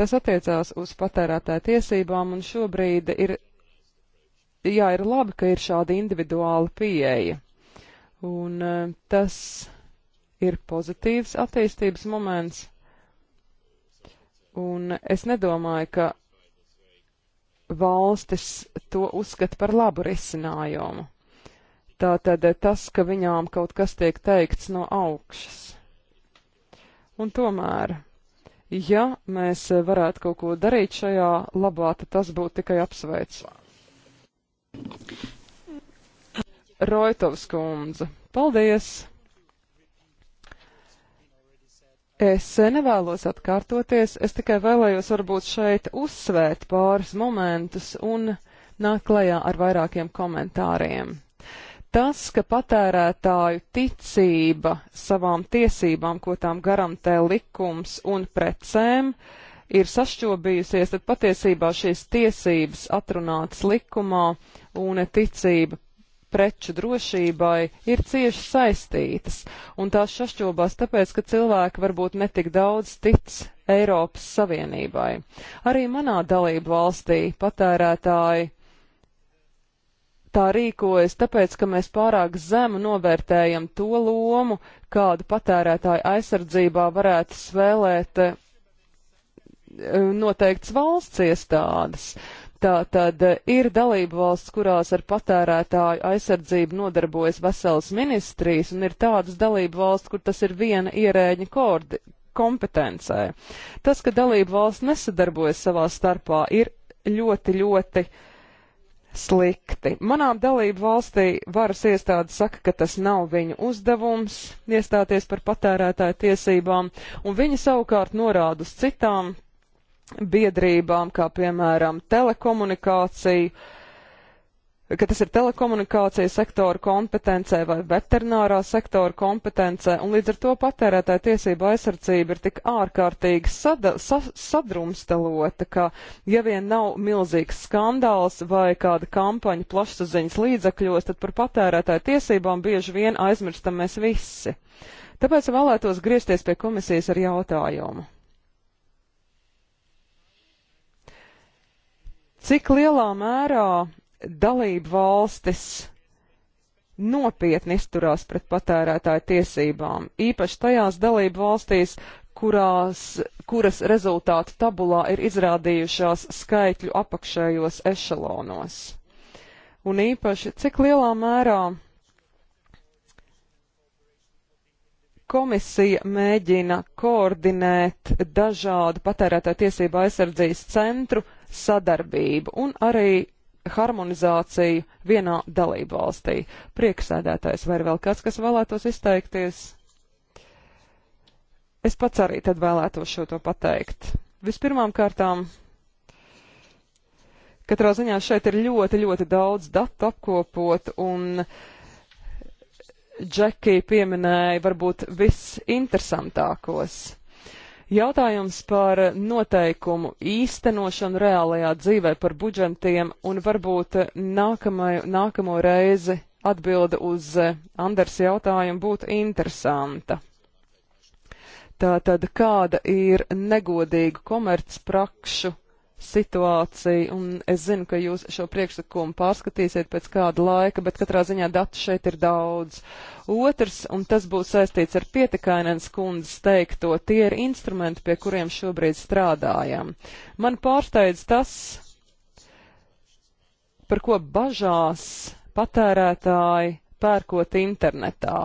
Tas attiecās uz patērētāju tiesībām, un šobrīd ir, jā, ir labi, ka ir šāda individuāla pieeja. Un e, tas ir pozitīvs attīstības moments. Un es nedomāju, ka valstis to uzskata par labu risinājumu. Tātad tas, ka viņām kaut kas tiek teikts no augšas. Un tomēr, ja mēs varētu kaut ko darīt šajā labā, tad tas būtu tikai apsveicams. Roitovs kundze, paldies! Es nevēlos atkārtoties, es tikai vēlējos varbūt šeit uzsvērt pāris momentus un nāk klajā ar vairākiem komentāriem. Tas, ka patērētāju ticība savām tiesībām, ko tām garantē likums un precēm, ir sašķobījusies, tad patiesībā šīs tiesības atrunātas likumā un ticība preču drošībai ir cieši saistītas, un tās šašķobās tāpēc, ka cilvēki varbūt netik daudz tic Eiropas Savienībai. Arī manā dalību valstī patērētāji tā rīkojas, tāpēc, ka mēs pārāk zemu novērtējam to lomu, kādu patērētāju aizsardzībā varētu spēlēt eh, noteikts valsts iestādes. Tā tad eh, ir dalība valsts, kurās ar patērētāju aizsardzību nodarbojas vesels ministrijas, un ir tādas dalība valsts, kur tas ir viena ierēģa koordi kompetencē. Tas, ka dalība valsts nesadarbojas savā starpā, ir ļoti, ļoti slikti. Manā dalību valstī varas iestāde saka, ka tas nav viņu uzdevums iestāties par patērētāju tiesībām, un viņi savukārt norāda uz citām biedrībām, kā piemēram telekomunikāciju, ka tas ir telekomunikācija sektora kompetencē vai veterinārā sektora kompetencē, un līdz ar to patērētāja tiesība aizsardzība ir tik ārkārtīgi sada, sa, sadrumstalota, ka ja vien nav milzīgs skandāls vai kāda kampaņa plašsaziņas līdzakļos, tad par patērētāja tiesībām bieži vien aizmirstam mēs visi. Tāpēc vēlētos griezties pie komisijas ar jautājumu. Cik lielā mērā dalību valstis nopietni izturās pret patērētāju tiesībām, īpaši tajās dalību valstīs, kurās, kuras rezultātu tabulā ir izrādījušās skaitļu apakšējos ešalonos. Un īpaši, cik lielā mērā komisija mēģina koordinēt dažādu patērētāju tiesību aizsardzības centru sadarbību un arī harmonizāciju vienā dalību valstī. Prieksēdētājs vai ir vēl kāds, kas vēlētos izteikties? Es pats arī tad vēlētos šo to pateikt. Vispirmām kārtām, katrā ziņā šeit ir ļoti, ļoti daudz datu apkopot un Džekija pieminēja varbūt visinteresantākos. Jautājums par noteikumu īstenošanu reālajā dzīvē par budžetiem un varbūt nākamai, nākamo reizi atbilde uz eh, Anders jautājumu būtu interesanta. Tātad, kāda ir negodīgu komercprakšu situāciju, un es zinu, ka jūs šo priekšlikumu pārskatīsiet pēc kāda laika, bet katrā ziņā datu šeit ir daudz. Otrs, un tas būs saistīts ar pietekainens kundzes teikto, tie ir instrumenti, pie kuriem šobrīd strādājam. Man pārsteidz tas, par ko bažās patērētāji pērkot internetā.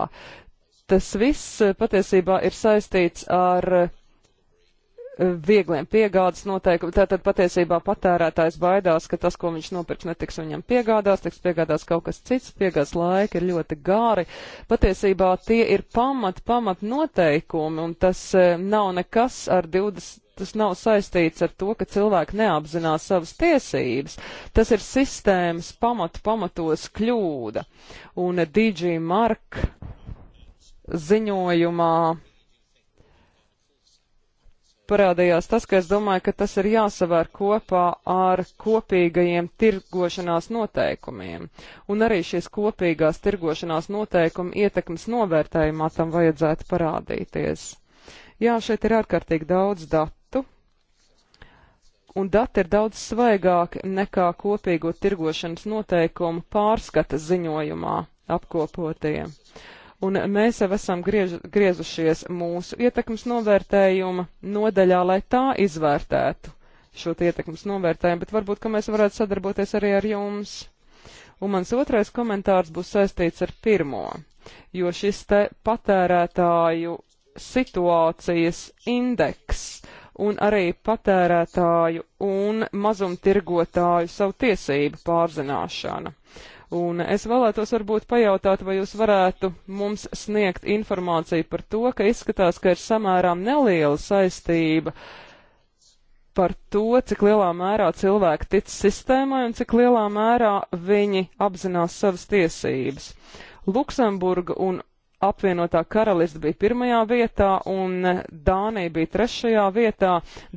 Tas viss patiesībā ir saistīts ar viegliem piegādes noteikumi. Tātad patiesībā patērētājs baidās, ka tas, ko viņš nopirks, netiks viņam piegādās, tiks piegādās kaut kas cits, piegādes laika ir ļoti gāri. Patiesībā tie ir pamat, pamat noteikumi, un tas e, nav nekas ar 20. Tas nav saistīts ar to, ka cilvēki neapzinās savas tiesības. Tas ir sistēmas pamatu pamatos kļūda. Un DG Mark ziņojumā parādījās tas, ka es domāju, ka tas ir jāsavēr kopā ar kopīgajiem tirgošanās noteikumiem. Un arī šīs kopīgās tirgošanās noteikuma ietekmes novērtējumā tam vajadzētu parādīties. Jā, šeit ir ārkārtīgi daudz datu. Un dati ir daudz svaigāki nekā kopīgo tirgošanas noteikumu pārskata ziņojumā apkopotie un mēs jau esam griež, griezušies mūsu ietekmes novērtējuma nodaļā, lai tā izvērtētu šo ietekmes novērtējumu, bet varbūt, ka mēs varētu sadarboties arī ar jums. Un mans otrais komentārs būs saistīts ar pirmo, jo šis te patērētāju situācijas indeks un arī patērētāju un mazumtirgotāju savu tiesību pārzināšana. Uh, Un es vēlētos varbūt pajautāt, vai jūs varētu mums sniegt informāciju par to, ka izskatās, ka ir samērām neliela saistība par to, cik lielā mērā cilvēki tic sistēmai un cik lielā mērā viņi apzinās savas tiesības. Luksemburga un apvienotā karalista bija pirmajā vietā un Dānija bija trešajā vietā.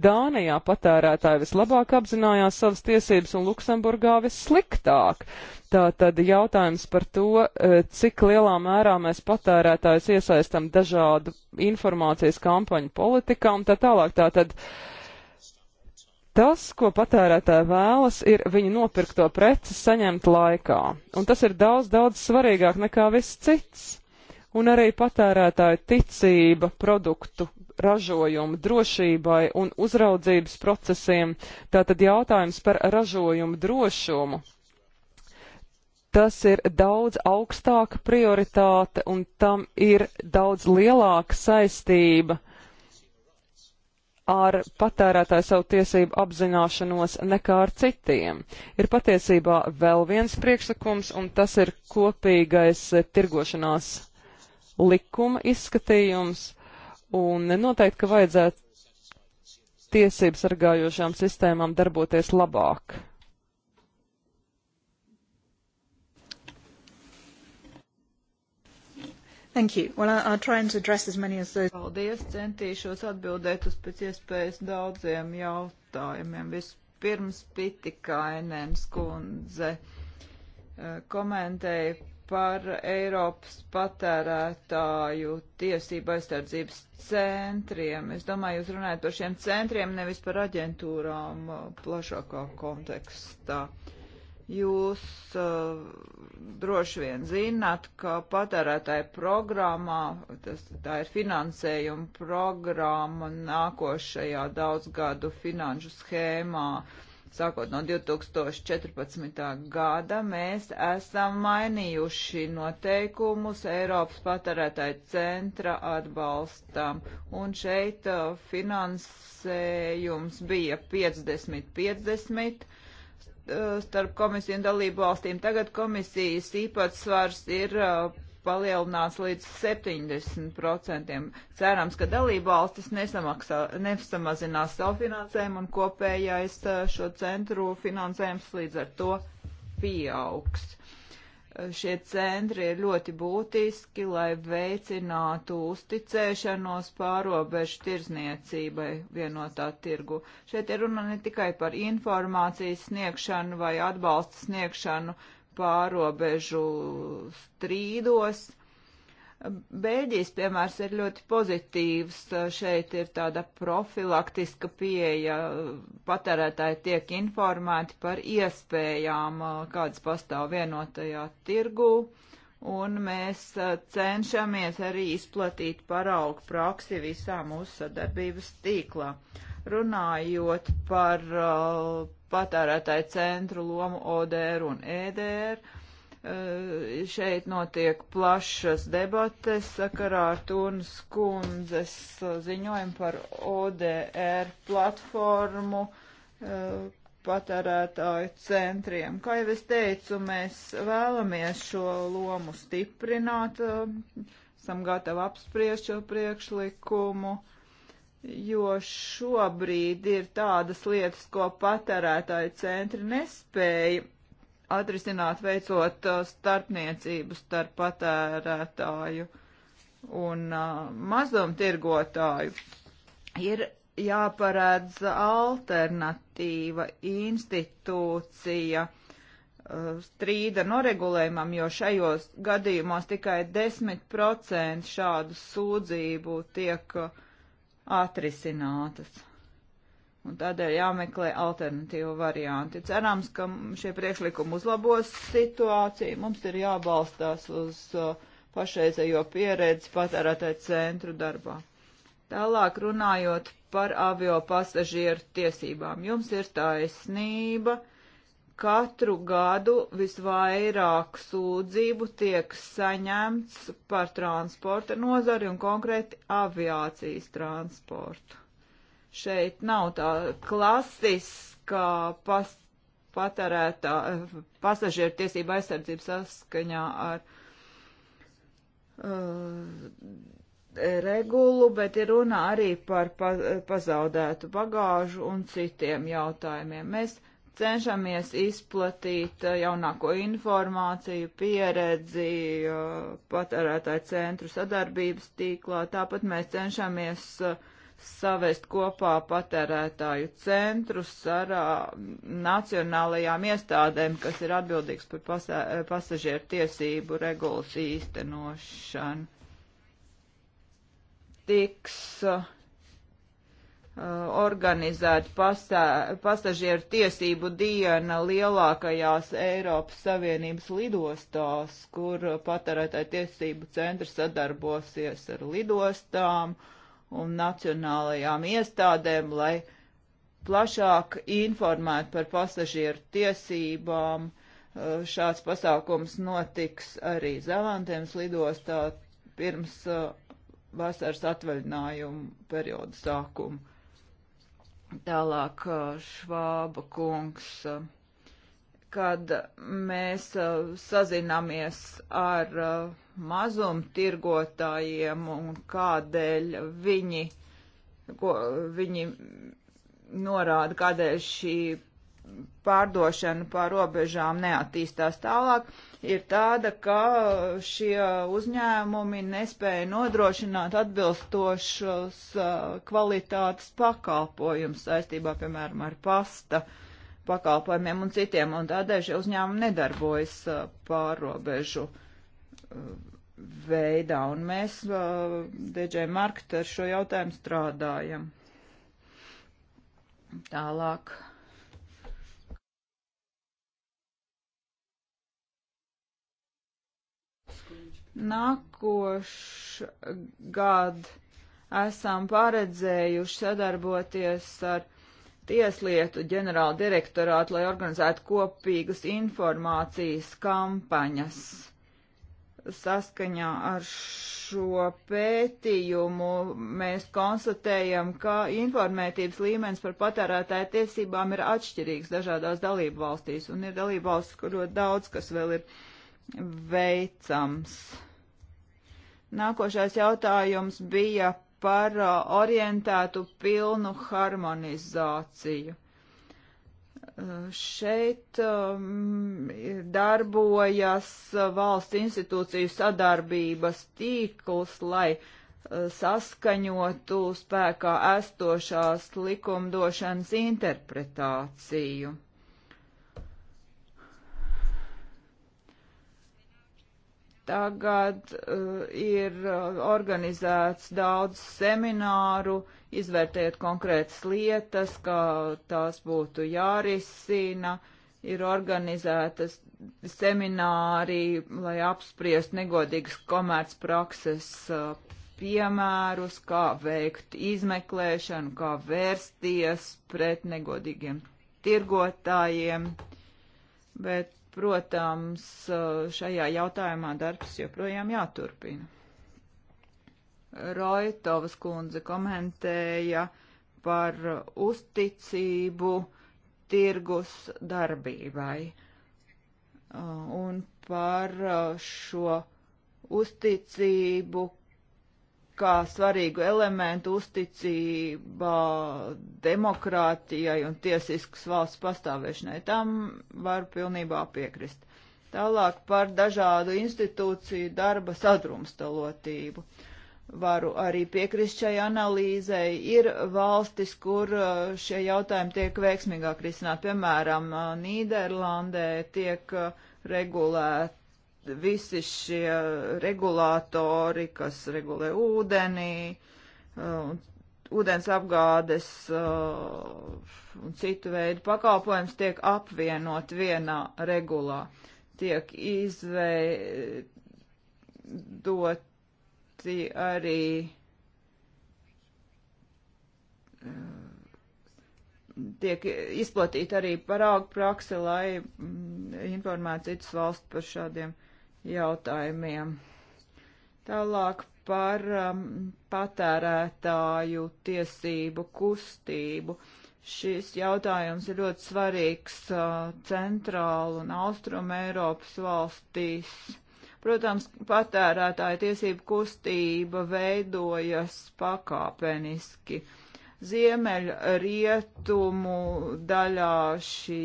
Dānijā patērētāji vislabāk apzinājās savas tiesības un Luksemburgā vissliktāk. Tātad jautājums par to, eh, cik lielā mērā mēs patērētājus iesaistam dažādu informācijas kampaņu politikā un tā tālāk. Tātad, Tas, ko patērētāji vēlas, ir viņa nopirkto preci saņemt laikā, un tas ir daudz, daudz svarīgāk nekā viss cits un arī patērētāju ticība produktu ražojumu drošībai un uzraudzības procesiem. Tātad jautājums par ražojumu drošumu. Tas ir daudz augstāka prioritāte un tam ir daudz lielāka saistība ar patērētāju savu tiesību apzināšanos nekā ar citiem. Ir patiesībā vēl viens priekšlikums, un tas ir kopīgais tirgošanās likuma izskatījums, un noteikti, ka vajadzētu tiesības sargājošām sistēmām darboties labāk. Thank you. Well, I'll try and address as many as those. Paldies, centīšos atbildēt uz pēc iespējas daudziem jautājumiem. Vispirms Pitikainens kundze eh, komentēja par Eiropas patērētāju tiesību aizsardzības centriem. Es domāju, jūs runājat par šiem centriem, nevis par aģentūrām uh, plašākā kontekstā. Jūs uh, droši vien zināt, ka patērētāja programmā, tas, tā ir finansējuma programma nākošajā daudzgadu finanšu schēmā, uh, sākot no 2014. gada, mēs esam mainījuši noteikumus Eiropas patērētāju centra atbalstam. Un šeit uh, finansējums bija 50-50 uh, starp komisiju un dalību valstīm. Tagad komisijas īpatsvars ir uh, palielināts līdz 70%. Cerams, ka dalībvalstis nesamazinās savu finansējumu un kopējais šo centru finansējums līdz ar to pieaugs šie centri ir ļoti būtiski, lai veicinātu uzticēšanos pārobežu tirzniecībai vienotā tirgu. Šeit ir runa ne tikai par informācijas sniegšanu vai atbalsta sniegšanu pārobežu strīdos. Bēļģijas piemērs ir ļoti pozitīvs. Šeit ir tāda profilaktiska pieeja. Patērētāji tiek informēti par iespējām, kādas pastāv vienotajā tirgū. Un mēs cenšamies arī izplatīt paraugu praksi visā mūsu sadarbības tīklā. Uh, Runājot par uh, patērētāju centru lomu ODR un EDR, uh, šeit notiek plašas debates sakarā ar Tunas kundzes ziņojumu par ODR platformu uh, patērētāju centriem. Kā jau es teicu, mēs vēlamies šo lomu stiprināt, uh, esam gatavi apspriest šo priekšlikumu. Uh, jo šobrīd ir tādas lietas, ko patērētāju centri nespēja atrisināt veicot uh, starpniecību starp patērētāju un uh, mazumtirgotāju. Ir jāparādz alternatīva institūcija uh, strīda noregulējumam, jo šajos gadījumos tikai 10% šādu sūdzību tiek uh, atrisinātas. Un tādēļ jāmeklē alternatīva varianti. Cerams, ka šie priekšlikumi uzlabos situāciju. Mums ir jābalstās uz uh, pašreizējo pieredzi patērētāju centru darbā. Tālāk runājot par avio pasažieru tiesībām. Jums ir taisnība. Uh, katru gadu visvairāk sūdzību tiek saņemts par transporta nozari un konkrēti aviācijas transportu. Šeit nav tā klasiskā pas, patērētā pasažieru tiesība aizsardzība saskaņā ar uh, regulu, bet ir runa arī par pa, pazaudētu bagāžu un citiem jautājumiem. Mēs cenšamies izplatīt eh, jaunāko informāciju, pieredzi, eh, patērētāju centru sadarbības tīklā. Tāpat mēs cenšamies eh, savest kopā patērētāju centrus ar nacionālajām iestādēm, kas ir atbildīgs par pasa pasažieru tiesību regulas īstenošanu. Tiks uh, Uh, organizēt pasā, pasažieru tiesību diena lielākajās Eiropas Savienības lidostās, kur patērētāju tiesību centri sadarbosies ar lidostām un nacionālajām iestādēm, lai plašāk informētu par pasažieru tiesībām. Uh, šāds pasākums notiks arī Zelantēmas lidostā pirms uh, vasaras atvaļinājumu perioda sākuma Tālāk Švāba kungs, kad mēs sazināmies ar mazumtirgotājiem un kādēļ viņi, ko, viņi norāda, kādēļ šī pārdošana pār robežām neattīstās tālāk, ir tāda, ka šie uzņēmumi nespēja nodrošināt atbilstošus uh, kvalitātes pakalpojumus saistībā, piemēram, ar pasta pakalpojumiem un citiem, un tādēļ šie uzņēmumi nedarbojas uh, pārrobežu uh, veidā, un mēs DJ Markt ar šo jautājumu strādājam. Tālāk Nākošgad esam paredzējuši sadarboties ar Tieslietu ģenerāla direktorātu, lai organizētu kopīgas informācijas kampaņas. Saskaņā ar šo pētījumu mēs konstatējam, ka informētības līmenis par patērētāju tiesībām ir atšķirīgs dažādās dalību valstīs, un ir dalību valstis, kur ļoti daudz, kas vēl ir veicams. Nākošais jautājums bija par uh, orientētu pilnu harmonizāciju. Uh, šeit um, darbojas uh, valsts institūciju sadarbības tīkls, lai uh, saskaņotu spēkā esošās likumdošanas interpretāciju. Tagad uh, ir eh, organizēts daudz semināru, izvērtējot konkrētas lietas, kā tās būtu jārisina, ir organizētas semināri, lai apspriest negodīgas komercprakses uh, piemērus, kā veikt izmeklēšanu, kā vērsties pret negodīgiem tirgotājiem. Bet Protams, šajā jautājumā darbs joprojām jāturpina. Roitovas kundze komentēja par uzticību tirgus darbībai uh, un par uh, šo uzticību, kā svarīgu elementu uzticībā demokrātijai un tiesiskas valsts pastāvēšanai. Tam var pilnībā piekrist. Tālāk par dažādu institūciju darba sadrumstalotību. Varu arī piekrist šai analīzei. Ir valstis, kur uh, šie jautājumi tiek veiksmīgāk risināt. Piemēram, uh, Nīderlandē tiek uh, regulēt visi šie regulātori, kas regulē ūdenī, uh, ūdens apgādes uh, un citu veidu pakalpojums tiek apvienot vienā regulā. Tiek izveidoti arī uh, tiek izplatīta arī parāga prakse, lai mm, informētu citas valsts par šādiem jautājumiem. Tālāk par um, patērētāju tiesību kustību. Šis jautājums ir ļoti svarīgs uh, centrālu un austrumu Eiropas valstīs. Protams, patērētāja tiesību kustība veidojas pakāpeniski. Ziemeļ rietumu daļā šī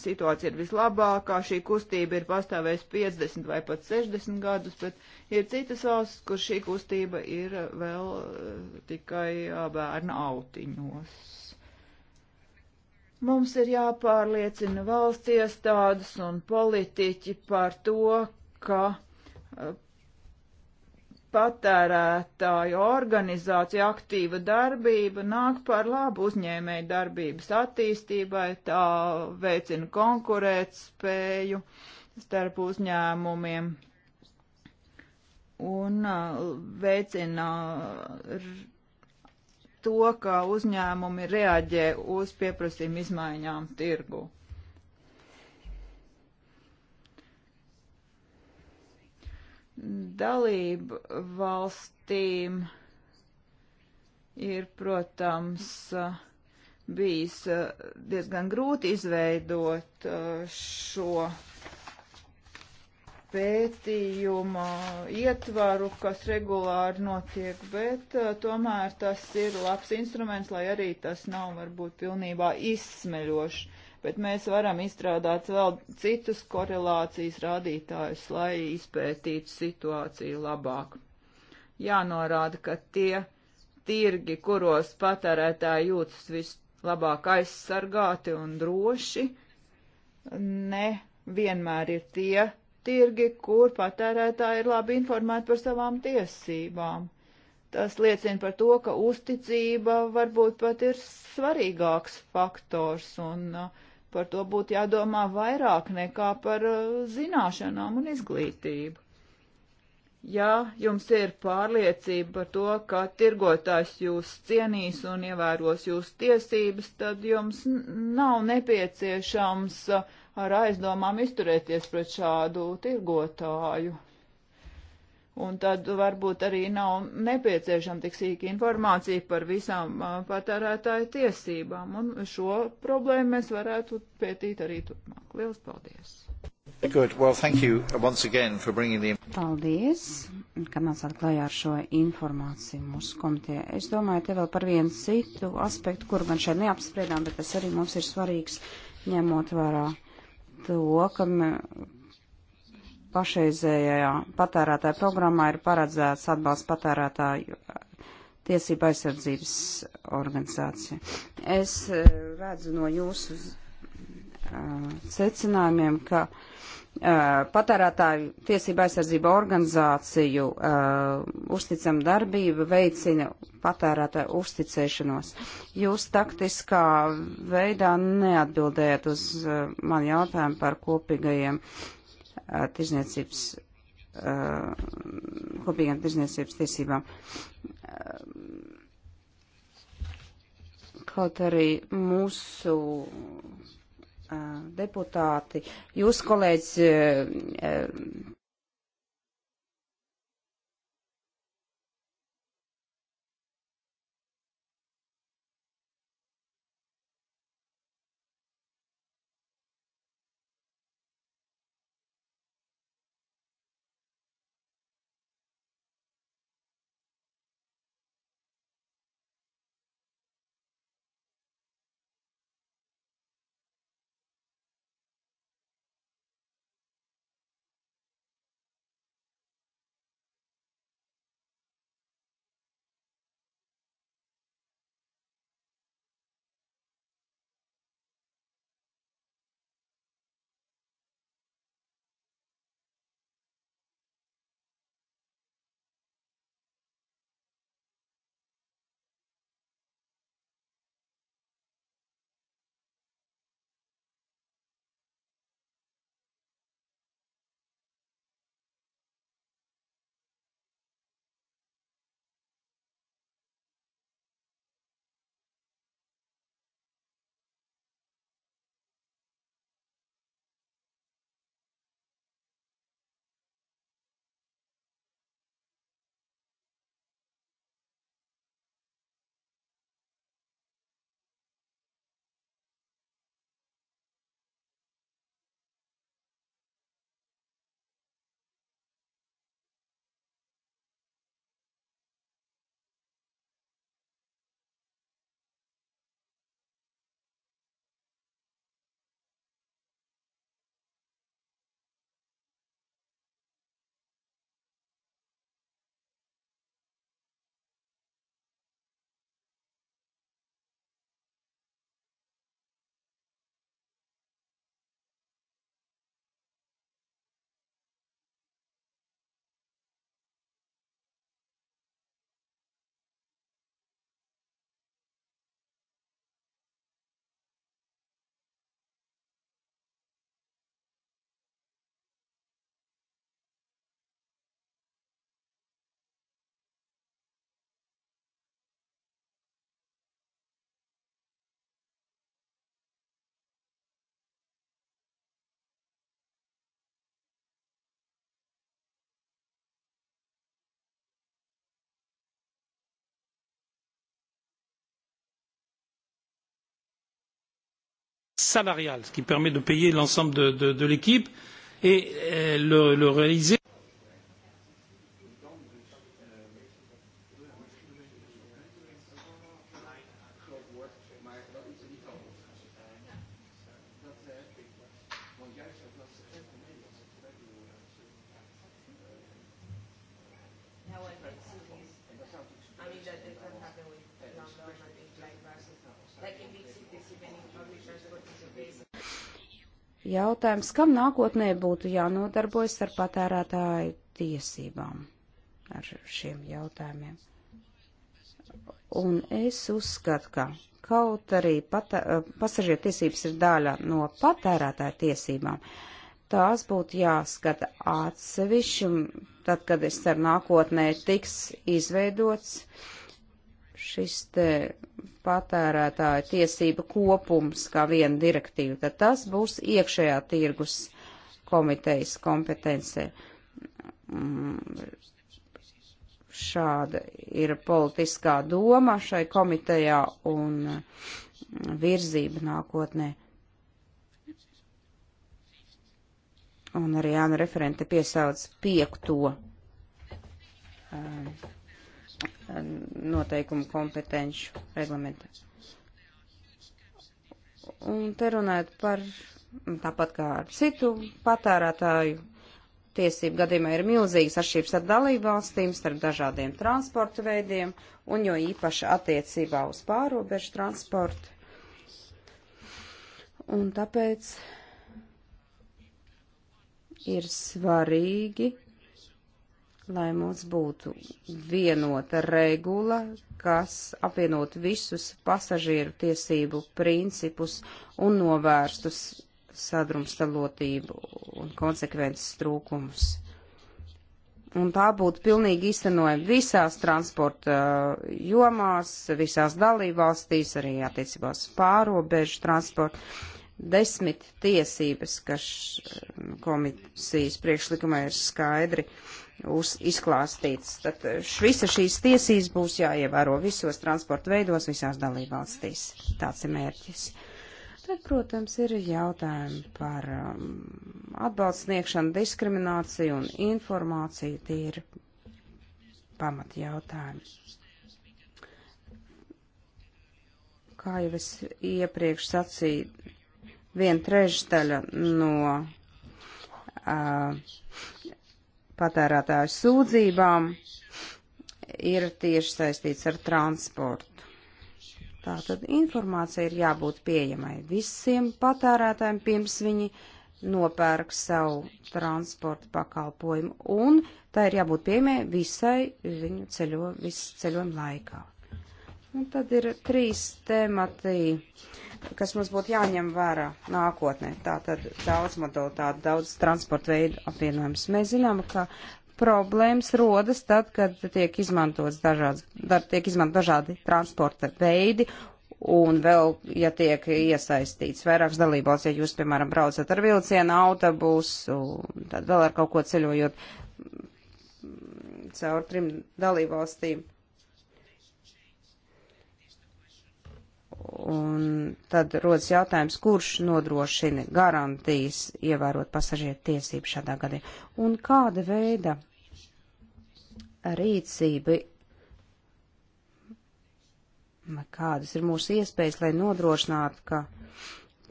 situācija ir vislabākā, šī kustība ir pastāvējusi 50 vai pat 60 gadus, bet ir citas valsts, kur šī kustība ir vēl eh, tikai bērna autiņos. Mums ir jāpārliecina valsts iestādes un politiķi par to, ka patērētāju organizāciju aktīva darbība nāk par labu uzņēmēju darbības attīstībai, tā veicina konkurētspēju starp uzņēmumiem un uh, veicina uh, to, ka uzņēmumi reaģē uz pieprasījumu izmaiņām tirgu. dalību valstīm ir, protams, bijis eh, diezgan grūti izveidot eh, šo pētījuma ietvaru, kas regulāri notiek, bet eh, tomēr tas ir labs instruments, lai arī tas nav varbūt pilnībā izsmeļošs bet mēs varam izstrādāt vēl citus korelācijas rādītājus, lai izpētītu situāciju labāk. Jānorāda, ka tie tirgi, kuros patērētāji jūtas vislabāk aizsargāti un droši, ne vienmēr ir tie tirgi, kur patērētāji ir labi informēti par savām tiesībām. Tas liecina par to, ka uzticība varbūt pat ir svarīgāks faktors, un uh, Par to būtu jādomā vairāk nekā par uh, zināšanām un izglītību. Ja jums ir pārliecība par to, ka tirgotājs jūs cienīs un ievēros jūsu tiesības, tad jums nav nepieciešams uh, ar aizdomām izturēties pret šādu tirgotāju. Un tad varbūt arī nav nepieciešama tik sīka informācija par visām uh, patērētāju tiesībām. Un šo problēmu mēs varētu pētīt arī turpmāk. Lielas paldies! Good. Well, thank you once again for bringing the... Paldies, ka mēs atklājā ar šo informāciju mūsu komitē. Es domāju, te vēl par vienu citu aspektu, kuru gan šeit neapspriedām, bet tas arī mums ir svarīgs, ņemot vērā to, ka, pašreizējā patērētāja programmā ir paredzēts atbalsts patērētāju tiesība aizsardzības organizācija. Es e, redzu no jūsu e, secinājumiem, ka e, patērētāju tiesība aizsardzība organizāciju uzticama darbība veicina patērētāju uzticēšanos. Jūs taktiskā veidā neatbildējat uz man jautājumu par kopīgajiem uh, tirzniecības, kopīgām tirzniecības tiesībām. Kaut arī mūsu deputāti, jūs kolēģis salariale, ce qui permet de payer l'ensemble de, de, de l'équipe et euh, le, le réaliser jautājums, kam nākotnē būtu jānodarbojas ar patērētāju tiesībām, ar šiem jautājumiem. Un es uzskatu, ka kaut arī pasažieru tiesības ir daļa no patērētāja tiesībām, tās būtu jāskata atsevišķi, tad, kad es ceru nākotnē tiks izveidots uh, šis te patērētāja tiesība kopums kā viena direktīva, tad tas būs iekšējā tirgus komitejas kompetence. Mm, šāda ir politiskā doma šai komitejā un virzība nākotnē. Un arī Jāna referente piesauc piekto. Um, noteikumu kompetenšu reglamentā. Un te runājot par, tāpat kā ar citu patērētāju tiesību gadījumā, ir milzīgas atšķirības starp dalību valstīm, starp dažādiem transporta veidiem, un jo īpaši attiecībā uz pārobežu transportu. Un tāpēc ir svarīgi lai mums būtu vienota regula, kas apvienot visus pasažieru tiesību principus un novērstus sadrumstalotību un konsekvences trūkumus. Un tā būtu pilnīgi iztenojama visās transporta uh, jomās, visās dalībvalstīs, arī attiecībās pārobežu transportu. Desmit tiesības, kas uh, komisijas priekšlikumā ir skaidri uh, uz, izklāstīts. Tad visa šīs tiesības būs jāievēro visos transporta veidos, visās dalībvalstīs. Tāds ir mērķis. Tad, protams, ir jautājumi par um, atbalstu sniegšanu, diskrimināciju un informāciju. Tie ir pamati jautājumi. Kā jau es iepriekš sacīju, viena trešdaļa no uh, patērētāju sūdzībām ir tieši saistīts ar transportu. Tātad informācija ir jābūt pieejamai visiem patērētājiem, pirms viņi nopērk savu transporta pakalpojumu, un tā ir jābūt pieejamai visai viņu ceļo, ceļojuma laikā. Un nu, tad ir trīs temati, kas mums būtu jāņem vērā nākotnē. Tā tad daudz modalitāte, daudz transporta veidu apvienojums. Mēs zinām, ka problēmas rodas tad, kad tiek izmantots dažāds, da, tiek izmantot dažādi transporta veidi. Un vēl, ja tiek iesaistīts vairākas dalībvalsts, ja jūs, piemēram, braucat ar vilcienu, autobusu, tad vēl ar kaut ko ceļojot caur trim dalībvalstīm Un tad rodas jautājums, kurš nodrošina garantijas ievērot pasažieru tiesību šādā gadījumā. Un kāda veida rīcība, kādas ir mūsu iespējas, lai nodrošinātu, ka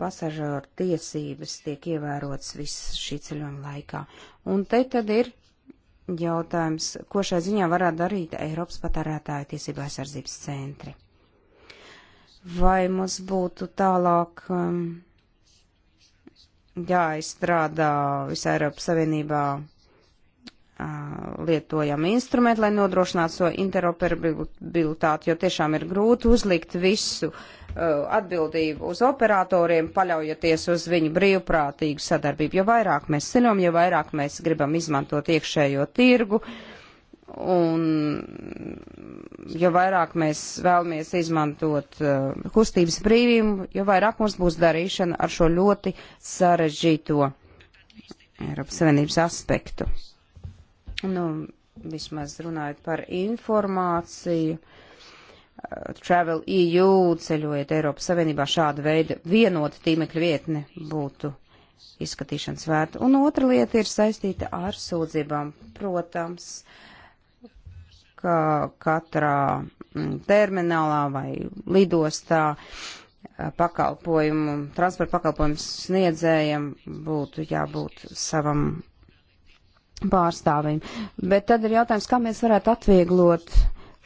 pasažieru tiesības tiek ievērotas viss šī ceļojuma laikā. Un te tad ir jautājums, ko šai ziņā varētu darīt Eiropas patērētāju tiesību aizsardzības centri vai mums būtu tālāk um, jāizstrādā visā Eiropas Savienībā uh, lietojami instrumenti, lai nodrošinātu šo so interoperabilitāti, jo tiešām ir grūti uzlikt visu uh, atbildību uz operatoriem, paļaujoties uz viņu brīvprātīgu sadarbību. Jo vairāk mēs zinām, jo vairāk mēs gribam izmantot iekšējo tirgu, uh, Un jo vairāk mēs vēlamies izmantot uh, kustības brīvību, jo vairāk mums būs darīšana ar šo ļoti sarežģīto Eiropas Savienības aspektu. Nu, vismaz runājot par informāciju, uh, Travel EU ceļojiet Eiropas Savienībā šāda veida vienota tīmekļa vietne būtu izskatīšanas vērta. Un otra lieta ir saistīta ar sūdzībām, protams. Uh, ka katrā mm, terminālā vai lidostā eh, pakalpojumu, transporta pakalpojumu sniedzējiem būtu jābūt savam pārstāvim. Bet tad ir jautājums, kā mēs varētu atvieglot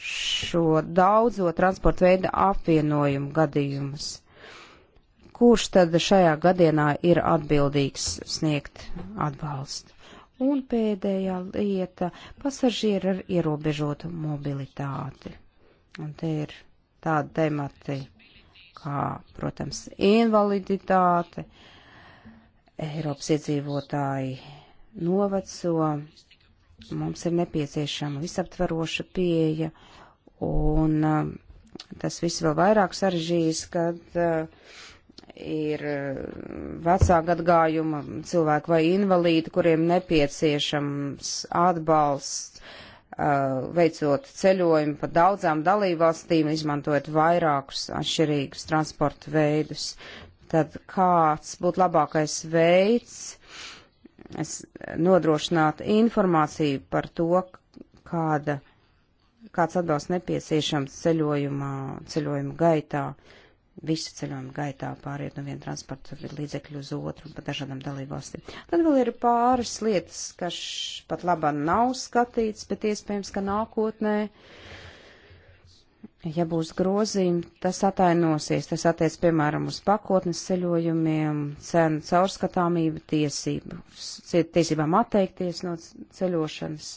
šo daudzo transporta veidu apvienojumu gadījumus. Kurš tad šajā gadienā ir atbildīgs sniegt atbalstu? Un pēdējā lieta - pasažieri ar ierobežotu mobilitāti. Un te ir tādi temati, kā, protams, invaliditāte, Eiropas iedzīvotāji noveco, mums ir nepieciešama visaptvaroša pieeja, un um, tas viss vēl vairāk sarežģīs, kad uh, ir eh, vecāka atgājuma cilvēki vai invalīdi, kuriem nepieciešams atbalsts, eh, veicot ceļojumu pa daudzām dalībvalstīm, izmantojot vairākus atšķirīgus transporta veidus. Tad kāds būtu labākais veids eh, nodrošināt informāciju par to, kāda, kāds atbalsts nepieciešams ceļojumā, ceļojuma gaitā? Uh, visu ceļojumu gaitā pāriet no viena transporta līdzekļu uz otru un pa dažādām dalībvalstīm. Tad vēl ir pāris lietas, kas pat labā nav skatīts, bet iespējams, ka nākotnē, ja būs grozījumi, tas atainosies. Tas attiec, piemēram, uz pakotnes ceļojumiem, cenu caurskatāmību, tiesību, tiesībām atteikties no ceļošanas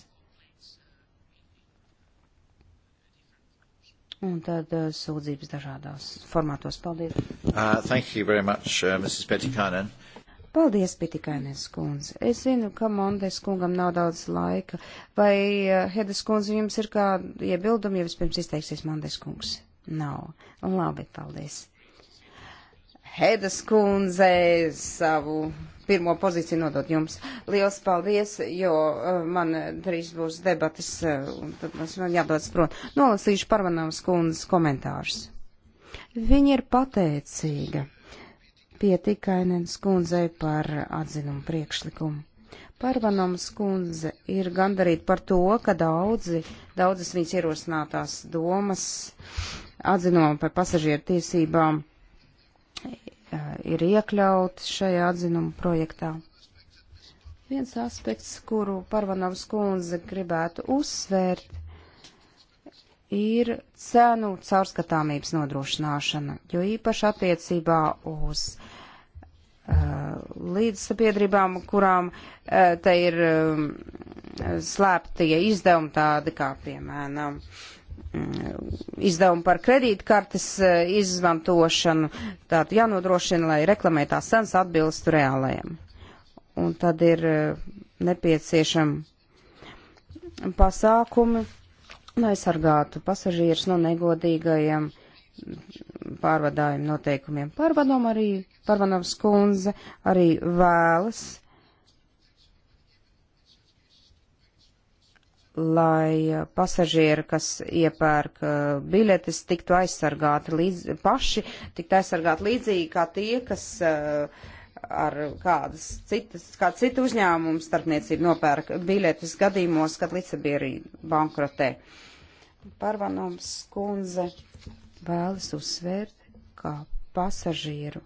un tad uh, sūdzības dažādās formātos. Paldies. Uh, thank you very much, uh, Mrs. Petikainen. Paldies, Pitikainis kundze. Es zinu, ka Mondes kungam nav daudz laika. Vai uh, eh, Hedas kundze jums ir kādi iebildumi, ja vispirms izteiksies Mondes kungs? Nav. Labi, paldies. Hedas kundze savu pirmo pozīciju nodot jums. Liels paldies, jo uh, man drīz būs debatas, uh, un tad man jādodas prom. Nolasīšu Parvanovas kundzes komentārus. Viņa ir pateicīga pietikainens kundzei par atzinumu priekšlikumu. Parvanovas kundze ir gandarīt par to, ka daudzi, daudzas viņas ierosinātās domas atzinumam par pasažieru tiesībām ir iekļauts šajā atzinuma projektā. Viens aspekts, kuru Parvanovs kundze gribētu uzsvērt, ir cenu caurskatāmības nodrošināšana, jo īpaši attiecībā uz uh, līdzsabiedrībām, kurām uh, te ir um, slēptie izdevumi tādi kā, piemēram, uh, izdevumu par kredītkartes eh, izmantošanu. Tātad jānodrošina, lai reklamētās cenas atbilstu reālajiem. Un tad ir eh, nepieciešami pasākumi, lai sargātu pasažierus no negodīgajiem pārvadājuma noteikumiem. Pārvadom arī, pārvadom skundze arī vēlas lai eh, pasažieri, kas iepērk eh, biļetes, tiktu aizsargāti līdz, paši, tiktu aizsargāti līdzīgi kā tie, kas eh, ar kādas citas, kādu citu uzņēmumu starpniecību nopērk biļetes gadījumos, kad līdzsabiedrība bankrotē. Parvanoms kundze vēlas uzsvērt, ka pasažieru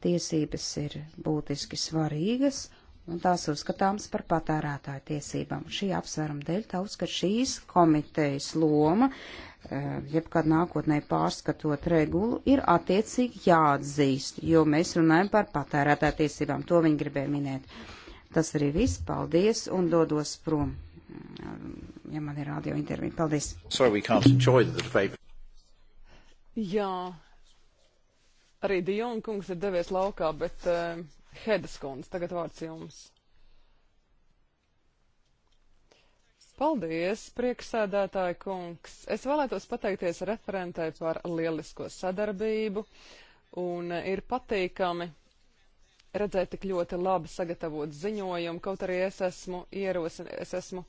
tiesības ir būtiski svarīgas un tās uzskatāmas par patērētāju tiesībām. Šī apsvēruma dēļ tā uzskat šīs komitejas loma, eh, jebkad nākotnē pārskatot regulu, ir attiecīgi jāatzīst, jo mēs runājam par patērētāju tiesībām. To viņi gribēja minēt. Tas arī viss. Paldies un dodos prom. Mm, ja man ir radio intervija. Paldies. Sorry, Jā, arī Dionkungs ir devies laukā, bet uh, Hedas kundze, tagad vārds jums. Paldies, prieksēdētāja kungs. Es vēlētos pateikties referentai par lielisko sadarbību un ir patīkami redzēt tik ļoti labi sagatavot ziņojumu, kaut arī es esmu ierosin, es esmu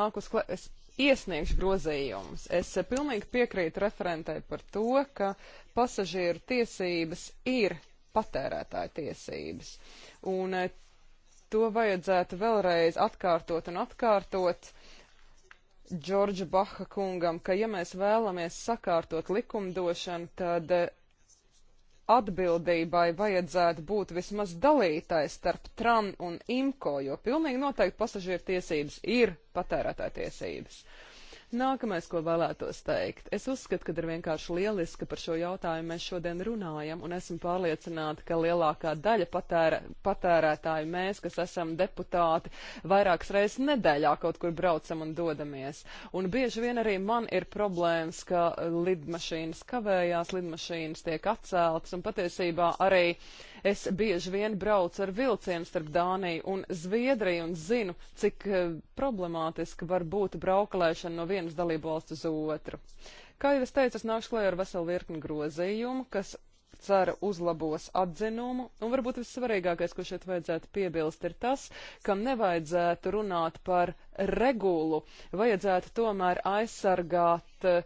nākus, klē, es iesniegšu grozījumus. Es pilnīgi piekrītu referentai par to, ka pasažieru tiesības ir patērētāja tiesības. Un eh, to vajadzētu vēlreiz atkārtot un atkārtot. Džordža Baha kungam, ka ja mēs vēlamies sakārtot likumdošanu, tad eh, atbildībai vajadzētu būt vismaz dalītai starp TRAN un IMCO, jo pilnīgi noteikti pasažieru tiesības ir patērētāja tiesības. Uh, Nākamais, ko vēlētos teikt, es uzskatu, ka ir vienkārši lieliski, ka par šo jautājumu mēs šodien runājam, un esmu pārliecināta, ka lielākā daļa patēra, patērētāju mēs, kas esam deputāti, vairākas reizes nedēļā kaut kur braucam un dodamies. Un bieži vien arī man ir problēmas, ka lidmašīnas kavējās, lidmašīnas tiek atceltas, un patiesībā arī uh, Es bieži vien braucu ar vilcienu starp Dāniju un Zviedriju un zinu, cik e, problemātiski var būt braukalēšana no vienas dalību valsts uz otru. Kā jau es teicu, es nāku klajā ar veselu virkni grozījumu, kas ceru, uzlabos atzinumu. Un varbūt vissvarīgākais, ko šeit vajadzētu piebilst, ir tas, kam nevajadzētu runāt par regulu. Vajadzētu tomēr aizsargāt eh,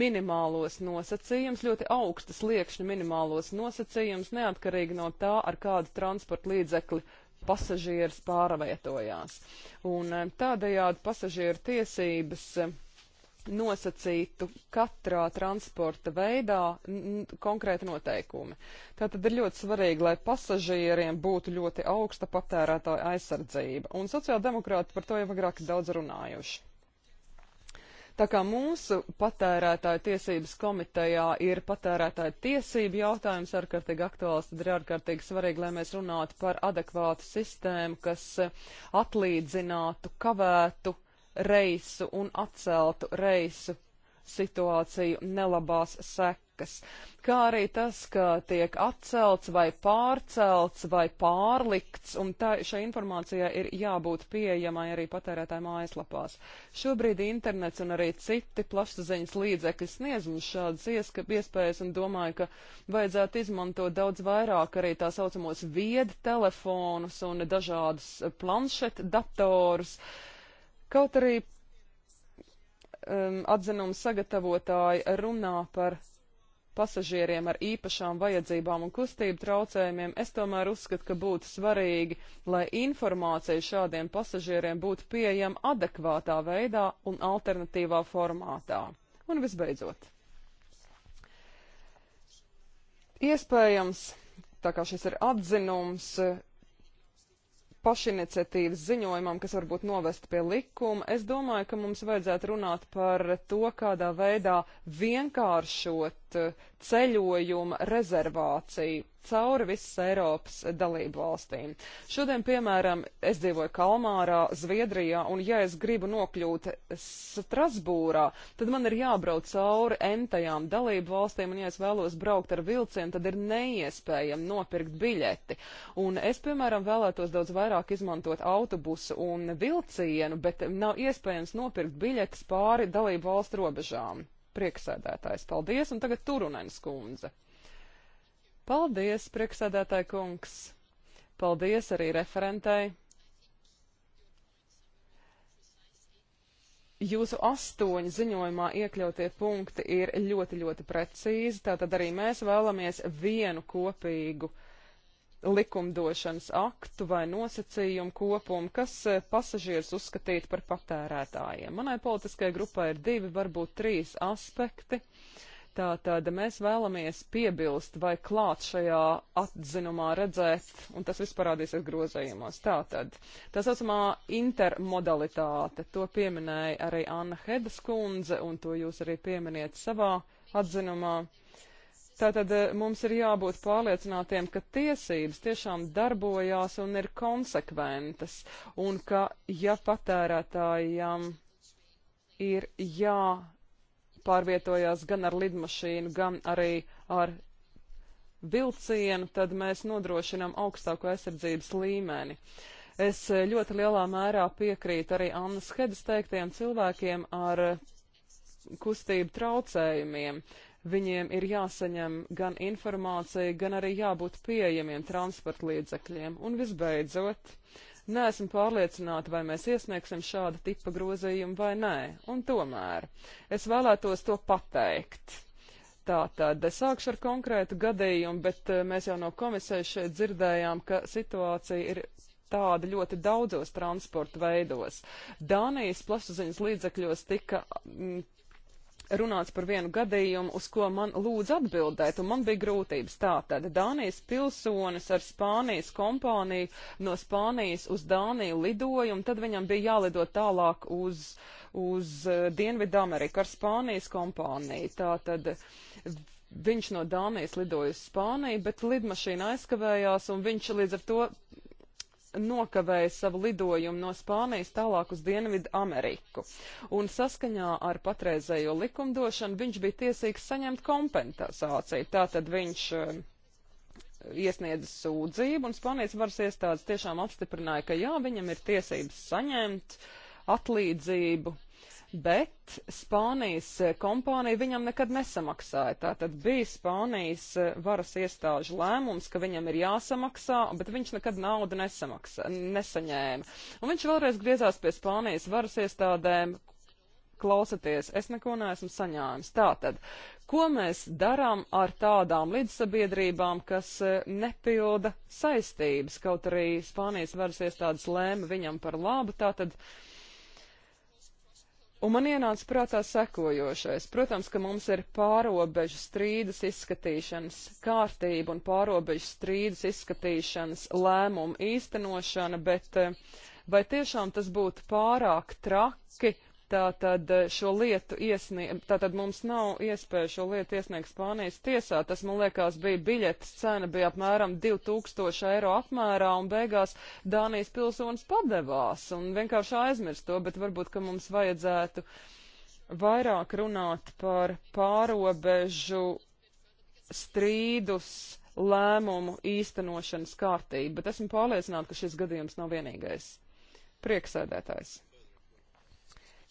minimālos nosacījums, ļoti augstas liekšņu minimālos nosacījums, neatkarīgi no tā, ar kādu transporta līdzekli pasažieris pārvietojās. Un eh, tādējādi pasažieru tiesības eh, nosacītu katrā transporta veidā konkrēti noteikumi. Tātad ir ļoti svarīgi, lai pasažieriem būtu ļoti augsta patērētāja aizsardzība, un sociāldemokrāti par to jau agrāk daudz runājuši. Tā kā mūsu patērētāju tiesības komitejā ir patērētāju tiesību jautājums ārkārtīgi aktuāls, tad ir ārkārtīgi svarīgi, lai mēs runātu par adekvātu sistēmu, kas atlīdzinātu, kavētų uh, reisu un atceltu reisu situāciju nelabās sekas, kā arī tas, ka tiek atcelts vai pārcelts vai pārlikts, un tā, šai informācijai ir jābūt pieejamai arī patērētāju mājaslapās. Šobrīd internets un arī citi plašsaziņas līdzekļi sniedz mums šādas iespējas, un domāju, ka vajadzētu izmantot daudz vairāk arī tā saucamos viedtelefonus un dažādus eh, planšetdatorus. datorus Kaut arī um, atzinuma sagatavotāji runā par pasažieriem ar īpašām vajadzībām un kustību traucējumiem, es tomēr uzskatu, ka būtu svarīgi, lai informācija šādiem pasažieriem būtu pieejama adekvātā veidā un alternatīvā formātā. Un visbeidzot, iespējams, tā kā šis ir atzinums, pašiniciatīvas ziņojumam, kas varbūt novest pie likuma, es domāju, ka mums vajadzētu runāt par to, kādā veidā vienkāršot eh, ceļojuma rezervāciju cauri visas Eiropas dalību valstīm. Šodien, piemēram, es dzīvoju Kalmārā, Zviedrijā, un ja es gribu nokļūt Strasbūrā, tad man ir jābrauc cauri entajām dalību valstīm, un ja es vēlos braukt ar vilcienu, tad ir neiespējami nopirkt biļeti. Un es, piemēram, vēlētos daudz vairāk izmantot autobusu un vilcienu, bet nav iespējams nopirkt biļetes pāri dalību valstu robežām. Prieksēdētājs, paldies, un tagad Turunenes kundze. Paldies, prieksēdētāji kungs! Paldies arī referentai. Jūsu astoņu ziņojumā iekļautie punkti ir ļoti, ļoti precīzi, tātad arī mēs vēlamies vienu kopīgu likumdošanas aktu vai nosacījumu kopumu, kas eh, pasažieris uzskatītu par patērētājiem. Manai politiskajai grupai ir divi, varbūt trīs aspekti, Tātad mēs vēlamies piebilst vai klāt šajā atzinumā redzēt, un tas viss parādīsies grozējumos. Tātad, tā saucamā intermodalitāte, to pieminēja arī Anna Hedas kundze, un to jūs arī pieminiet savā atzinumā. Tātad e, mums ir jābūt pārliecinātiem, ka tiesības tiešām darbojās un ir konsekventas, un ka, ja patērētājiem ir jā pārvietojās gan ar lidmašīnu, gan arī ar vilcienu, tad mēs nodrošinām augstāko aizsardzības līmeni. Es e, ļoti lielā mērā piekrītu arī Annas Hedas teiktiem cilvēkiem ar kustību traucējumiem. Viņiem ir jāsaņem gan informācija, gan arī jābūt pieejamiem transportlīdzekļiem. Un visbeidzot, uh, Neesmu pārliecināta, vai mēs iesniegsim šāda tipa grozījumu vai nē, un tomēr es vēlētos to pateikt. Tātad es sākšu ar konkrētu gadījumu, bet eh, mēs jau no komisijas šeit dzirdējām, ka situācija ir tāda ļoti daudzos transporta veidos. Dānijas plašsaziņas līdzekļos tika mm, runāts par vienu gadījumu, uz ko man lūdz atbildēt, un man bija grūtības. Tātad Dānijas pilsonis ar Spānijas kompāniju no Spānijas uz Dāniju lidoja, un tad viņam bija jālido tālāk uz, uz eh, Dienvidu Ameriku ar Spānijas kompāniju. Tātad viņš no Dānijas lidoja uz Spāniju, bet lidmašīna aizkavējās, un viņš līdz ar to nokavēja savu lidojumu no Spānijas tālāk uz Dienvidu Ameriku. Un saskaņā ar patreizējo likumdošanu viņš bija tiesīgs saņemt kompensāciju. Tātad viņš eh, iesniedz sūdzību, un Spānijas varas iestādes tiešām apstiprināja, ka jā, viņam ir tiesības saņemt atlīdzību. Uh, bet Spānijas eh, kompānija viņam nekad nesamaksāja. Tātad bija Spānijas eh, varas iestāžu lēmums, ka viņam ir jāsamaksā, bet viņš nekad naudu nesamaksā, nesaņēma. Un viņš vēlreiz griezās pie Spānijas varas iestādēm, klausieties, es neko neesmu saņēmis. Tātad, ko mēs darām ar tādām līdzsabiedrībām, kas eh, nepilda saistības, kaut arī Spānijas varas iestādes lēma viņam par labu, tātad Un man ienāca prātā sekojošais. Protams, ka mums ir pārobežu strīdus izskatīšanas kārtība un pārobežu strīdus izskatīšanas lēmumu īstenošana, bet eh, vai tiešām tas būtu pārāk traki Tātad, eh, šo lietu iesniegt, tātad mums nav iespēja šo lietu iesniegt Spānijas tiesā. Tas, man liekas, bija biļetes cena, bija apmēram 2000 eiro apmērā, un beigās Dānijas pilsonis padevās un vienkārši aizmirst to, bet varbūt, ka mums vajadzētu vairāk runāt par pārobežu strīdus lēmumu īstenošanas kārtību, bet esmu pārliecināta, ka šis gadījums nav vienīgais. Prieksēdētājs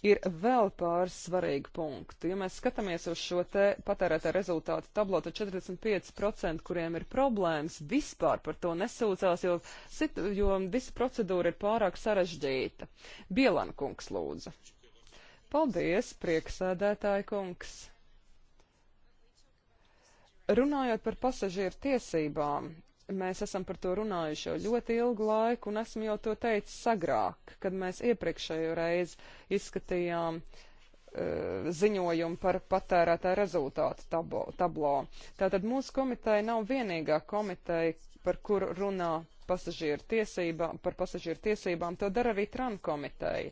ir vēl pāris svarīgi punkti. Ja mēs skatāmies uz šo te patērētā rezultātu tablo, tad 45%, kuriem ir problēmas, vispār par to nesūcās, jo, situ, jo visa procedūra ir pārāk sarežģīta. Bielana kungs lūdzu. Paldies, prieksēdētāja kungs. Runājot par pasažieru tiesībām, Mēs esam par to runājuši jau ļoti ilgu laiku, un esmu jau to teicis agrāk, kad mēs iepriekšējo reizi izskatījām uh, ziņojumu par patērētā rezultātu tablo, tablo. Tātad mūsu komiteja nav vienīgā komiteja, par kuru runā pasažieru tiesībām, par pasažieru tiesībām, to dara arī Tran komiteja.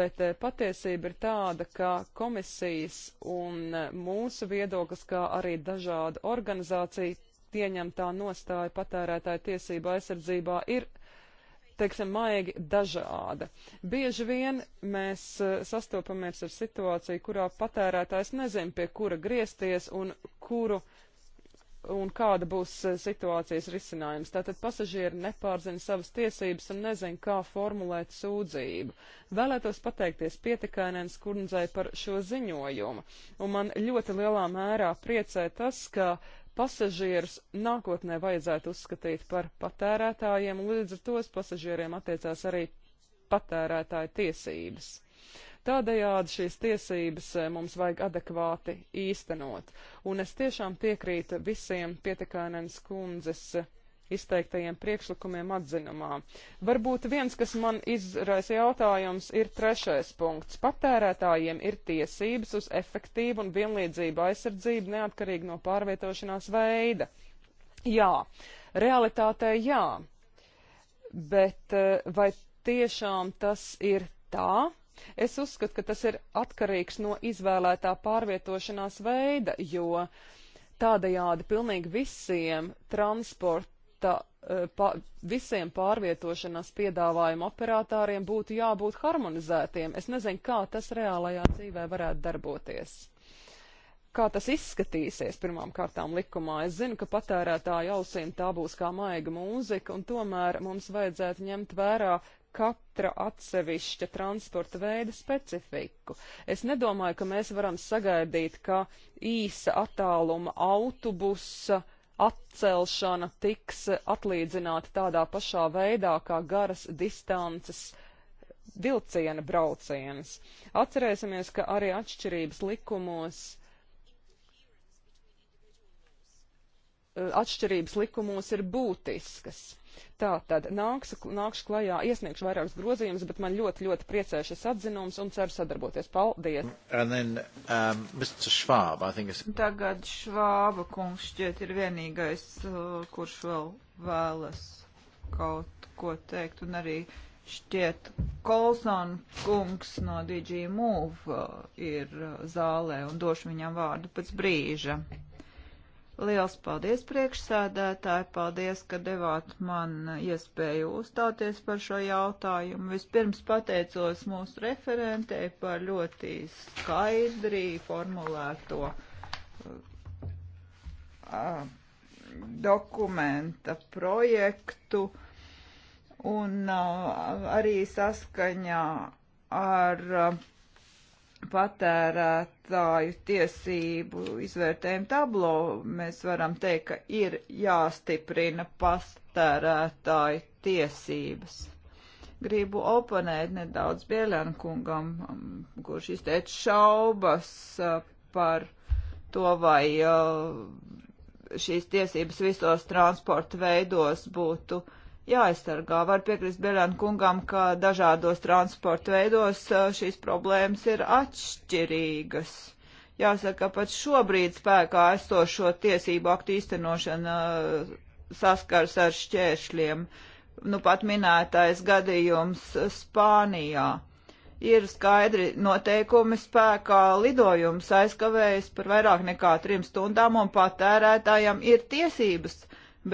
Bet e, patiesība ir tāda, ka komisijas un e, mūsu viedoklis, kā arī dažāda organizācija pieņemtā nostāja patērētāja tiesība aizsardzībā ir, teiksim, maigi dažāda. Bieži vien mēs eh, sastopamies ar situāciju, kurā patērētājs nezin, pie kura griezties un kuru un kāda būs eh, situācijas risinājums. Tātad pasažieri nepārzina savas tiesības un nezina, kā formulēt sūdzību. Vēlētos pateikties pietikainēns kundzei par šo ziņojumu, un man ļoti lielā mērā priecē tas, ka pasažierus nākotnē vajadzētu uzskatīt par patērētājiem, un līdz ar to uz pasažieriem attiecās arī patērētāja tiesības. Tādējādi šīs tiesības eh, mums vajag adekvāti īstenot, un es tiešām piekrītu visiem pietekainens kundzes eh, izteiktajiem priekšlikumiem atzinumā. Varbūt viens, kas man izraisa jautājums, ir trešais punkts. Patērētājiem ir tiesības uz efektīvu un vienlīdzību aizsardzību neatkarīgi no pārvietošanās veida. Jā, realitātē jā, bet eh, vai tiešām tas ir tā? Es uzskatu, ka tas ir atkarīgs no izvēlētā pārvietošanās veida, jo tādajādi pilnīgi visiem transporta ta, eh, pa, visiem pārvietošanās piedāvājumu operatoriem būtu jābūt harmonizētiem. Es nezinu, kā tas reālajā dzīvē varētu darboties. Kā tas izskatīsies pirmām kārtām likumā? Es zinu, ka patērētāju ausīm tā būs kā maiga mūzika, un tomēr mums vajadzētu ņemt vērā katra atsevišķa transporta veida specifiku. Es nedomāju, ka mēs varam sagaidīt, ka īsa attāluma autobusa uh, atcelšana tiks atlīdzināta tādā pašā veidā kā garas distances vilciena brauciens. Atcerēsimies, ka arī atšķirības likumos eh, atšķirības likumos ir būtiskas. Tā tad nāksu, nākšu klajā, iesniegšu vairākus grozījumus, bet man ļoti, ļoti priecē šis atzinums un ceru sadarboties. Paldies! Then, um, Schwab, Tagad Švāba kungs šķiet ir vienīgais, uh, kurš vēl vēlas kaut ko teikt un arī šķiet Kolson kungs no DG Move uh, ir uh, zālē un došu viņam vārdu pēc brīža. Liels paldies priekšsēdētāji, paldies, ka devāt man iespēju uzstāties par šo jautājumu. Vispirms pateicos mūsu referentei par ļoti skaidri formulēto uh, dokumenta projektu un uh, arī saskaņā ar uh, patērētāju tiesību izvērtējumu tablo, mēs varam teikt, ka ir jāstiprina patērētāju tiesības. Gribu oponēt nedaudz Bieļankungam, kurš izteica šaubas uh, par to, vai uh, šīs tiesības visos transporta veidos būtu uh, jāaizsargā. Var piekrist Bēlēna kungam, ka dažādos transporta veidos uh, šīs problēmas ir atšķirīgas. Jāsaka, pat šobrīd spēkā esošo tiesību aktu īstenošana uh, saskars ar šķēršļiem. Nu, pat minētais gadījums Spānijā. Ir skaidri noteikumi spēkā lidojums aizkavējas par vairāk nekā trim stundām un patērētājam ir tiesības,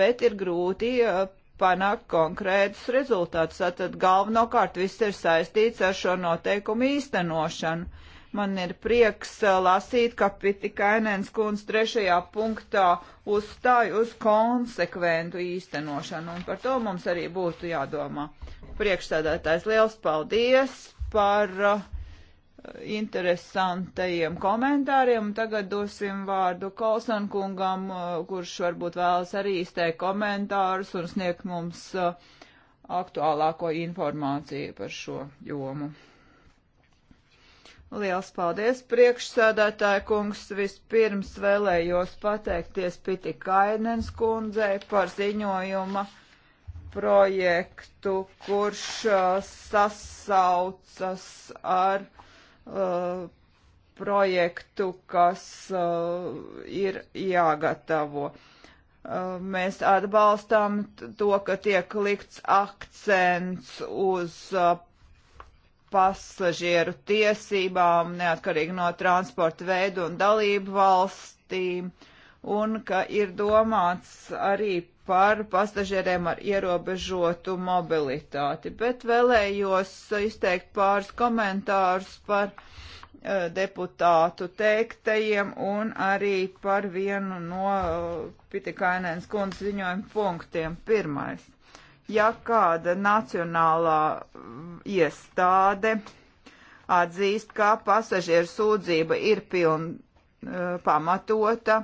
bet ir grūti uh, panākt konkrētus rezultātus. Tātad galvenokārt viss ir saistīts ar šo noteikumu īstenošanu. Man ir prieks uh, lasīt, ka Pitikainens kundz trešajā punktā uzstāj uz konsekventu īstenošanu, un par to mums arī būtu jādomā. Priekšsēdētājs liels paldies par uh, interesantajiem komentāriem. Tagad dosim vārdu Kolson kungam, uh, kurš varbūt vēlas arī izteikt komentārus un sniegt mums uh, aktuālāko informāciju par šo jomu. Liels paldies, priekšsādātāja kungs. Vispirms vēlējos pateikties Piti Kainens kundzei par ziņojuma projektu, kurš uh, sasaucas ar uh, projektu, kas uh, ir jāgatavo. Uh, mēs atbalstām to, ka tiek likts akcents uz uh, pasažieru tiesībām, neatkarīgi no transporta veidu un dalību valstīm, un ka ir domāts arī par pasažieriem ar ierobežotu mobilitāti, bet vēlējos izteikt pāris komentārus par uh, deputātu teiktajiem un arī par vienu no uh, e, Pitikainēns kundzes ziņojuma punktiem. Pirmais. Ja kāda nacionālā mm, iestāde atzīst, ka pasažieru sūdzība ir piln uh, pamatota,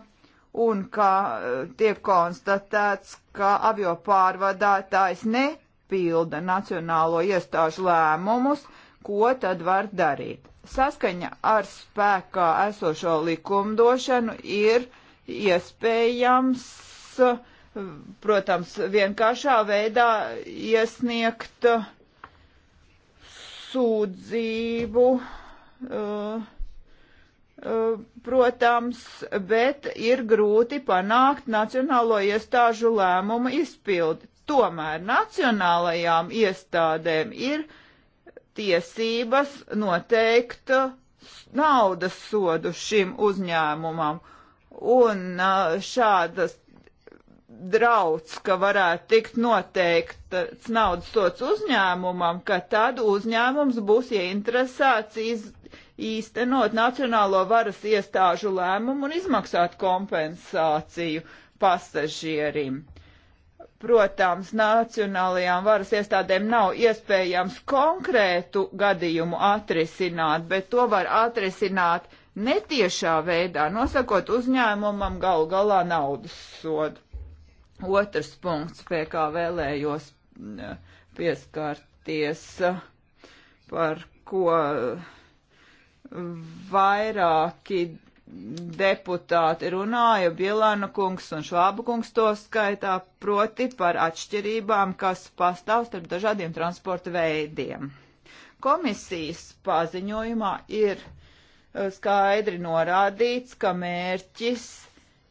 un ka eh, tiek konstatēts, ka avio pārvadātājs nepilda nacionālo iestāžu lēmumus, ko tad var darīt. Saskaņa ar spēkā esošo likumdošanu ir iespējams, protams, vienkāršā veidā iesniegt sūdzību. Uh, Eh, protams, bet ir grūti panākt nacionālo iestāžu lēmumu izpildi. Tomēr nacionālajām iestādēm ir tiesības noteikt eh, naudas sodu šim uzņēmumam. Un eh, šādas drauds, ka varētu tikt noteikts naudas sots uzņēmumam, ka tad uzņēmums būs ieinteresēts iz, īstenot nacionālo varas iestāžu lēmumu un izmaksāt kompensāciju pasažierim. Protams, nacionālajām varas iestādēm nav iespējams konkrētu gadījumu atrisināt, bet to var atrisināt netiešā veidā, nosakot uzņēmumam galu galā naudas sodu. Otrs punkts, pie kā vēlējos mm, pieskarties, par ko vairāki deputāti runāja, Bielāna kungs un Švāba kungs to skaitā, proti par atšķirībām, kas pastāv starp dažādiem transporta veidiem. Komisijas paziņojumā ir eh, skaidri norādīts, ka mērķis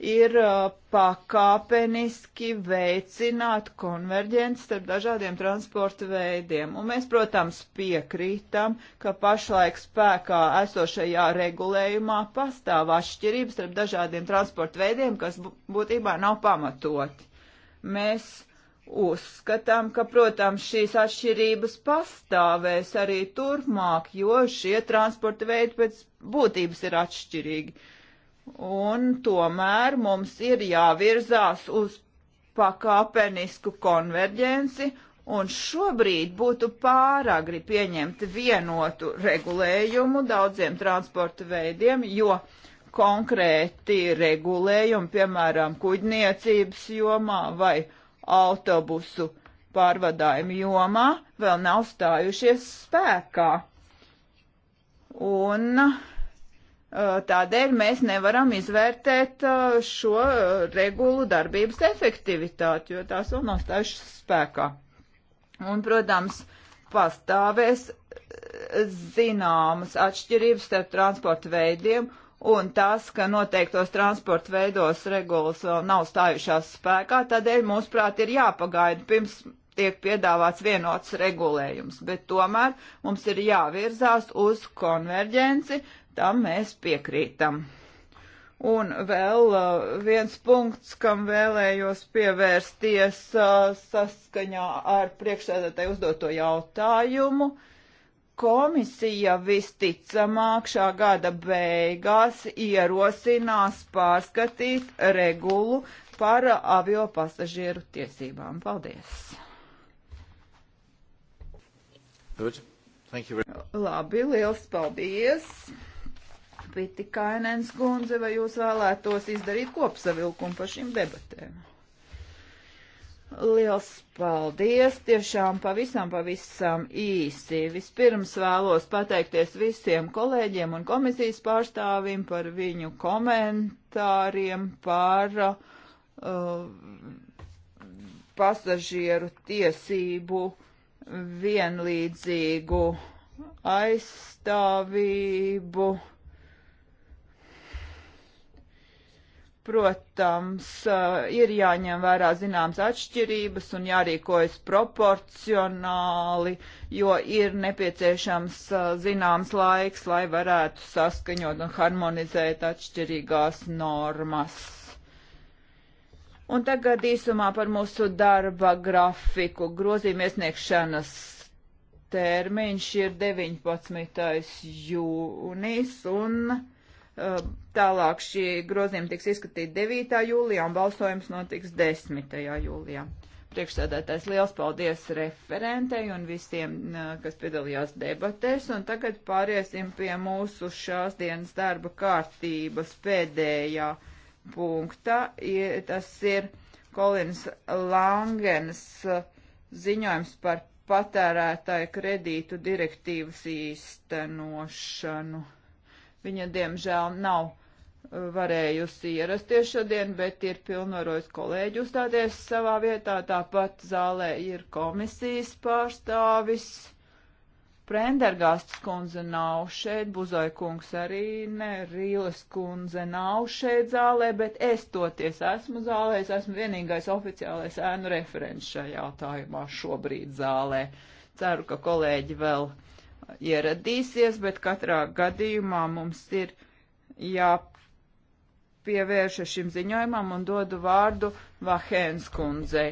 ir uh, pakāpeniski veicināt konverģenci starp dažādiem transporta veidiem. Un mēs, protams, piekrītam, ka pašlaik spēkā esošajā regulējumā pastāv atšķirības starp dažādiem transporta veidiem, kas būtībā nav pamatoti. Mēs uzskatām, ka, protams, šīs atšķirības pastāvēs arī turpmāk, jo šie transporta veidi pēc būtības ir atšķirīgi un tomēr mums ir jāvirzās uz pakāpenisku konverģenci, un šobrīd būtu pāragri pieņemt vienotu regulējumu daudziem transporta veidiem, jo konkrēti regulējumi, piemēram, kuģniecības jomā vai autobusu pārvadājumu jomā, vēl nav stājušies spēkā. Un uh, Eh, tādēļ mēs nevaram izvērtēt eh, šo eh, regulu darbības efektivitāti, jo tās vēl nav stājušas spēkā. Un, protams, pastāvēs zināmas atšķirības starp transporta veidiem un tas, ka noteiktos transporta veidos regulas vēl nav stājušās spēkā, tādēļ, mūsuprāt, ir jāpagaida pirms tiek piedāvāts vienots regulējums, bet tomēr mums ir jāvirzās uz konverģenci, Tam mēs piekrītam. Un vēl uh, viens punkts, kam vēlējos pievērsties uh, saskaņā ar priekšsēdētāju uzdoto jautājumu. Komisija visticamāk šā gada beigās ierosinās pārskatīt regulu par avio pasažieru tiesībām. Paldies! Good. Thank you very much. Labi, liels paldies! Pitikainens kundze, vai jūs vēlētos izdarīt kopsavilkumu par šīm debatēm? Liels paldies! Tiešām pavisam, pavisam īsi. Vispirms vēlos pateikties visiem kolēģiem un komisijas pārstāvim par viņu komentāriem par uh, pasažieru tiesību vienlīdzīgu aizstāvību. Protams, eh, ir jāņem vērā zināmas atšķirības un jārīkojas proporcionāli, jo ir nepieciešams eh, zināms laiks, lai varētu saskaņot un harmonizēt atšķirīgās normas. Un tagad īsumā par mūsu darba grafiku. Grozījuma iesniegšanas termiņš ir 19. jūnijas un Uh, tālāk šie grozījumi tiks izskatīti 9. jūlijā un balsojums notiks 10. jūlijā. Priekšsēdētājs liels paldies referentei un visiem, uh, kas piedalījās debatēs. Un tagad pāriesim pie mūsu šās dienas darba kārtības pēdējā punktā. Tas ir Kolins Langens uh, ziņojums par patērētāju kredītu direktīvas īstenošanu. Viņa, diemžēl, nav uh, varējusi ierasties šodien, bet ir pilnvarojis kolēģi uzstāties savā vietā. Tāpat zālē ir komisijas pārstāvis. Prendergasts kundze nav šeit, Buzoja kungs arī ne, Rīles kundze nav šeit zālē, bet es toties esmu zālē, es esmu vienīgais oficiālais ēnu referents šajā jautājumā šobrīd zālē. Ceru, ka kolēģi vēl ieradīsies, bet katrā gadījumā mums ir jāpievērša šim ziņojumam un dodu vārdu Vahēns kundzei.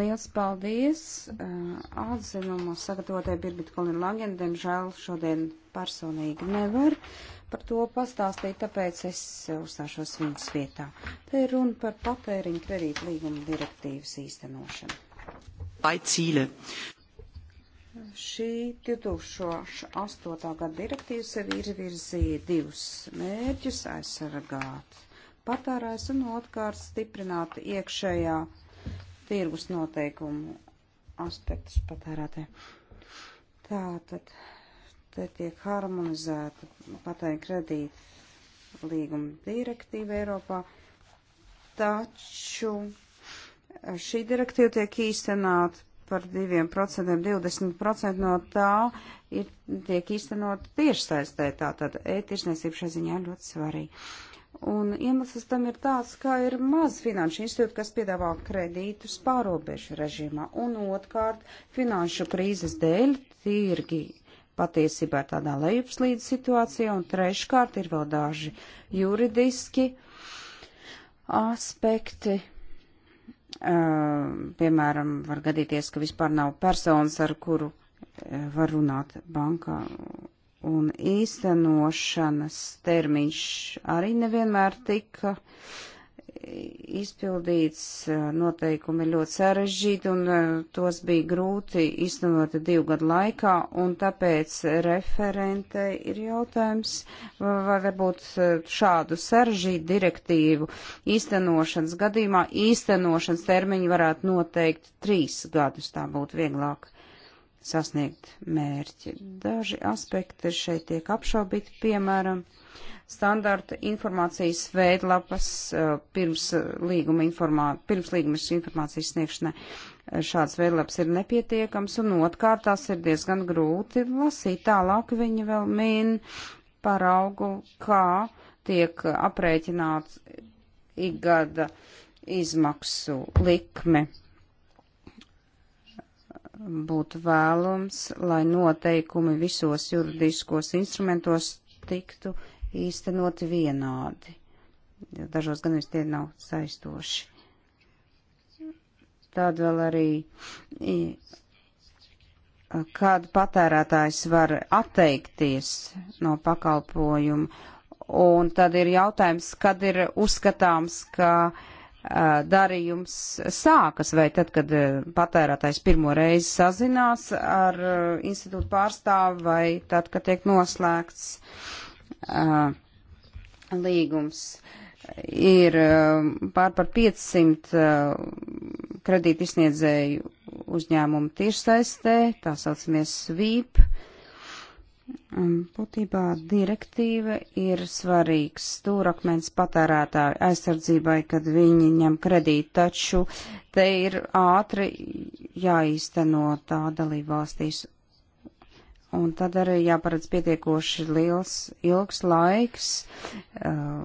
Liels paldies! Eh, atzinumu sagatavotai Birbit Kolina Langen, diemžēl šodien personīgi nevar par to pastāstīt, tāpēc es uzstāšos viņas vietā. Te ir runa par patēriņu kredītlīguma direktīvas īstenošanu. Vai cīle? Šī 2008. gada direktīva sev ir virzīja divus mērķus - aizsargāt patērājs un otrkārt stiprināt iekšējā tirgus noteikumu aspektus patērētē. Tātad te tiek harmonizēta patēriņa kredīta līguma direktīva Eiropā, taču šī direktīva tiek īstenāta par 2%, 20% no tā ir, tiek īstenot tiešsaistē, tātad e-tiešniecība šai ziņā ļoti svarīga. Un iemesls tam ir tāds, ka ir maz finanšu institūtu, kas piedāvā kredītus pārobežu režīmā. Un otrkārt, finanšu krīzes dēļ tirgi patiesībā ir tādā lejupslīdes situācijā. Un treškārt ir vēl daži juridiski aspekti, Ehm, piemēram, var gadīties, ka vispār nav personas, ar kuru eh, var runāt bankā. Un īstenošanas termiņš arī nevienmēr tika uh, izpildīts, noteikumi ļoti sarežģīti un tos bija grūti iznot divu gadu laikā, un tāpēc referente ir jautājums, vai varbūt šādu sarežģītu direktīvu īstenošanas gadījumā īstenošanas termiņu varētu noteikt trīs gadus, tā būtu vieglāk sasniegt mērķi. Daži aspekti šeit tiek apšaubīti, piemēram, uh, standarta informācijas veidlapas eh, pirms eh, līguma, informā, pirms līguma informācijas sniegšanai. Eh, šāds veidlaps ir nepietiekams un otrkārt tās ir diezgan grūti lasīt. Tālāk viņi vēl min paraugu, kā tiek aprēķināts ikgada izmaksu likme būtu vēlams, lai noteikumi visos juridiskos instrumentos tiktu īstenot vienādi. Dažos gan es tie nav saistoši. Tad vēl arī kādu patērētājs var atteikties no pakalpojumu. Un tad ir jautājums, kad ir uzskatāms, ka uh, darījums sākas, vai tad, kad uh, patērētājs pirmo reizi sazinās ar uh, institūtu pārstāvu, vai tad, kad tiek noslēgts uh, līgums. Ir pār par 500 kredīti izsniedzēju uzņēmumu tiešsaistē, tā saucamies SVIP. Būtībā direktīva ir svarīgs stūrakmens patērētāju aizsardzībai, kad viņi ņem kredītu, taču te ir ātri jāīsteno tā dalībvalstīs Un tad arī jāparedz pietiekoši liels ilgs laiks uh,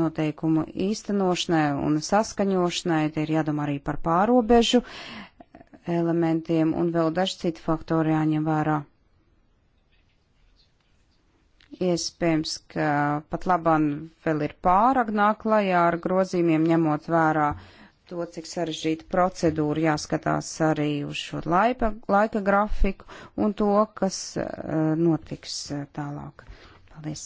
noteikumu īstenošanai un saskaņošanai. Te ir jādomā arī par pārobežu elementiem un vēl daži citi faktori jāņem vērā iespējams, ka pat labam vēl ir pārāk nāk klajā ar grozījumiem, ņemot vērā to, cik sarežģīta procedūra jāskatās arī uz šo laika, laika grafiku un to, kas eh, notiks eh, tālāk. Paldies.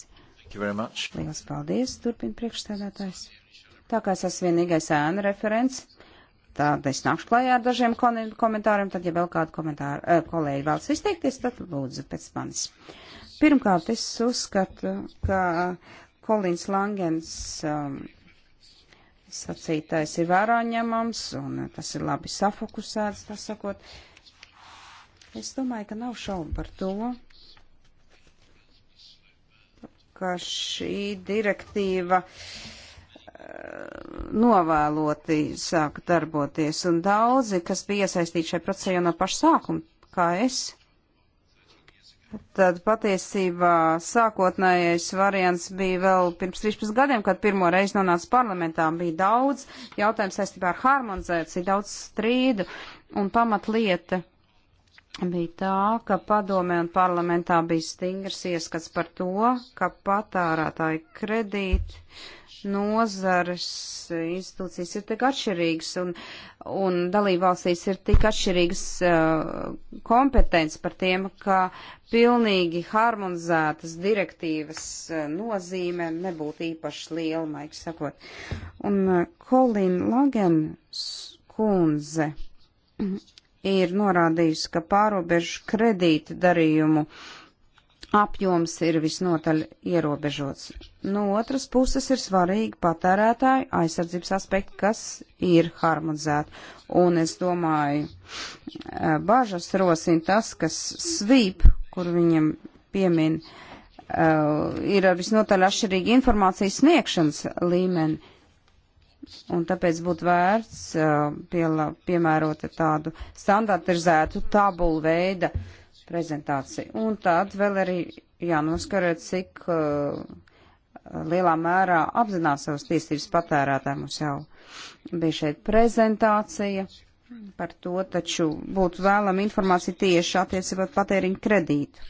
Lielas paldies, turpina priekšstādātājs. Tā kā es esmu vienīgais ēna referents, tad es nākšu klajā ar dažiem komentāriem, tad ja vēl kādu komentāru eh, kolēģi vēlas izteikties, tad lūdzu pēc manis. Pirmkārt, es uzskatu, ka Kolins Langens um, sacītais ir vērā ņemams un tas ir labi safokusēts, tā sakot. Es domāju, ka nav šaubu par to, ka šī direktīva eh, novēloti sāka darboties, un daudzi, kas bija iesaistīti šajā procesā jau no paša sākuma, kā es, Tad patiesībā sākotnējais variants bija vēl pirms 13 gadiem, kad pirmo reizi nonāca parlamentā. Bija daudz jautājumu saistībā ar harmonizāciju, daudz strīdu un pamatlieta bija tā, ka padomē un parlamentā bija stingrs ieskats par to, ka patārātāji kredīti nozares institūcijas ir tik atšķirīgas un, un dalībvalstīs ir tik atšķirīgas uh, kompetences par tiem, ka pilnīgi harmonizētas direktīvas uh, nozīme nebūtu īpaši liela, maigi sakot. Un uh, Kolina Lagens kundze ir norādījusi, ka pārobežu kredīta darījumu uh, apjoms ir visnotaļ ierobežots. No otras puses ir svarīgi patērētāju aizsardzības aspekti, kas ir harmonizēti. Un es domāju, eh, bažas rosina tas, kas svīp, kur viņam piemin, eh, ir ar visnotaļ atšķirīgi informācijas sniegšanas līmeni. Un tāpēc būtu vērts eh, piemērot tādu standartizētu tabulu veidu uh, prezentāciju. Un tad vēl arī jānoskara, cik uh, lielā mērā apzinās savas tiesības patērētāji. Mums jau bija šeit prezentācija par to, taču būtu vēlama informācija tieši attiecībā patēriņu kredītu.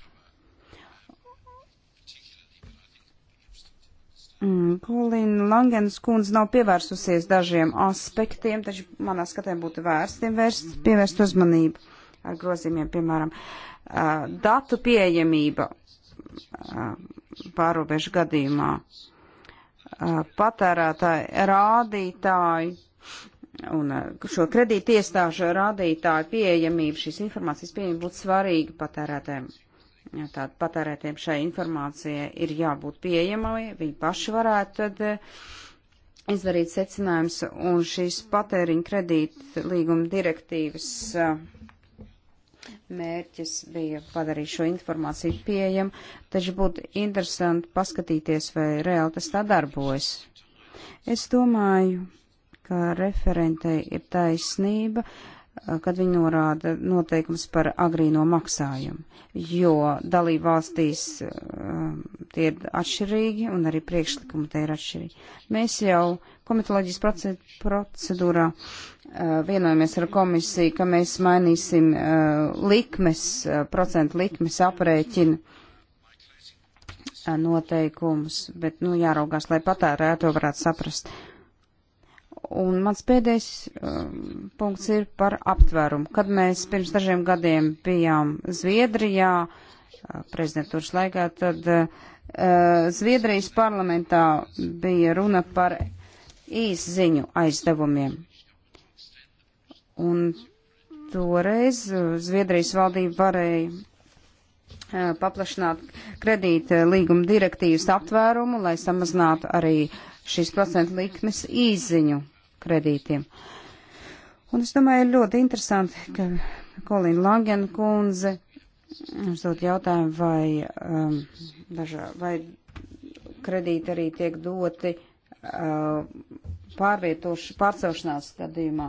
Mm, Kolīna Langens kundze nav pievērsusies dažiem aspektiem, taču manā skatē būtu vērstiem vērst, pievērst uzmanību ar grozījumiem, piemēram, datu pieejamība pārobežu gadījumā, patērētāji rādītāji un šo kredīti iestāžu rādītāju pieejamību, šīs informācijas pieejamība būtu svarīga patērētājiem. Tātad patērētiem šai informācijai ir jābūt pieejamai, viņi paši varētu tad izdarīt secinājums, un šīs patēriņa kredīta līguma direktīvas uh, Mērķis bija padarīt šo informāciju pieejamu, taču būtu interesanti paskatīties, vai reāli tas tā darbojas. Es domāju, ka referentei ir taisnība, kad viņi norāda noteikums par agrīno maksājumu, jo dalību valstīs tie ir atšķirīgi un arī priekšlikumi te ir atšķirīgi. Mēs jau komitoloģijas procedūrā vienojamies ar komisiju, ka mēs mainīsim likmes, procentu likmes aprēķinu noteikumus, bet, nu, jāraugās, lai patērētāji to varētu saprast. Un mans pēdējais um, punkts ir par aptvērumu. Kad mēs pirms dažiem gadiem bijām Zviedrijā, prezidentūras laikā, tad uh, Zviedrijas parlamentā bija runa par īsziņu aizdevumiem. Un toreiz uh, Zviedrijas valdība varēja uh, paplašināt kredīta līguma direktīvas aptvērumu, lai samazinātu arī šīs procentu likmes īziņu kredītiem. Un es domāju, ir ļoti interesanti, ka Kolīna Langena kundze uzdot jautājumu, vai, um, dažā, vai kredīti arī tiek doti uh, Uh, pārcelšanās gadījumā.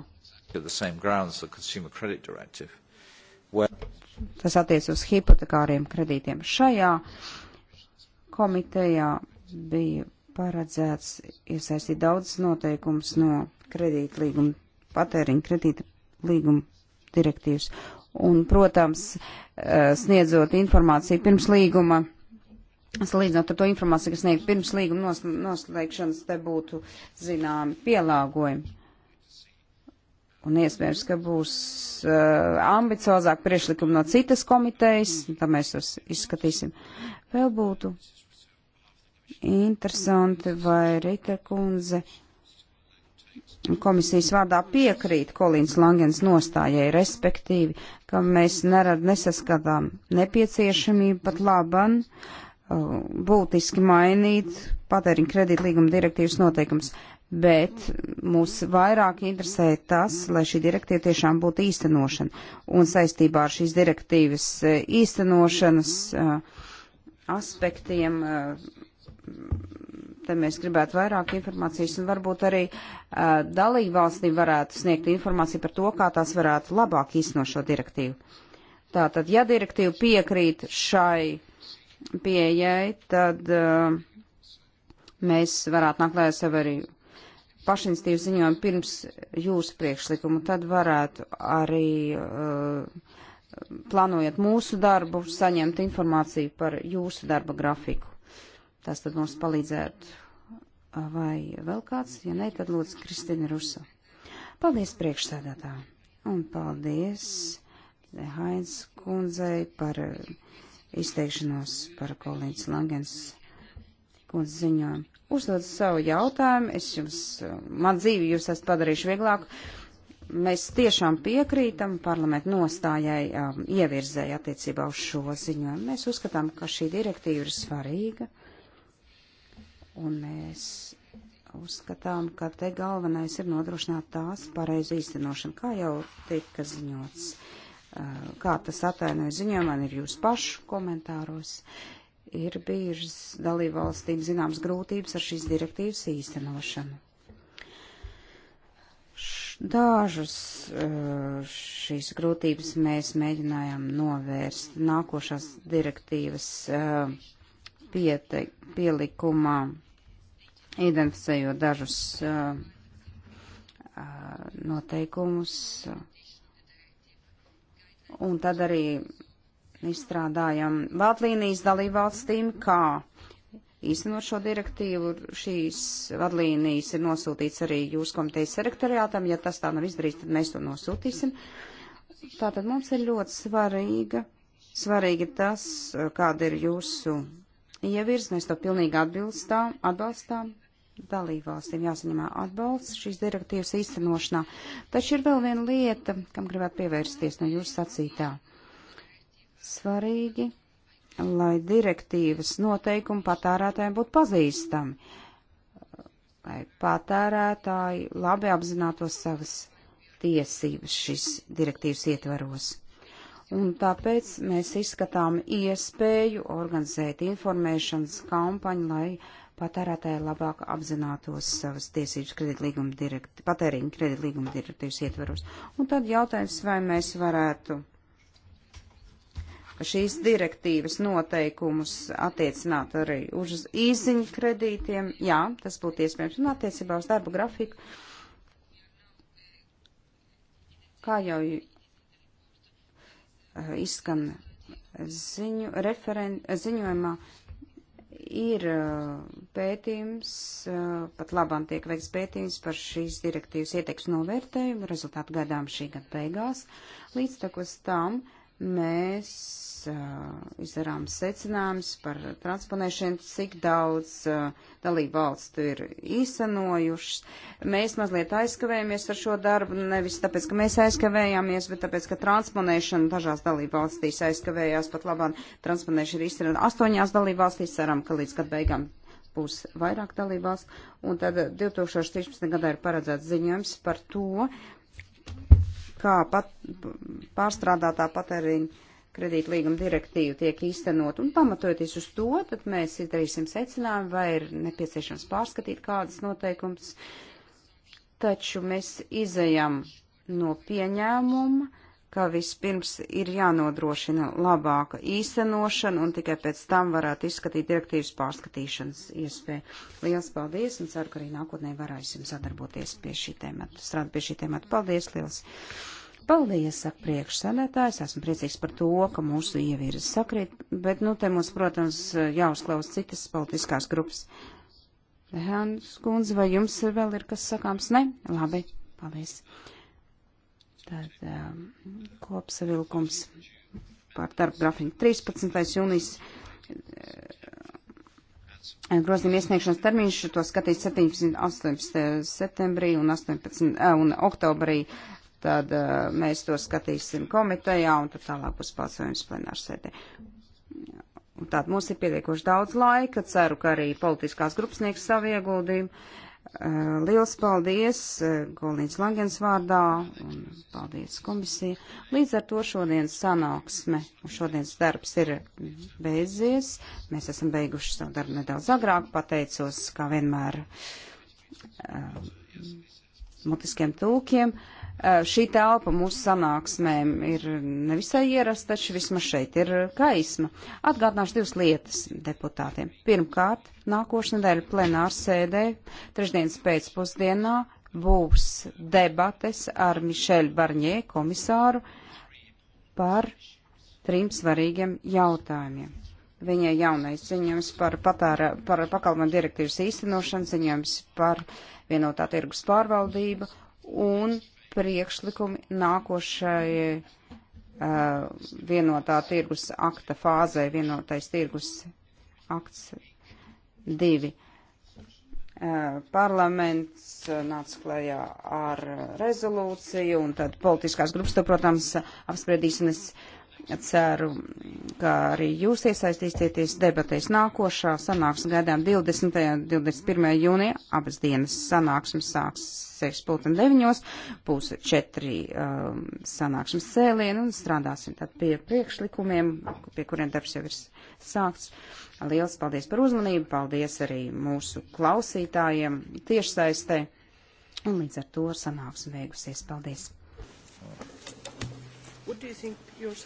Tas attiec uz hipotekāriem kredītiem. Šajā komitejā bija paredzēts iesaistīt daudz noteikums no kredīta līguma, patēriņa kredīta līguma direktīvas. Un, protams, eh, sniedzot informāciju pirms līguma Salīdzinot ar to informāciju, kas sniegt pirms līguma noslēgšanas, te būtu zināmi pielāgojumi. Un iespējams, ka būs uh, ambiciozāk priešlikumi no citas komitejas, tad mēs tos izskatīsim. Vēl būtu interesanti, vai Rita kundze komisijas vārdā piekrīt Kolīns Langens nostājai, respektīvi, ka mēs nerad nesaskatām nepieciešamību pat laban. Uh, Uh, būtiski mainīt patēriņa kredītlīguma direktīvas noteikums, bet mūs vairāk interesē tas, lai šī direktīva tiešām būtu īstenošana. Un saistībā ar šīs direktīvas uh, īstenošanas uh, aspektiem, te mēs gribētu vairāk informācijas un varbūt arī dalību valstīm varētu sniegt informāciju par to, kā tās varētu labāk īstenot šo direktīvu. Tātad, ja direktīva piekrīt šai pieejai, tad uh, mēs varētu naklēt sev arī pašinstīvu ziņojumu pirms jūsu priekšlikumu, tad varētu arī uh, plānojot mūsu darbu, saņemt informāciju par jūsu darba grafiku. Tas tad mums palīdzētu. Vai vēl kāds? Ja nē, tad lūdzu Kristina Rusa. Paldies priekšsēdētā. Un paldies Hainz kundzei par. Uh, izteikšanos par kolēģis Langens kundz ziņojumu. Uzdod savu jautājumu, es jums, man dzīvi jūs esat padarījuši vieglāku. Mēs tiešām piekrītam parlamentu nostājai um, ievirzēji attiecībā uz šo ziņojumu. Mēs uzskatām, ka šī direktīva ir svarīga, un mēs uzskatām, ka te galvenais ir nodrošināt tās pareizu īstenošanu, kā jau tika ziņots. Uh, Eh, kā tas atainoja ziņā, man ir jūs pašu komentāros. Ir bijušas dalībvalstīm zināmas grūtības ar šīs direktīvas īstenošanu. Dažas eh, šīs grūtības mēs mēģinājām novērst nākošās direktīvas eh, piete, pielikumā, identificējot dažus noteikumus, Un tad arī izstrādājam vadlīnijas dalībvalstīm, kā īstenot šo direktīvu. Šīs vadlīnijas ir nosūtīts arī jūsu komitejas sekretariātam. Ja tas tā nav izdarīts, tad mēs to nosūtīsim. Tātad mums ir ļoti svarīga, svarīgi tas, kāda ir jūsu ievirs. Mēs to pilnīgi atbilstām, atbalstām dalībvalstīm jāsaņemā atbalsts šīs direktīvas īstenošanā. Taču ir vēl viena lieta, kam gribētu pievērsties no jūsu sacītā. Svarīgi, lai direktīvas noteikumi patērētājiem būtu pazīstami, lai patērētāji labi apzinātos savas tiesības šīs direktīvas ietvaros. Un tāpēc mēs izskatām iespēju organizēt informēšanas kampaņu, lai patērētāji labāk apzinātos savas tiesības kreditlīguma direktīvas, patēriņa kreditlīguma direktīvas ietveros. Un tad jautājums, vai mēs varētu šīs direktīvas noteikumus attiecināt arī uz īziņu kredītiem. Jā, tas būtu iespējams. Un attiecībā uz darba grafiku, kā jau uh, izskan ziņu, referen, ziņojumā, ir pētījums, pat labam tiek veikts pētījums par šīs direktīvas ieteiks novērtējumu, rezultātu gaidām šī gada beigās. Līdz takus tam mēs izdarām secinājumus par transponēšanu, cik daudz dalību valstu ir īsenojušas. Mēs mazliet aizkavējamies ar šo darbu, nevis tāpēc, ka mēs aizkavējāmies, bet tāpēc, ka transponēšana dažās dalību valstīs aizkavējās, pat labāk transponēšana ir īstenot astoņās dalību valstīs, ceram, ka līdz gadu beigām būs vairāk dalību valsts, un tad 2013. gadā ir paredzēts ziņojums par to, kā pat, pārstrādātā patēriņa kredītlīguma direktīva tiek īstenot, un pamatojoties uz to, tad mēs izdarīsim secinājumu, vai ir nepieciešams pārskatīt kādas noteikums, taču mēs izējam no pieņēmuma, ka vispirms ir jānodrošina labāka īstenošana un tikai pēc tam varētu izskatīt direktīvas pārskatīšanas iespēju. Liels paldies un ceru, ka arī nākotnē varēsim sadarboties pie šī temata, strādāt pie šī temata. Paldies, liels! Paldies, saka priekšsēdētājs, esmu priecīgs par to, ka mūsu ievīras sakrīt, bet, nu, te mums, protams, jāuzklaus citas politiskās grupas. Hans Kunze, vai jums vēl ir kas sakāms? Ne? Labi, paldies. Tad um, kopsavilkums par darba grafiku 13. jūnijas uh, uh, grozījuma iesniegšanas termiņš to skatīs 17, 18. Uh, septembrī un 18. un oktobrī. Tad uh, mēs to skatīsim komitejā un tad tālāk būs balsojums plenārsēdē. Un tātad mums ir pietiekoši daudz laika, ceru, ka arī politiskās grupas sniegs savu ieguldījumu. Uh, Eh, liels paldies eh, Golnīts Langens vārdā un paldies komisija. Līdz ar to šodienas sanāksme un šodienas darbs ir beidzies. Mēs esam beiguši savu darbu nedaudz agrāk. Pateicos, kā vienmēr, eh, mutiskiem tūkiem. Eh, šī telpa mūsu sanāksmēm ir nevisai ierasta, taču vismaz šeit ir gaisma. Atgādināšu divas lietas deputātiem. Pirmkārt, nākošais nedēļa plenāra sēdē, trešdienas pēcpusdienā, būs debates ar Mišeļu Barņē komisāru par trim svarīgiem jautājumiem. Viņa jaunais ziņojums par, patārā, par pakalpojumu direktīvas īstenošanu, ziņojums par vienotā tirgus pārvaldību un priekšlikumi nākošai uh, vienotā tirgus akta fāzē, vienotais tirgus akts divi. Uh, parlaments uh, nāca klajā ar uh, rezolūciju, un tad politiskās grupas to, protams, apspriedīs, un es Ceru, ka arī jūs iesaistīsieties debatēs nākošā sanāksme gaidām 20. un 21. jūnija. Abas dienas sanāksmes sāks 6.09. būs četri um, sanāksmes cēlieni un strādāsim tad pie priekšlikumiem, pie kuriem darbs jau ir sākts. Liels paldies par uzmanību, paldies arī mūsu klausītājiem tiešsaistē. Un līdz ar to sanāksme beigusies. Paldies! What do you think yourself?